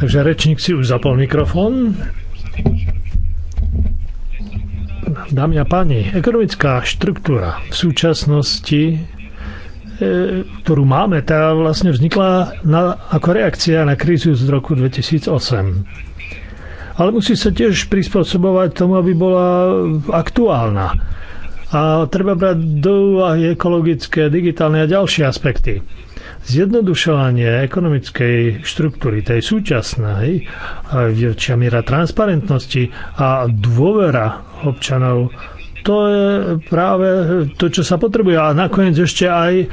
Speaker 1: Takže rečník si už zapol mikrofón. Dámy a páni, ekonomická štruktúra v súčasnosti, e, ktorú máme, tá vlastne vznikla na, ako reakcia na krízu z roku 2008. Ale musí sa tiež prispôsobovať tomu, aby bola aktuálna. A treba brať do úvahy ekologické, digitálne a ďalšie aspekty zjednodušovanie ekonomickej štruktúry, tej súčasnej, väčšia miera transparentnosti a dôvera občanov, to je práve to, čo sa potrebuje. A nakoniec ešte aj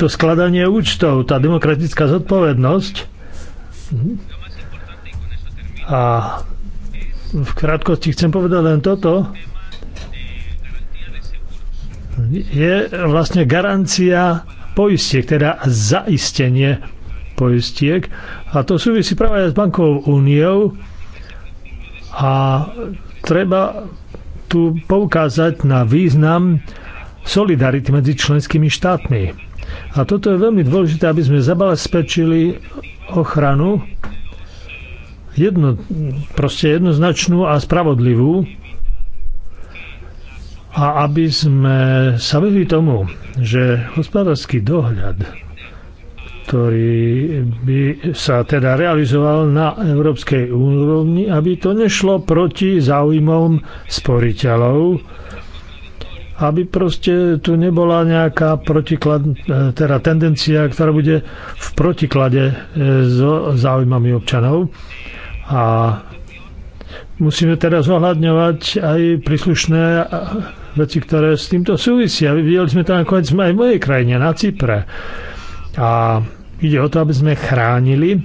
Speaker 1: to skladanie účtov, tá demokratická zodpovednosť. A v krátkosti chcem povedať len toto je vlastne garancia poistiek, teda zaistenie poistiek. A to súvisí práve aj s bankovou úniou a treba tu poukázať na význam solidarity medzi členskými štátmi. A toto je veľmi dôležité, aby sme zabezpečili ochranu jedno, proste jednoznačnú a spravodlivú a aby sme sa vyhli tomu, že hospodársky dohľad, ktorý by sa teda realizoval na európskej úrovni, aby to nešlo proti záujmom sporiteľov, aby proste tu nebola nejaká protiklad, e, teda tendencia, ktorá bude v protiklade e, s záujmami občanov. A musíme teraz zohľadňovať aj príslušné veci, ktoré s týmto súvisia. Videli sme to nakoniec aj v mojej krajine, na Cypre. A ide o to, aby sme chránili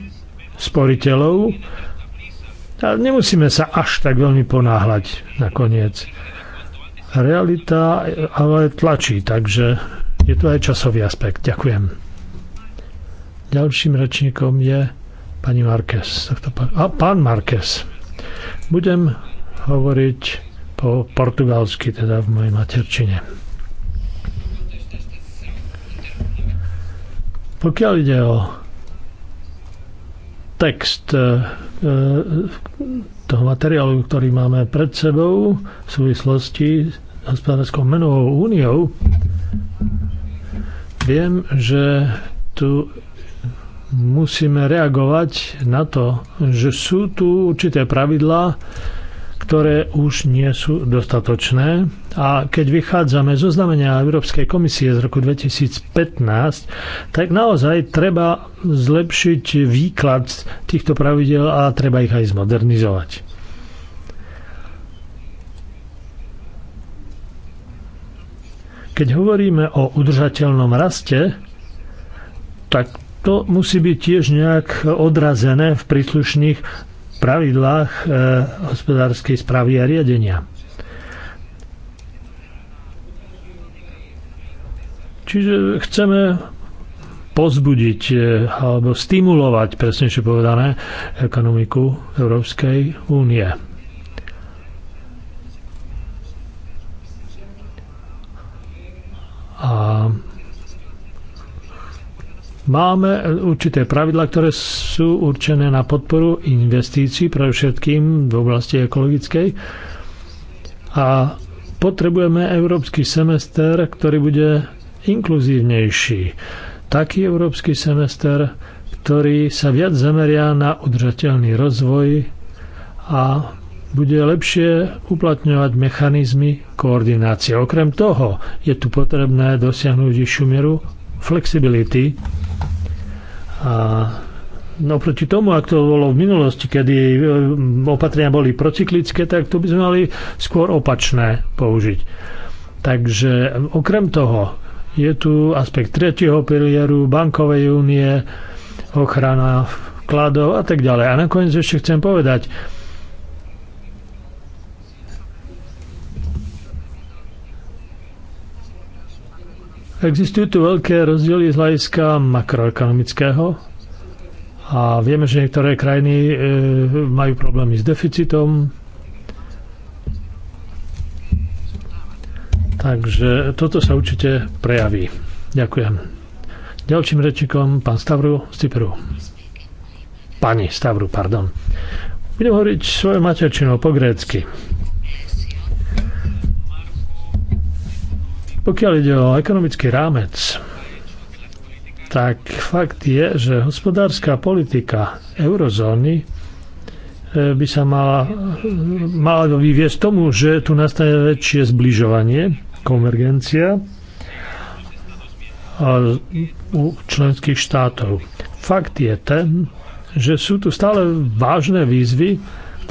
Speaker 1: sporiteľov a nemusíme sa až tak veľmi ponáhľať nakoniec. Realita ale tlačí, takže je to aj časový aspekt. Ďakujem. Ďalším rečníkom je pani Marques. A pán Marques. Budem hovoriť po portugalsky, teda v mojej materčine. Pokiaľ ide o text e, e, toho materiálu, ktorý máme pred sebou v súvislosti s hospodárskou menovou úniou, viem, že tu musíme reagovať na to, že sú tu určité pravidlá, ktoré už nie sú dostatočné. A keď vychádzame zo znamenia Európskej komisie z roku 2015, tak naozaj treba zlepšiť výklad týchto pravidel a treba ich aj zmodernizovať. Keď hovoríme o udržateľnom raste, tak to musí byť tiež nejak odrazené v príslušných pravidlách eh, hospodárskej správy a riadenia. Čiže chceme pozbudiť eh, alebo stimulovať, presnejšie povedané, ekonomiku Európskej únie. Máme určité pravidla, ktoré sú určené na podporu investícií, pre všetkým v oblasti ekologickej. A potrebujeme európsky semester, ktorý bude inkluzívnejší. Taký európsky semester, ktorý sa viac zameria na udržateľný rozvoj a bude lepšie uplatňovať mechanizmy koordinácie. Okrem toho je tu potrebné dosiahnuť vyššiu mieru flexibility a No proti tomu, ak to bolo v minulosti, kedy e, opatrenia boli procyklické, tak to by sme mali skôr opačné použiť. Takže okrem toho je tu aspekt tretieho pilieru, bankovej únie, ochrana vkladov a tak ďalej. A nakoniec ešte chcem povedať, Existujú tu veľké rozdiely z hľadiska makroekonomického a vieme, že niektoré krajiny e, majú problémy s deficitom. Takže toto sa určite prejaví. Ďakujem. Ďalším rečikom pán Stavru z Cypru. Pani Stavru, pardon. Budem hovoriť svojou materčinou po grécky. Pokiaľ ide o ekonomický rámec, tak fakt je, že hospodárska politika eurozóny e, by sa mala, mala vyviesť tomu, že tu nastane väčšie zbližovanie, konvergencia u členských štátov. Fakt je ten, že sú tu stále vážne výzvy,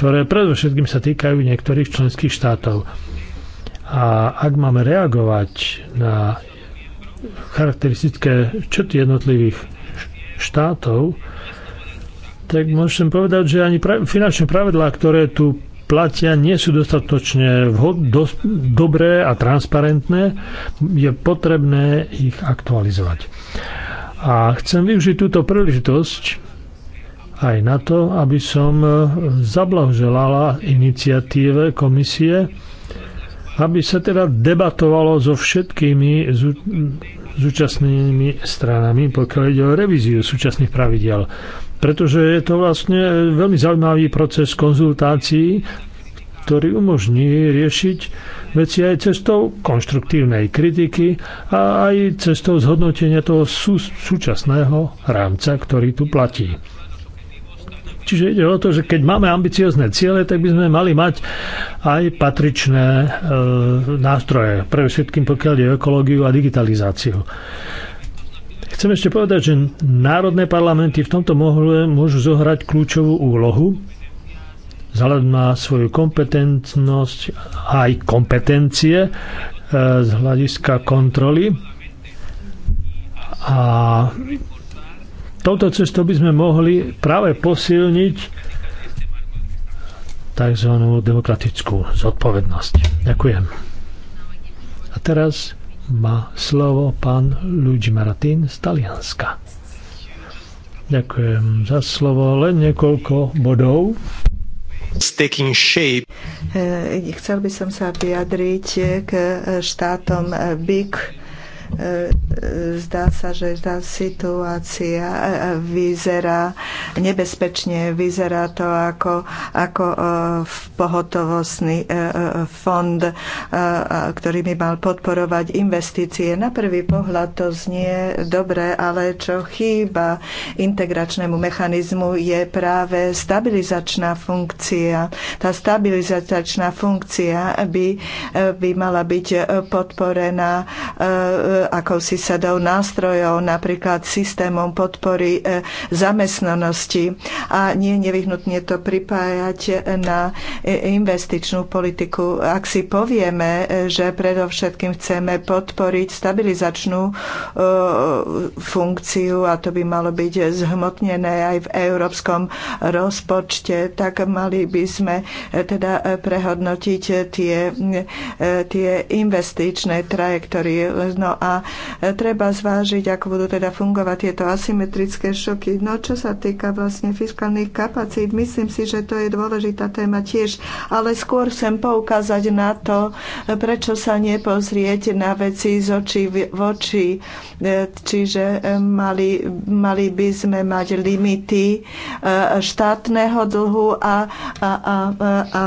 Speaker 1: ktoré predovšetkým sa týkajú niektorých členských štátov. A ak máme reagovať na charakteristické črty jednotlivých štátov, tak môžem povedať, že ani pra- finančné pravidlá, ktoré tu platia, nie sú dostatočne vhod, dos, dobré a transparentné. Je potrebné ich aktualizovať. A chcem využiť túto príležitosť aj na to, aby som zablahoželala iniciatíve komisie aby sa teda debatovalo so všetkými zúčastnenými stranami, pokiaľ ide o revíziu súčasných pravidel. Pretože je to vlastne veľmi zaujímavý proces konzultácií, ktorý umožní riešiť veci aj cestou konštruktívnej kritiky a aj cestou zhodnotenia toho sú, súčasného rámca, ktorý tu platí. Čiže ide o to, že keď máme ambiciozne ciele, tak by sme mali mať aj patričné e, nástroje, pre všetkým pokiaľ je ekológiu a digitalizáciu. Chcem ešte povedať, že národné parlamenty v tomto mohli, môžu zohrať kľúčovú úlohu vzhľadom na svoju kompetentnosť a aj kompetencie e, z hľadiska kontroly. A touto cestou by sme mohli práve posilniť tzv. demokratickú zodpovednosť. Ďakujem. A teraz má slovo pán Luigi Maratín z Talianska. Ďakujem za slovo. Len niekoľko bodov. Eh,
Speaker 2: chcel by som sa vyjadriť k štátom eh, BIC E, e, zdá sa, že tá situácia e, vyzerá nebezpečne, vyzerá to ako, ako pohotovostný fond, ktorý by mal podporovať investície. Na prvý pohľad to znie dobre, ale čo chýba integračnému mechanizmu je práve stabilizačná funkcia. Tá stabilizačná funkcia by, by mala byť podporená akousi sadou nástrojov, napríklad systémom podpory e, zamestnanosti a nie nevyhnutne to pripájať na e, investičnú politiku. Ak si povieme, e, že predovšetkým chceme podporiť stabilizačnú funkciu a to by malo byť zhmotnené aj v európskom rozpočte, tak mali by sme teda prehodnotiť tie, tie investičné trajektórie. No a a e, treba zvážiť, ako budú teda fungovať tieto asymetrické šoky. No čo sa týka vlastne fiskálnych kapacít, myslím si, že to je dôležitá téma tiež, ale skôr chcem poukázať na to, e, prečo sa nepozrieť na veci z očí v oči. E, čiže mali, mali by sme mať limity štátneho dlhu a, a, a, a, a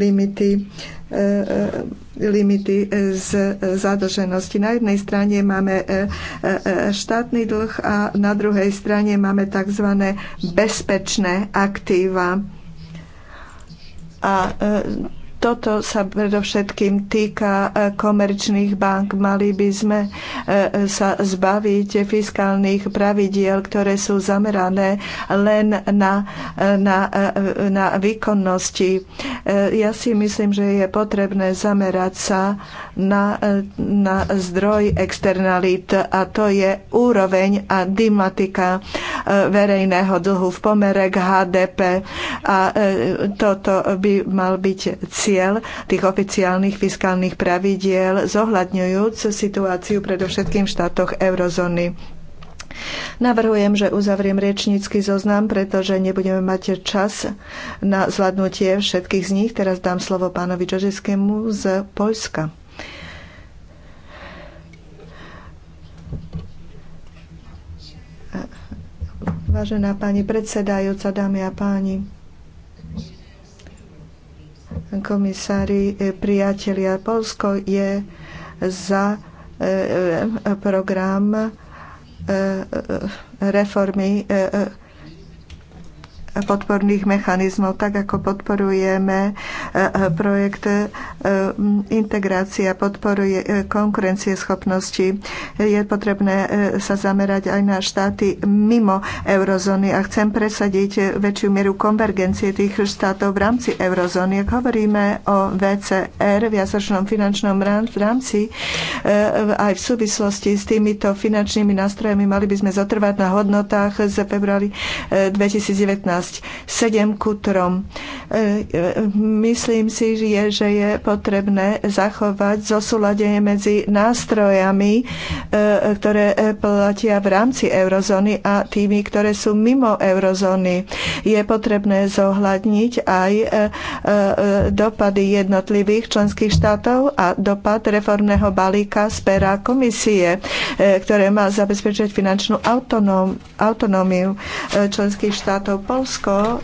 Speaker 2: limity E, e, limity e, z zadlženosti. Na jednej strane máme štátny dlh a na druhej strane máme tzv. bezpečné aktíva. A toto sa predovšetkým týka e, komerčných bank. Mali by sme e, sa zbaviť fiskálnych pravidiel, ktoré sú zamerané len na, e, na, na výkonnosti. Ja si myslím, že je potrebné zamerať sa na, na zdroj externalit a to je úroveň a dymatika verejného dlhu v pomere k HDP a toto by mal byť cieľ pravidiel, tých oficiálnych fiskálnych pravidiel, zohľadňujúc situáciu predovšetkým v štátoch eurozóny. Navrhujem, že uzavriem riečnícky zoznam, pretože nebudeme mať čas na zvládnutie všetkých z nich. Teraz dám slovo pánovi Čožeskému z Poľska. Vážená pani predsedajúca, dámy a páni, komisári, e, priatelia, Polsko je za e, e, program reformy podporných mechanizmov, tak ako podporujeme e, e, projekt e, integrácia, podporuje konkurencie schopnosti. Je potrebné sa zamerať aj na štáty mimo eurozóny a chcem presadiť väčšiu mieru konvergencie tých štátov v rámci eurozóny. Ak hovoríme o VCR, viacočnom finančnom rámci, aj v súvislosti s týmito finančnými nástrojmi mali by sme zotrvať na hodnotách z februári 2019 účasť 7 ku 3. E, e, myslím si, že je potrebné zachovať zosúladenie medzi nástrojami, e, ktoré platia v rámci eurozóny a tými, ktoré sú mimo eurozóny. Je potrebné zohľadniť aj dopady jednotlivých členských štátov a dopad reformného balíka z pera komisie, ktoré má zabezpečiť finančnú autonómiu členských štátov Polska Slovensko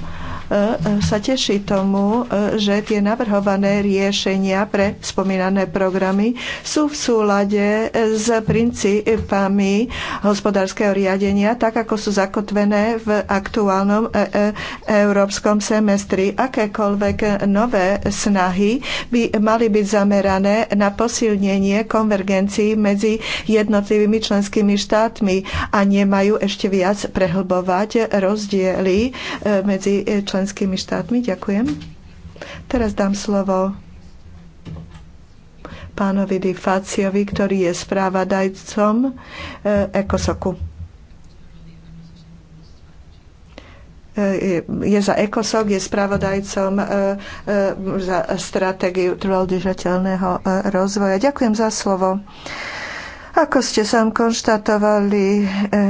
Speaker 2: E, e, sa teší tomu, e, že tie navrhované riešenia pre spomínané programy sú v súlade s princípami hospodárskeho riadenia, tak ako sú zakotvené v aktuálnom európskom semestri. Akékoľvek nové snahy by mali byť zamerané na posilnenie konvergencií medzi jednotlivými členskými štátmi a nemajú ešte viac prehlbovať rozdiely medzi členskými členskými štátmi. Ďakujem. Teraz dám slovo pánovi Difáciovi, ktorý je správadajcom eh, Ekosoku. Eh, je za Ekosok, je správodajcom eh, za stratégiu trvalodržateľného rozvoja. Ďakujem za slovo. Ako ste sám konštatovali, e, e, e,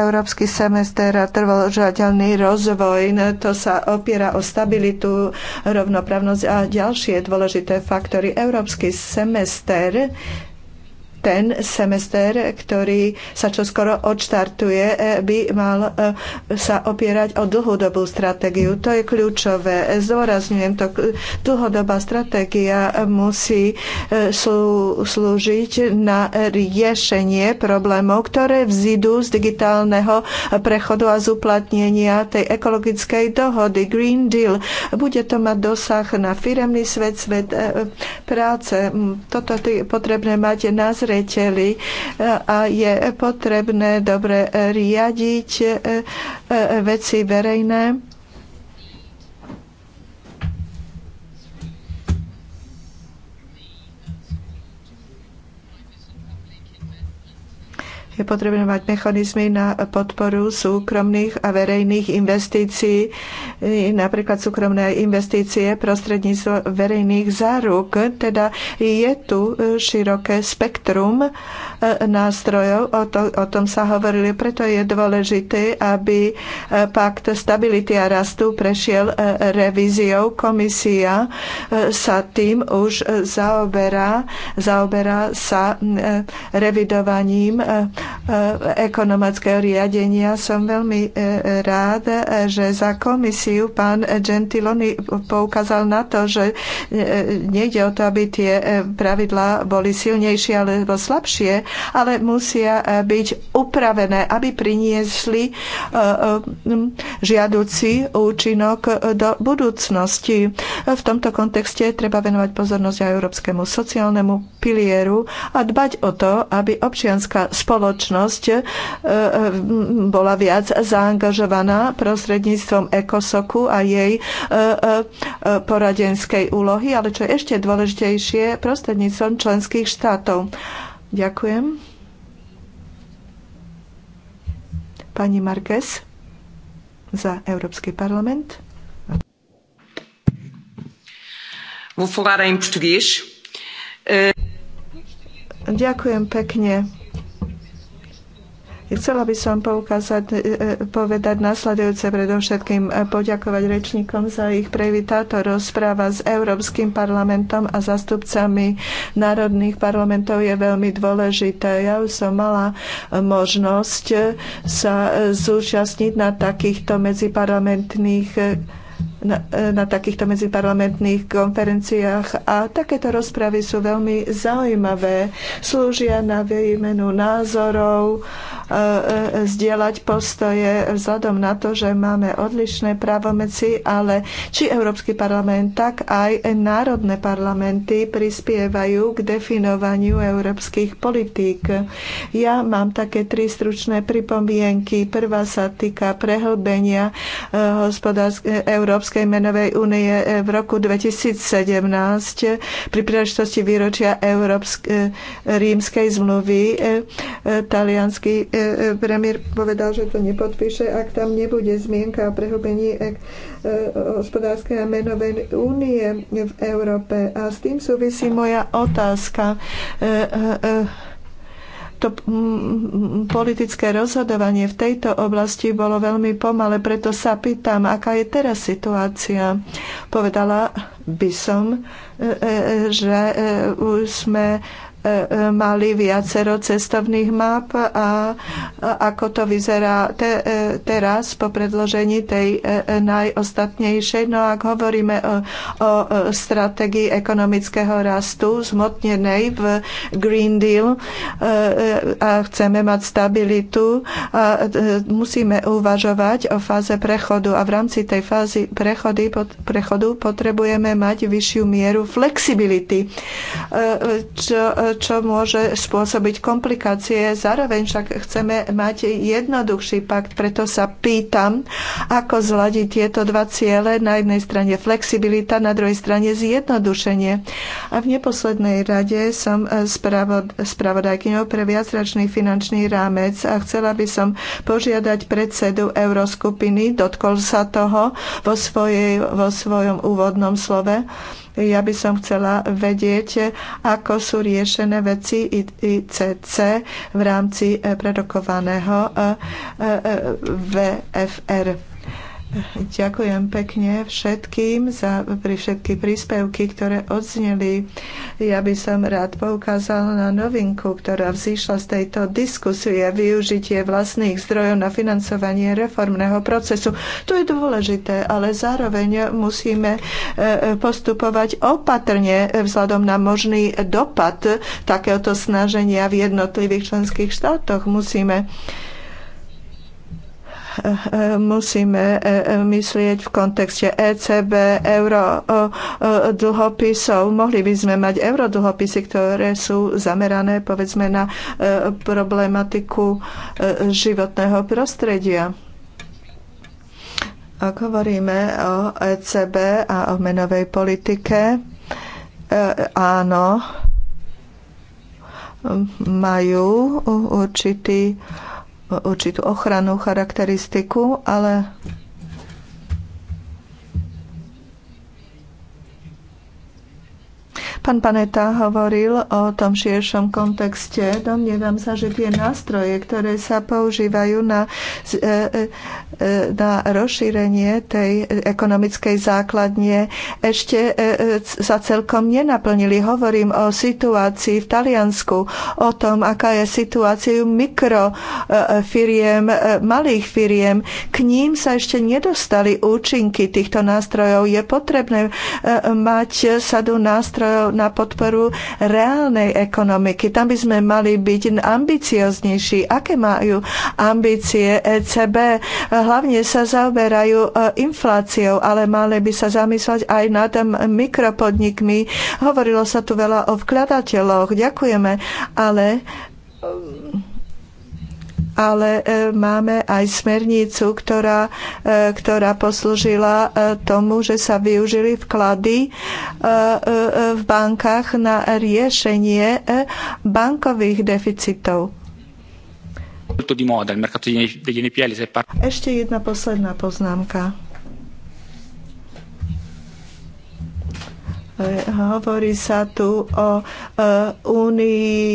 Speaker 2: európsky semester a trvaložateľný rozvoj, no, to sa opiera o stabilitu, rovnoprávnosť a ďalšie dôležité faktory. Európsky semester ten semester, ktorý sa čoskoro odštartuje, eh, by mal eh, sa opierať o dlhodobú stratégiu. To je kľúčové. Zdôrazňujem to. Dlhodobá stratégia musí eh, slúžiť na riešenie problémov, ktoré vzidú z digitálneho prechodu a zuplatnenia tej ekologickej dohody Green Deal. Bude to mať dosah na firemný svet, svet práce. Toto je potrebné mať názre zreteli e, a je potrebné dobre riadiť e, e, veci verejné Je potrebné mať mechanizmy na podporu súkromných a verejných investícií, napríklad súkromné investície prostredníctvo verejných záruk. Teda je tu široké spektrum e, nástrojov, o, to, o tom sa hovorili, preto je dôležité, aby e, pakt stability a rastu prešiel e, revíziou. Komisia sa tým už zaoberá, zaoberá sa revidovaním Eh, ekonomického riadenia. Som veľmi eh, rád, eh, že za komisiu pán Gentiloni poukázal na to, že nejde o to, aby tie pravidlá boli silnejšie alebo slabšie, ale musia byť upravené, aby priniesli žiaduci účinok do budúcnosti. V tomto kontexte treba venovať pozornosť aj európskemu sociálnemu pilieru a dbať o to, aby občianská spoločnosť spoločnosť e, e, bola viac zaangažovaná prostredníctvom ECOSOKu a jej e, poradenskej úlohy, ale čo je ešte dôležitejšie, prostredníctvom členských štátov. Ďakujem. Pani Marquez za Európsky parlament.
Speaker 1: Vou falar em português. Eh,
Speaker 2: Ďakujem pekne. Chcela by som poukázať, e, e, povedať nasledujúce predovšetkým e, poďakovať rečníkom za ich prejvy. Táto rozpráva s Európskym parlamentom a zastupcami národných parlamentov je veľmi dôležitá. Ja už som mala možnosť sa zúčastniť na takýchto medziparlamentných na, e, na takýchto medziparlamentných konferenciách a takéto rozpravy sú veľmi zaujímavé. Slúžia na výmenu názorov, e, e, zdieľať postoje vzhľadom na to, že máme odlišné právomeci, ale či Európsky parlament, tak aj národné parlamenty prispievajú k definovaniu európskych politík. Ja mám také tri stručné pripomienky. Prvá sa týka prehlbenia e, hospodárskej európskej Európskej menovej únie e, v roku 2017 pri príležitosti výročia Európskej rímskej zmluvy. E, e, talianský premiér povedal, že to nepodpíše, ak tam nebude zmienka o prehobení hospodárskej a menovej únie v Európe. A s tým súvisí moja otázka to politické rozhodovanie v tejto oblasti bolo veľmi pomalé, preto sa pýtam, aká je teraz situácia. Povedala by som, e, e, e, že už sme mali viacero cestovných map a ako to vyzerá te, e, teraz po predložení tej e, najostatnejšej. No ak hovoríme o, o e, stratégii ekonomického rastu zmotnenej v Green Deal a chceme mať stabilitu, a musíme uvažovať o fáze prechodu a v rámci tej fázy prechody, prechodu potrebujeme mať vyššiu mieru flexibility, čo, čo môže spôsobiť komplikácie. Zároveň však chceme mať jednoduchší pakt, preto sa pýtam, ako zladiť tieto dva ciele. Na jednej strane flexibilita, na druhej strane zjednodušenie. A v neposlednej rade som spravodajkyňou pre viacračný finančný rámec a chcela by som požiadať predsedu Euroskupiny, dotkol sa toho vo, svojej, vo svojom úvodnom slove, ja by som chcela vedieť, ako sú riešené veci ICC v rámci predokovaného eh, eh, eh, VFR. Ďakujem pekne všetkým za pri všetky príspevky, ktoré odzneli. Ja by som rád poukázal na novinku, ktorá vzýšla z tejto diskusie využitie vlastných zdrojov na financovanie reformného procesu. To je dôležité, ale zároveň musíme e, e, postupovať opatrne vzhľadom na možný dopad takéhoto snaženia v jednotlivých členských štátoch. Musíme musíme e, e, myslieť v kontexte ECB, euro dlhopisov. Mohli by sme mať euro dlhopisy, ktoré sú zamerané povedzme na e, problematiku životného prostredia. Ak hovoríme o ECB a o menovej politike, áno, majú určitý určitú ochranu, charakteristiku, ale Pán Paneta hovoril o tom širšom kontexte. Domnievam sa, že tie nástroje, ktoré sa používajú na, e, e, e, na rozšírenie tej ekonomickej základne, ešte sa celkom nenaplnili. Hovorím o situácii v Taliansku, o tom, aká je situácia mikrofiriem, malých firiem. K ním sa ešte nedostali účinky týchto nástrojov. Je potrebné mať sadu nástrojov na podporu reálnej ekonomiky. Tam by sme mali byť ambicioznejší. Aké majú ambície ECB? Hlavne sa zaoberajú e, infláciou, ale mali by sa zamyslať aj nad mikropodnikmi. Hovorilo sa tu veľa o vkladateľoch. Ďakujeme, ale ale e, máme aj smernicu, ktorá, e, ktorá poslúžila e, tomu, že sa využili vklady v bankách na riešenie bankových deficitov. Ešte jedna posledná poznámka. Hovorí sa tu o únii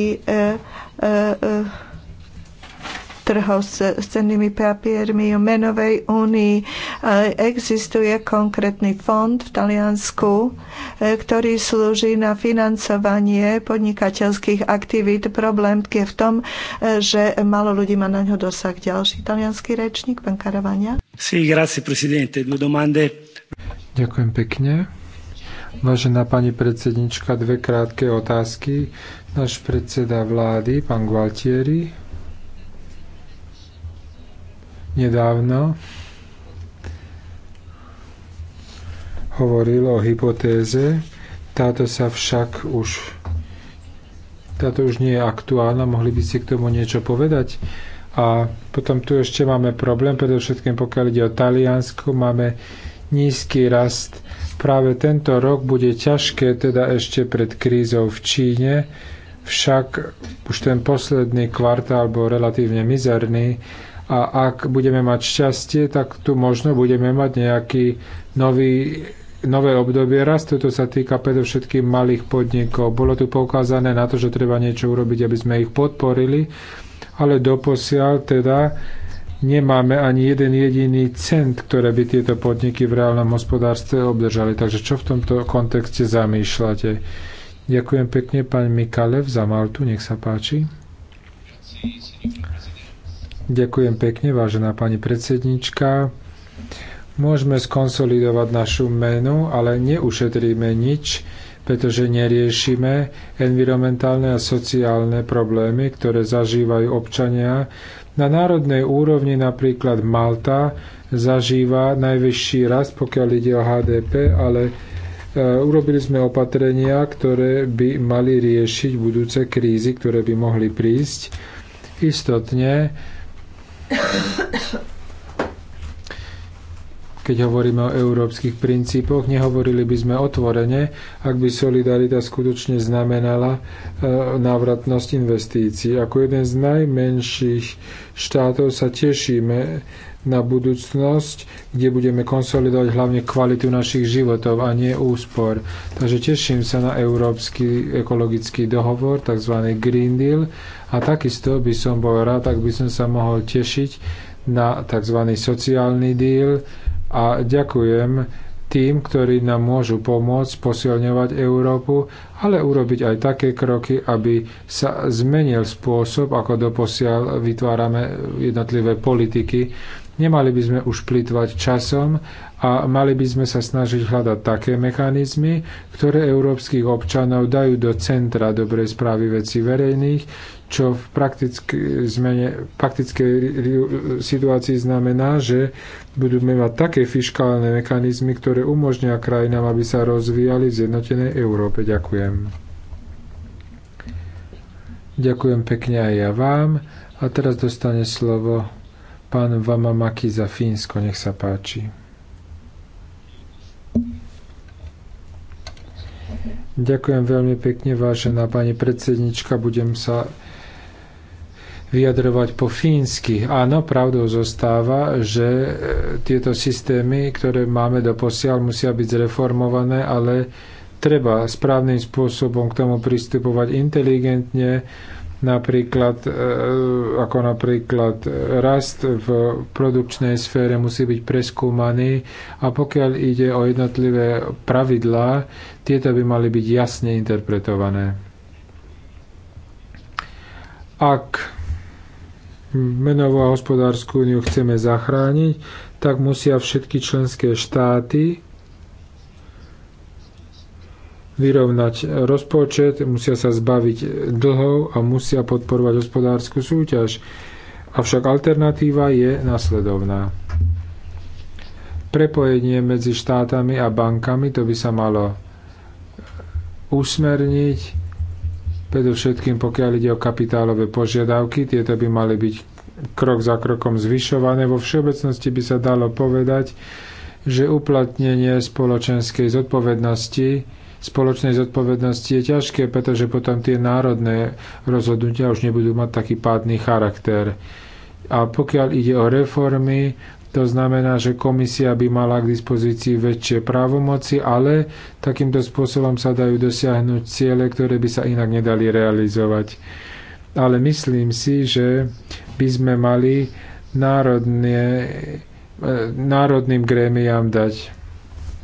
Speaker 2: trhov s, s cennými papiermi, o menovej únii. E, existuje konkrétny fond v Taliansku, e, ktorý slúži na financovanie podnikateľských aktivít. Problém je v tom, e, že malo ľudí má na ňo dosah. Ďalší talianský rečník, pán Karavania.
Speaker 1: Sí, grazie, presidente. Due domande.
Speaker 3: Ďakujem pekne. Vážená pani predsednička, dve krátke otázky. Náš predseda vlády, pán Gualtieri, nedávno hovoril o hypotéze. Táto sa však už táto už nie je aktuálna, mohli by ste k tomu niečo povedať. A potom tu ešte máme problém, predovšetkým pokiaľ ide o Taliansko, máme nízky rast. Práve tento rok bude ťažké, teda ešte pred krízou v Číne, však už ten posledný kvartál bol relatívne mizerný a ak budeme mať šťastie, tak tu možno budeme mať nejaký nový nové obdobie rastu, to sa týka predovšetkým malých podnikov. Bolo tu poukázané na to, že treba niečo urobiť, aby sme ich podporili, ale doposiaľ teda nemáme ani jeden jediný cent, ktoré by tieto podniky v reálnom hospodárstve obdržali. Takže čo v tomto kontexte zamýšľate? Ďakujem pekne, pán Mikalev za Maltu, nech sa páči. Ďakujem pekne, vážená pani predsednička. Môžeme skonsolidovať našu menu, ale neušetríme nič, pretože neriešime environmentálne a sociálne problémy, ktoré zažívajú občania. Na národnej úrovni napríklad Malta zažíva najvyšší rast, pokiaľ ide o HDP, ale e, urobili sme opatrenia, ktoré by mali riešiť budúce krízy, ktoré by mohli prísť. Istotne, keď hovoríme o európskych princípoch, nehovorili by sme otvorene, ak by solidarita skutočne znamenala e, návratnosť investícií. Ako jeden z najmenších štátov sa tešíme na budúcnosť, kde budeme konsolidovať hlavne kvalitu našich životov a nie úspor. Takže teším sa na Európsky ekologický dohovor, tzv. Green Deal a takisto by som bol rád, ak by som sa mohol tešiť na tzv. sociálny deal a ďakujem tým, ktorí nám môžu pomôcť posilňovať Európu, ale urobiť aj také kroky, aby sa zmenil spôsob, ako doposiaľ vytvárame jednotlivé politiky Nemali by sme už plitvať časom a mali by sme sa snažiť hľadať také mechanizmy, ktoré európskych občanov dajú do centra dobrej správy veci verejných, čo v praktickej, situácii znamená, že budeme mať také fiškálne mechanizmy, ktoré umožnia krajinám, aby sa rozvíjali v zjednotenej Európe. Ďakujem. Ďakujem pekne aj ja vám. A teraz dostane slovo Pán Vamamaki za Fínsko, nech sa páči. Ďakujem veľmi pekne, vážená pani predsednička. Budem sa vyjadrovať po fínsky. Áno, pravdou zostáva, že e, tieto systémy, ktoré máme do posiaľ, musia byť zreformované, ale treba správnym spôsobom k tomu pristupovať inteligentne, napríklad, e, ako napríklad rast v produkčnej sfére musí byť preskúmaný a pokiaľ ide o jednotlivé pravidlá, tieto by mali byť jasne interpretované. Ak menovú a hospodárskú úniu chceme zachrániť, tak musia všetky členské štáty vyrovnať rozpočet, musia sa zbaviť dlhov a musia podporovať hospodárskú súťaž. Avšak alternatíva je nasledovná. Prepojenie medzi štátami a bankami, to by sa malo usmerniť, predovšetkým pokiaľ ide o kapitálové požiadavky, tieto by mali byť krok za krokom zvyšované. Vo všeobecnosti by sa dalo povedať, že uplatnenie spoločenskej zodpovednosti spoločnej zodpovednosti je ťažké, pretože potom tie národné rozhodnutia už nebudú mať taký pádny charakter. A pokiaľ ide o reformy, to znamená, že komisia by mala k dispozícii väčšie právomoci, ale takýmto spôsobom sa dajú dosiahnuť ciele, ktoré by sa inak nedali realizovať. Ale myslím si, že by sme mali národne, eh, národným grémiám dať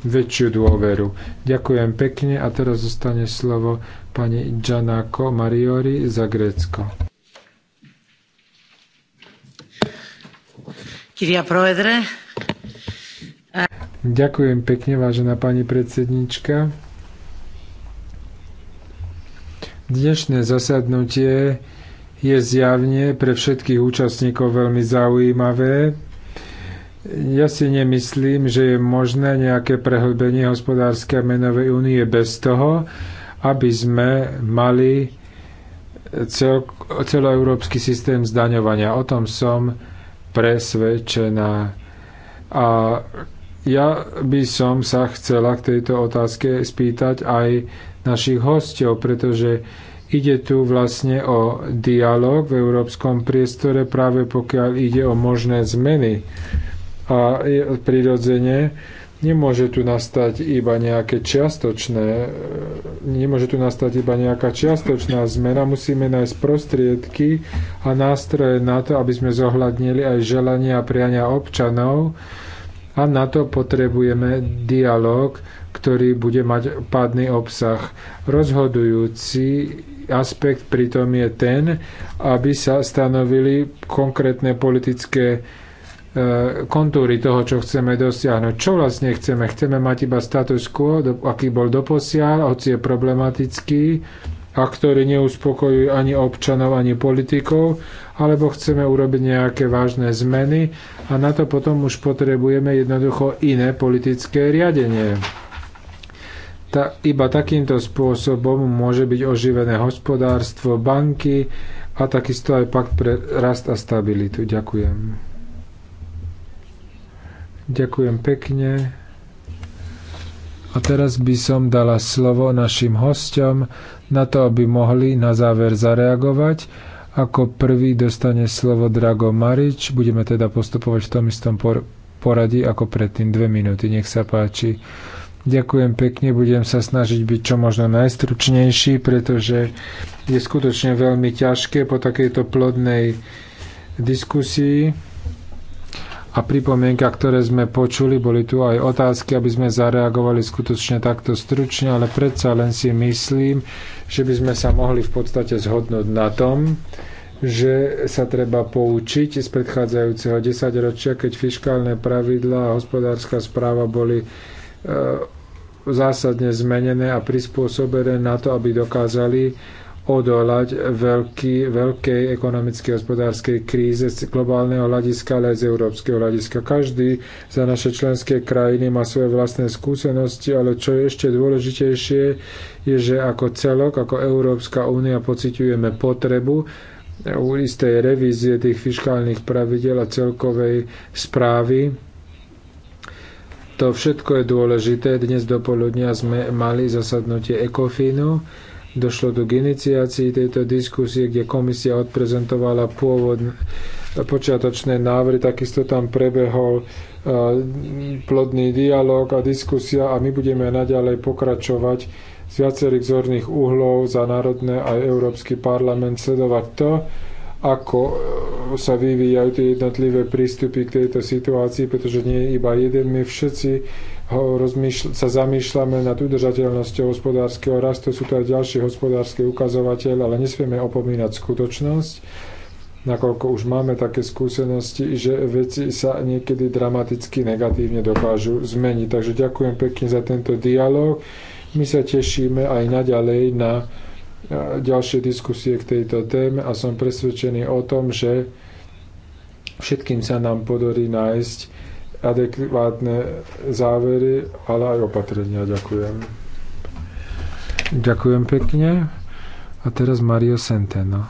Speaker 3: väčšiu dôveru. Ďakujem pekne a teraz zostane slovo pani Gianako Mariori za Grécko. Ďakujem pekne, vážená pani predsednička. Dnešné zasadnutie je zjavne pre všetkých účastníkov veľmi zaujímavé ja si nemyslím, že je možné nejaké prehlbenie hospodárskej a menovej únie bez toho, aby sme mali cel, celoeurópsky systém zdaňovania. O tom som presvedčená. A ja by som sa chcela k tejto otázke spýtať aj našich hostov, pretože Ide tu vlastne o dialog v európskom priestore, práve pokiaľ ide o možné zmeny a prirodzene nemôže tu nastať iba nejaké čiastočné, nemôže tu nastať iba nejaká čiastočná zmena, musíme nájsť prostriedky a nástroje na to, aby sme zohľadnili aj želania a priania občanov a na to potrebujeme dialog, ktorý bude mať pádny obsah. Rozhodujúci aspekt pritom je ten, aby sa stanovili konkrétne politické E, kontúry toho, čo chceme dosiahnuť. Čo vlastne chceme? Chceme mať iba status quo, aký bol doposiaľ, hoci je problematický a ktorý neuspokojuje ani občanov, ani politikov, alebo chceme urobiť nejaké vážne zmeny a na to potom už potrebujeme jednoducho iné politické riadenie. Ta, iba takýmto spôsobom môže byť oživené hospodárstvo, banky a takisto aj pakt pre rast a stabilitu. Ďakujem. Ďakujem pekne. A teraz by som dala slovo našim hostom na to, aby mohli na záver zareagovať. Ako prvý dostane slovo Drago Marič. Budeme teda postupovať v tom istom por- poradí ako predtým. Dve minúty, nech sa páči. Ďakujem pekne, budem sa snažiť byť čo možno najstručnejší, pretože je skutočne veľmi ťažké po takejto plodnej diskusii a pripomienka, ktoré sme počuli, boli tu aj otázky, aby sme zareagovali skutočne takto stručne, ale predsa len si myslím, že by sme sa mohli v podstate zhodnúť na tom, že sa treba poučiť z predchádzajúceho desaťročia, keď fiskálne pravidlá a hospodárska správa boli e, zásadne zmenené a prispôsobené na to, aby dokázali odolať veľký, veľkej ekonomickej hospodárskej kríze z globálneho hľadiska, ale aj z európskeho hľadiska. Každý za naše členské krajiny má svoje vlastné skúsenosti, ale čo je ešte dôležitejšie, je, že ako celok, ako Európska únia pociťujeme potrebu u istej revízie tých fiskálnych pravidel a celkovej správy to všetko je dôležité. Dnes poludnia sme mali zasadnutie ECOFINu došlo do k iniciácii tejto diskusie, kde komisia odprezentovala pôvod počiatočné návry, takisto tam prebehol e, plodný dialog a diskusia a my budeme naďalej pokračovať z viacerých zorných uhlov za národné a Európsky parlament sledovať to, ako e, sa vyvíjajú tie jednotlivé prístupy k tejto situácii, pretože nie je iba jeden. My všetci ho rozmýšľ, sa zamýšľame nad udržateľnosťou hospodárskeho rastu, sú to aj ďalšie hospodárske ukazovateľ, ale nesmieme opomínať skutočnosť, nakoľko už máme také skúsenosti, že veci sa niekedy dramaticky negatívne dokážu zmeniť. Takže ďakujem pekne za tento dialog. My sa tešíme aj naďalej na e, ďalšie diskusie k tejto téme a som presvedčený o tom, že všetkým sa nám podarí nájsť adekvátne závery, ale aj opatrenia. Ďakujem. Ďakujem pekne. A teraz Mario Centeno.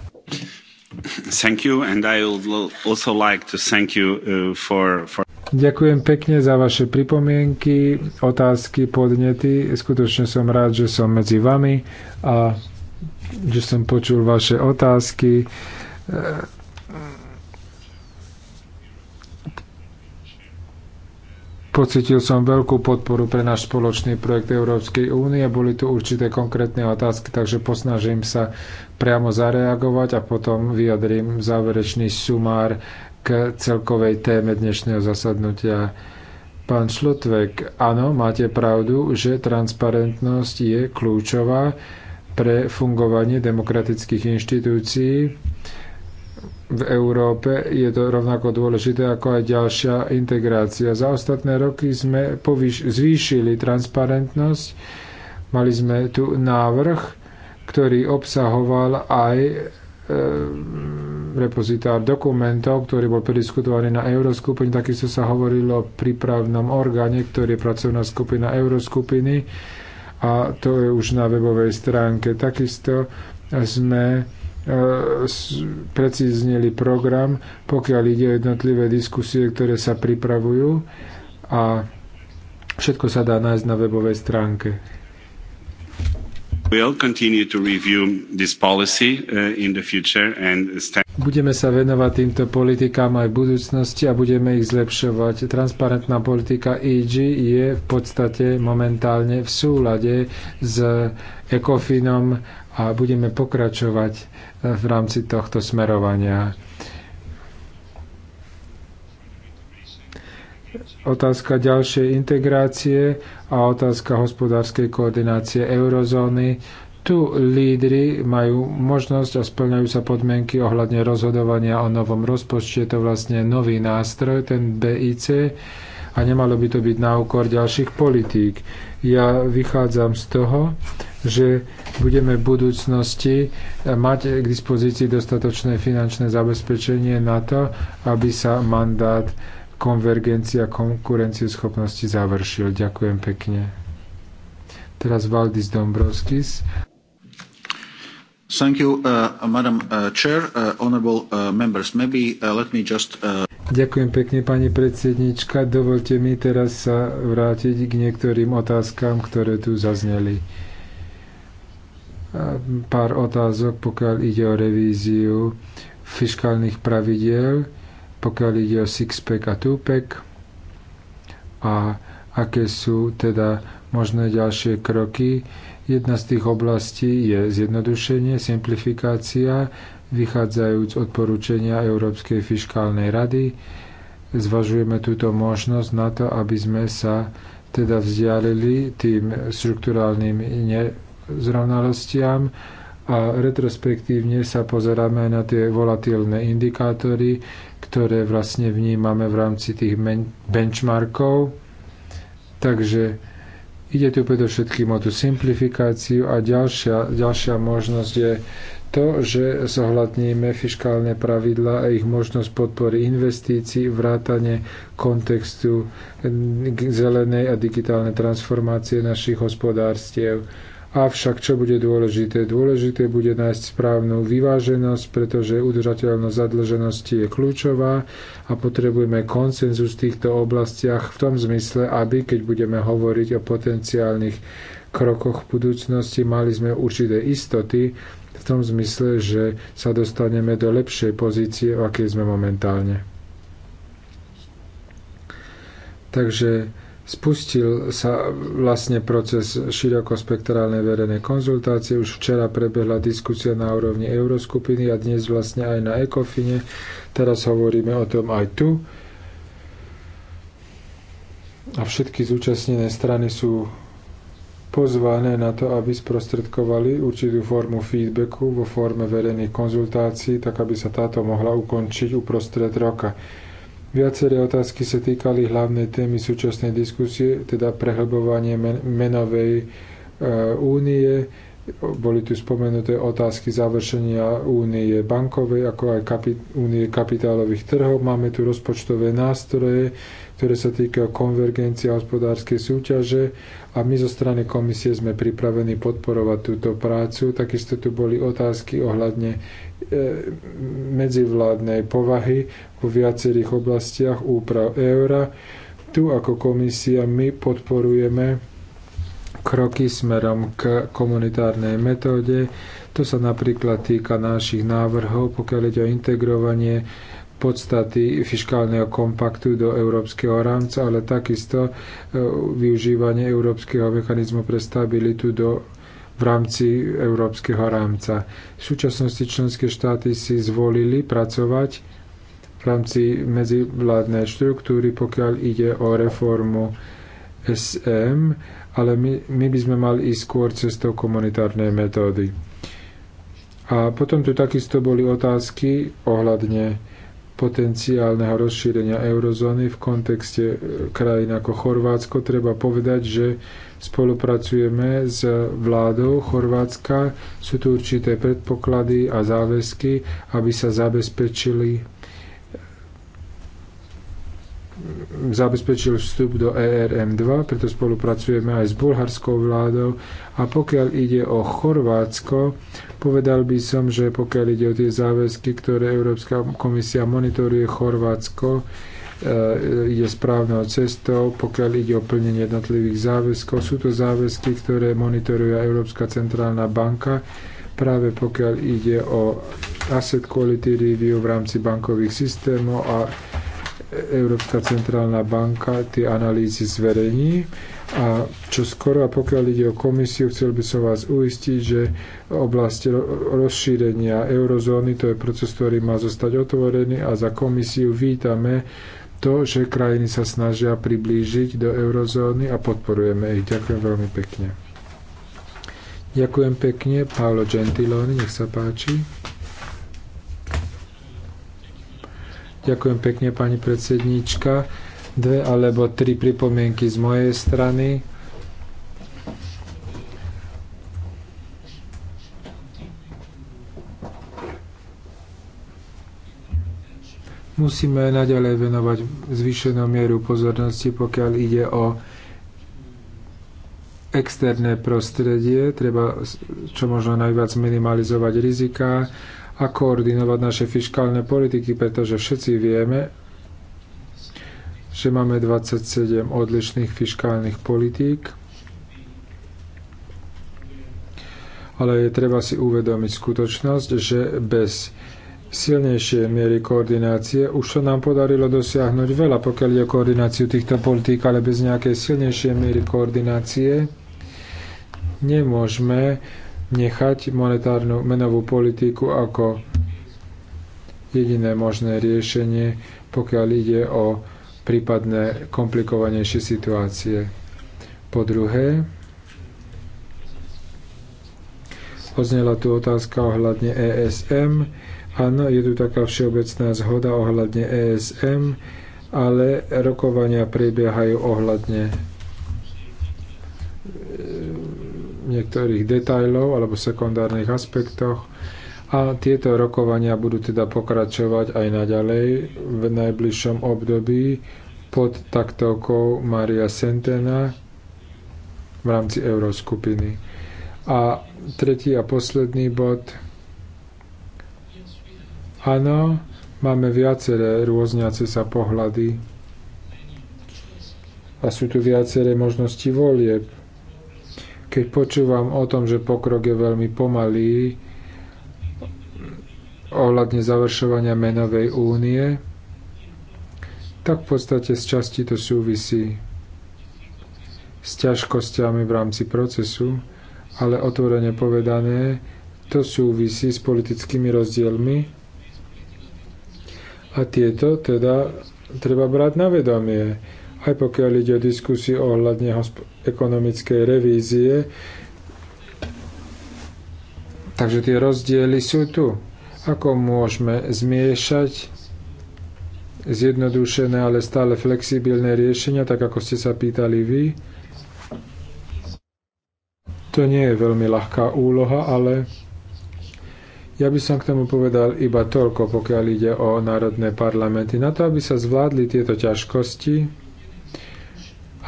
Speaker 3: Thank you and I would also like to thank you uh, for, for... Ďakujem pekne za vaše pripomienky, otázky, podnety. Skutočne som rád, že som medzi vami a že som počul vaše otázky Pocítil som veľkú podporu pre náš spoločný projekt Európskej únie. Boli tu určité konkrétne otázky, takže posnažím sa priamo zareagovať a potom vyjadrím záverečný sumár k celkovej téme dnešného zasadnutia. Pán Šlotvek, áno, máte pravdu, že transparentnosť je kľúčová pre fungovanie demokratických inštitúcií v Európe je to rovnako dôležité ako aj ďalšia integrácia. Za ostatné roky sme povýš- zvýšili transparentnosť. Mali sme tu návrh, ktorý obsahoval aj e, repozitár dokumentov, ktorý bol prediskutovaný na Euroskupine. Takisto sa hovorilo o prípravnom orgáne, ktorý je pracovná skupina Euroskupiny a to je už na webovej stránke. Takisto sme precíznili program, pokiaľ ide o jednotlivé diskusie, ktoré sa pripravujú a všetko sa dá nájsť na webovej stránke. Uh, budeme sa venovať týmto politikám aj v budúcnosti a budeme ich zlepšovať. Transparentná politika EG je v podstate momentálne v súlade s ECOFINom a budeme pokračovať eh, v rámci tohto smerovania. Otázka ďalšej integrácie a otázka hospodárskej koordinácie eurozóny. Tu lídry majú možnosť a splňajú sa podmienky ohľadne rozhodovania o novom rozpočte. Je to vlastne nový nástroj, ten BIC a nemalo by to byť na úkor ďalších politík. Ja vychádzam z toho, že budeme v budúcnosti mať k dispozícii dostatočné finančné zabezpečenie na to, aby sa mandát konvergencia konkurencieschopnosti završil. Ďakujem pekne. Teraz Valdis Dombrovskis. Ďakujem pekne, pani predsednička. Dovolte mi teraz sa vrátiť k niektorým otázkam, ktoré tu zazneli. Pár otázok, pokiaľ ide o revíziu fiskálnych pravidiel, pokiaľ ide o six-pack a two-pack a aké sú teda možné ďalšie kroky Jedna z tých oblastí je zjednodušenie, simplifikácia, vychádzajúc odporúčania Európskej fiskálnej rady. Zvažujeme túto možnosť na to, aby sme sa teda vzdialili tým štruktúrálnym nezrovnalostiam a retrospektívne sa pozeráme na tie volatilné indikátory, ktoré vlastne vnímame v rámci tých benchmarkov. Takže Ide tu predovšetkým o tú simplifikáciu a ďalšia, ďalšia možnosť je to, že zohľadníme fiskálne pravidla a ich možnosť podpory investícií, vrátane kontextu zelenej a digitálnej transformácie našich hospodárstiev. Avšak čo bude dôležité? Dôležité bude nájsť správnu vyváženosť, pretože udržateľnosť zadlženosti je kľúčová a potrebujeme konsenzus v týchto oblastiach v tom zmysle, aby keď budeme hovoriť o potenciálnych krokoch v budúcnosti, mali sme určité istoty v tom zmysle, že sa dostaneme do lepšej pozície, v akej sme momentálne. Takže spustil sa vlastne proces širokospektrálnej verejnej konzultácie. Už včera prebehla diskusia na úrovni Euroskupiny a dnes vlastne aj na Ekofine. Teraz hovoríme o tom aj tu. A všetky zúčastnené strany sú pozvané na to, aby sprostredkovali určitú formu feedbacku vo forme verejných konzultácií, tak aby sa táto mohla ukončiť uprostred roka. Viaceré otázky sa týkali hlavnej témy súčasnej diskusie, teda prehlbovanie menovej e, únie. Boli tu spomenuté otázky završenia únie bankovej, ako aj únie kapitálových trhov. Máme tu rozpočtové nástroje, ktoré sa týkajú konvergencie a hospodárskej súťaže a my zo strany komisie sme pripravení podporovať túto prácu. Takisto tu boli otázky ohľadne e, medzivládnej povahy vo viacerých oblastiach úprav eura. Tu ako komisia my podporujeme kroky smerom k komunitárnej metóde. To sa napríklad týka našich návrhov, pokiaľ ide o integrovanie podstaty fiskálneho kompaktu do európskeho rámca, ale takisto e, využívanie európskeho mechanizmu pre stabilitu do v rámci európskeho rámca. V súčasnosti členské štáty si zvolili pracovať v rámci medzivládnej štruktúry, pokiaľ ide o reformu SM, ale my, my by sme mali ísť skôr cestou komunitárnej metódy. A potom tu takisto boli otázky ohľadne potenciálneho rozšírenia eurozóny v kontexte e, krajín ako Chorvátsko. Treba povedať, že spolupracujeme s vládou Chorvátska. Sú tu určité predpoklady a záväzky, aby sa zabezpečili zabezpečil vstup do ERM2, preto spolupracujeme aj s bulharskou vládou. A pokiaľ ide o Chorvátsko, povedal by som, že pokiaľ ide o tie záväzky, ktoré Európska komisia monitoruje Chorvátsko, e, ide správnou cestou, pokiaľ ide o plnenie jednotlivých záväzkov. Sú to záväzky, ktoré monitoruje Európska centrálna banka, práve pokiaľ ide o asset quality review v rámci bankových systémov a Európska centrálna banka tie analýzy zverejní a čo skoro, a pokiaľ ide o komisiu, chcel by som vás uistiť, že oblasť rozšírenia eurozóny, to je proces, ktorý má zostať otvorený a za komisiu vítame to, že krajiny sa snažia priblížiť do eurozóny a podporujeme ich. Ďakujem veľmi pekne. Ďakujem pekne. Paolo Gentiloni, nech sa páči. Ďakujem pekne, pani predsednička. Dve alebo tri pripomienky z mojej strany. musíme naďalej venovať zvýšenú mieru pozornosti, pokiaľ ide o externé prostredie, treba čo možno najviac minimalizovať rizika, a koordinovať naše fiskálne politiky, pretože všetci vieme, že máme 27 odlišných fiskálnych politík, ale je treba si uvedomiť skutočnosť, že bez silnejšie miery koordinácie. Už sa nám podarilo dosiahnuť veľa, pokiaľ je koordináciu týchto politík, ale bez nejakej silnejšej miery koordinácie nemôžeme nechať monetárnu menovú politiku ako jediné možné riešenie, pokiaľ ide o prípadné komplikovanejšie situácie. Po druhé, oznela tu otázka ohľadne ESM. Áno, je tu taká všeobecná zhoda ohľadne ESM, ale rokovania prebiehajú ohľadne niektorých detajlov alebo sekundárnych aspektoch a tieto rokovania budú teda pokračovať aj naďalej v najbližšom období pod taktovkou Maria Sentena v rámci euroskupiny. A tretí a posledný bod. Áno, máme viaceré rôzniace sa pohľady a sú tu viaceré možnosti volieb keď počúvam o tom, že pokrok je veľmi pomalý ohľadne završovania menovej únie, tak v podstate z časti to súvisí s ťažkosťami v rámci procesu, ale otvorene povedané, to súvisí s politickými rozdielmi a tieto teda treba brať na vedomie aj pokiaľ ide o diskusiu ohľadne ekonomickej revízie. Takže tie rozdiely sú tu. Ako môžeme zmiešať zjednodušené, ale stále flexibilné riešenia, tak ako ste sa pýtali vy? To nie je veľmi ľahká úloha, ale ja by som k tomu povedal iba toľko, pokiaľ ide o národné parlamenty. Na to, aby sa zvládli tieto ťažkosti,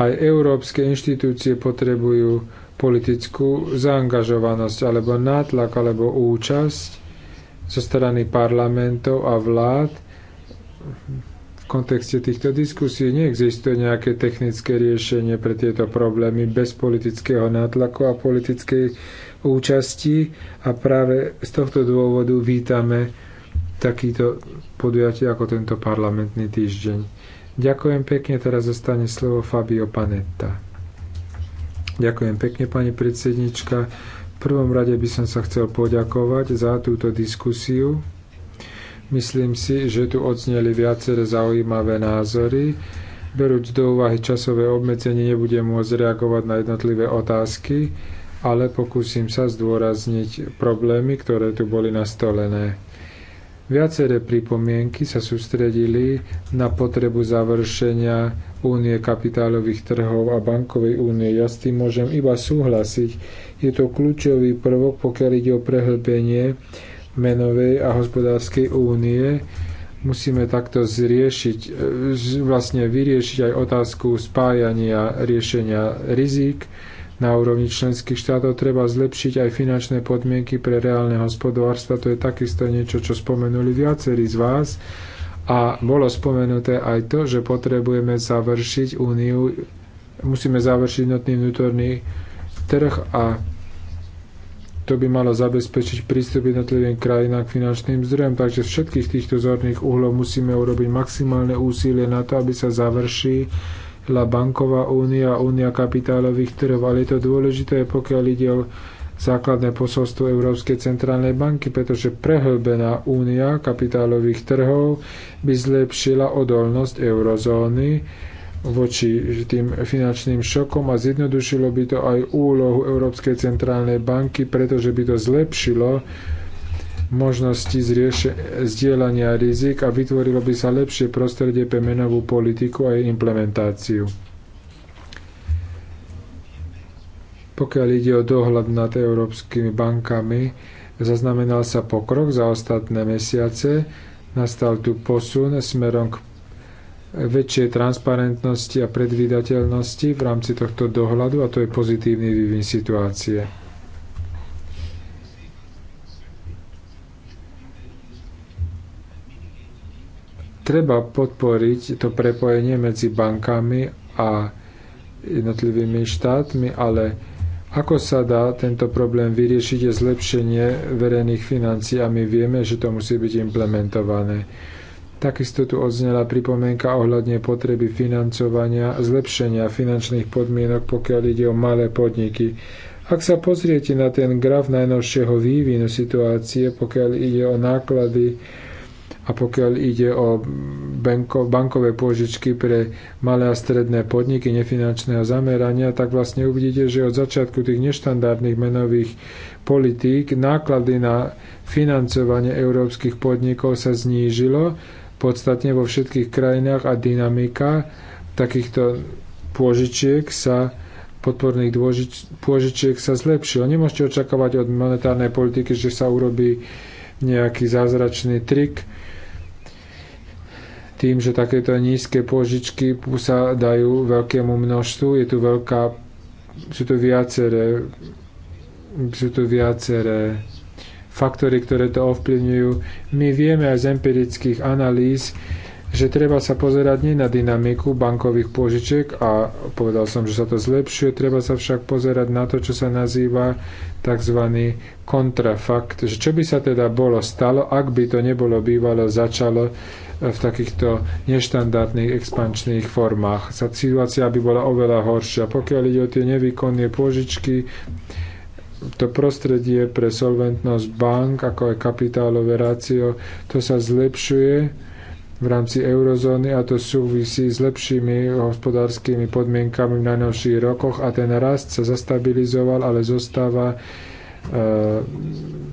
Speaker 3: aj európske inštitúcie potrebujú politickú zaangažovanosť alebo nátlak alebo účasť zo strany parlamentov a vlád v kontexte týchto diskusí neexistuje nejaké technické riešenie pre tieto problémy bez politického nátlaku a politickej účasti a práve z tohto dôvodu vítame takýto podujatie ako tento parlamentný týždeň. Ďakujem pekne, teraz zostane slovo Fabio Panetta. Ďakujem pekne, pani predsednička. V prvom rade by som sa chcel poďakovať za túto diskusiu. Myslím si, že tu odzneli viaceré zaujímavé názory. Berúť do úvahy časové obmedzenie, nebudem môcť reagovať na jednotlivé otázky, ale pokúsim sa zdôrazniť problémy, ktoré tu boli nastolené. Viaceré pripomienky sa sústredili na potrebu završenia únie kapitálových trhov a bankovej únie. Ja s tým môžem iba súhlasiť. Je to kľúčový prvok, pokiaľ ide o prehlbenie menovej a hospodárskej únie. Musíme takto zriešiť, vlastne vyriešiť aj otázku spájania riešenia rizík na úrovni členských štátov. Treba zlepšiť aj finančné podmienky pre reálne hospodárstva. To je takisto niečo, čo spomenuli viacerí z vás. A bolo spomenuté aj to, že potrebujeme završiť úniu, musíme završiť jednotný vnútorný trh a to by malo zabezpečiť prístup jednotlivým krajinám k finančným zdrojom. Takže z všetkých týchto zorných uhlov musíme urobiť maximálne úsilie na to, aby sa završí la banková únia, únia kapitálových trhov, ale je to dôležité, pokiaľ ide o základné posolstvo Európskej centrálnej banky, pretože prehlbená únia kapitálových trhov by zlepšila odolnosť eurozóny voči tým finančným šokom a zjednodušilo by to aj úlohu Európskej centrálnej banky, pretože by to zlepšilo možnosti zdieľania rizik a vytvorilo by sa lepšie prostredie pre menovú politiku a jej implementáciu. Pokiaľ ide o dohľad nad európskymi bankami, zaznamenal sa pokrok za ostatné mesiace, nastal tu posun smerom k väčšej transparentnosti a predvídateľnosti v rámci tohto dohľadu a to je pozitívny vývin situácie. Treba podporiť to prepojenie medzi bankami a jednotlivými štátmi, ale ako sa dá tento problém vyriešiť je zlepšenie verejných financií a my vieme, že to musí byť implementované. Takisto tu odznela pripomienka ohľadne potreby financovania, zlepšenia finančných podmienok, pokiaľ ide o malé podniky. Ak sa pozriete na ten graf najnovšieho vývinu situácie, pokiaľ ide o náklady a pokiaľ ide o banko, bankové pôžičky pre malé a stredné podniky nefinančného zamerania, tak vlastne uvidíte, že od začiatku tých neštandardných menových politík náklady na financovanie európskych podnikov sa znížilo podstatne vo všetkých krajinách a dynamika takýchto pôžičiek sa podporných pôžičiek sa zlepšilo. Nemôžete očakávať od monetárnej politiky, že sa urobí nejaký zázračný trik, tým, že takéto nízke požičky sa dajú veľkému množstvu. Je tu veľká, sú tu viaceré, sú tu viaceré faktory, ktoré to ovplyvňujú. My vieme aj z empirických analýz, že treba sa pozerať nie na dynamiku bankových pôžičiek a povedal som, že sa to zlepšuje, treba sa však pozerať na to, čo sa nazýva tzv. kontrafakt, že čo by sa teda bolo stalo, ak by to nebolo bývalo začalo e, v takýchto neštandardných expančných formách. Situácia by bola oveľa horšia. Pokiaľ ide o tie nevýkonné pôžičky, to prostredie pre solventnosť bank, ako aj kapitálové rácio, to sa zlepšuje v rámci eurozóny a to súvisí s lepšími hospodárskymi podmienkami v najnovších rokoch a ten rast sa zastabilizoval, ale zostáva e,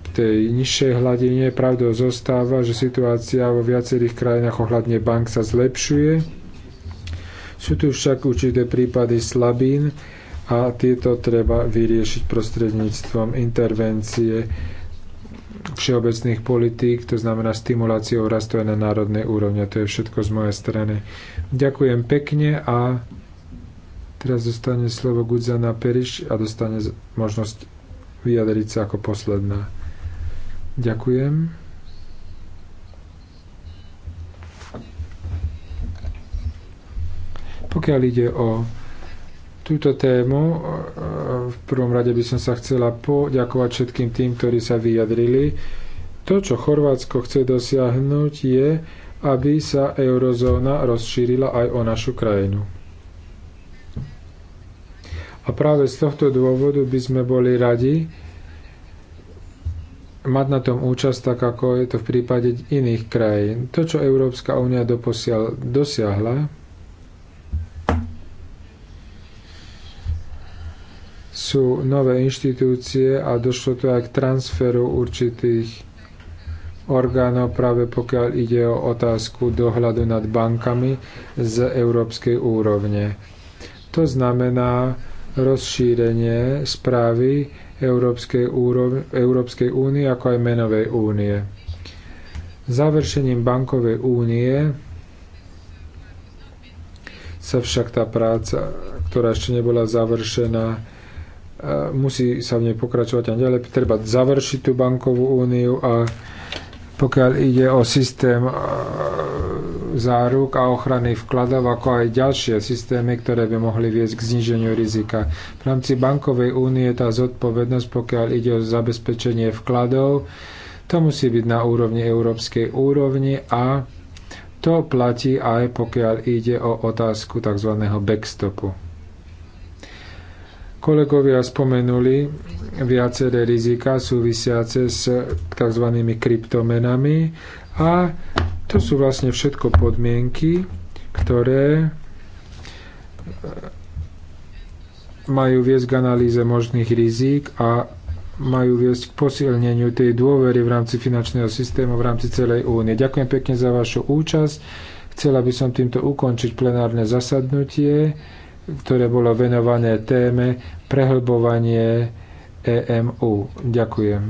Speaker 3: v tej nižšej hladine. Pravdou zostáva, že situácia vo viacerých krajinách ohľadne bank sa zlepšuje. Sú tu však určité prípady slabín a tieto treba vyriešiť prostredníctvom intervencie všeobecných politík, to znamená stimuláciou rastu aj na národnej úrovni. A to je všetko z mojej strany. Ďakujem pekne a teraz dostane slovo Gudzana Periš a dostane možnosť vyjadriť sa ako posledná. Ďakujem. Pokiaľ ide o túto tému. E, e, v prvom rade by som sa chcela poďakovať všetkým tým, ktorí sa vyjadrili. To, čo Chorvátsko chce dosiahnuť, je, aby sa eurozóna rozšírila aj o našu krajinu. A práve z tohto dôvodu by sme boli radi mať na tom účasť, tak ako je to v prípade iných krajín. To, čo Európska únia doposiaľ dosiahla, sú nové inštitúcie a došlo to aj k transferu určitých orgánov, práve pokiaľ ide o otázku dohľadu nad bankami z európskej úrovne. To znamená rozšírenie správy Európskej, úrov, Európskej únie ako aj menovej únie. Završením bankovej únie sa však tá práca, ktorá ešte nebola završená, musí sa v nej pokračovať a ďalej. Treba završiť tú bankovú úniu a pokiaľ ide o systém záruk a ochrany vkladov, ako aj ďalšie systémy, ktoré by mohli viesť k zniženiu rizika. V rámci bankovej únie tá zodpovednosť, pokiaľ ide o zabezpečenie vkladov, to musí byť na úrovni európskej úrovni a to platí aj pokiaľ ide o otázku tzv. backstopu. Kolegovia spomenuli viaceré rizika súvisiace s tzv. kryptomenami a to sú vlastne všetko podmienky, ktoré e, majú viesť k analýze možných rizík a majú viesť k posilneniu tej dôvery v rámci finančného systému, v rámci celej únie. Ďakujem pekne za vašu účasť. Chcela by som týmto ukončiť plenárne zasadnutie ktoré bolo venované téme prehlbovanie EMU. Ďakujem.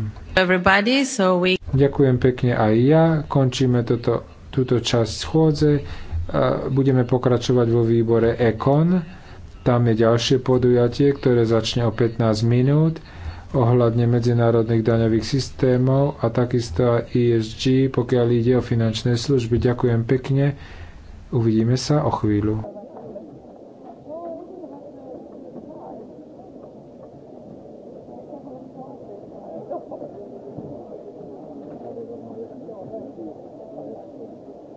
Speaker 3: So we... Ďakujem pekne aj ja. Končíme toto, túto časť schôdze. Budeme pokračovať vo výbore EKON. Tam je ďalšie podujatie, ktoré začne o 15 minút ohľadne medzinárodných daňových systémov a takisto aj ESG, pokiaľ ide o finančné služby. Ďakujem pekne. Uvidíme sa o chvíľu.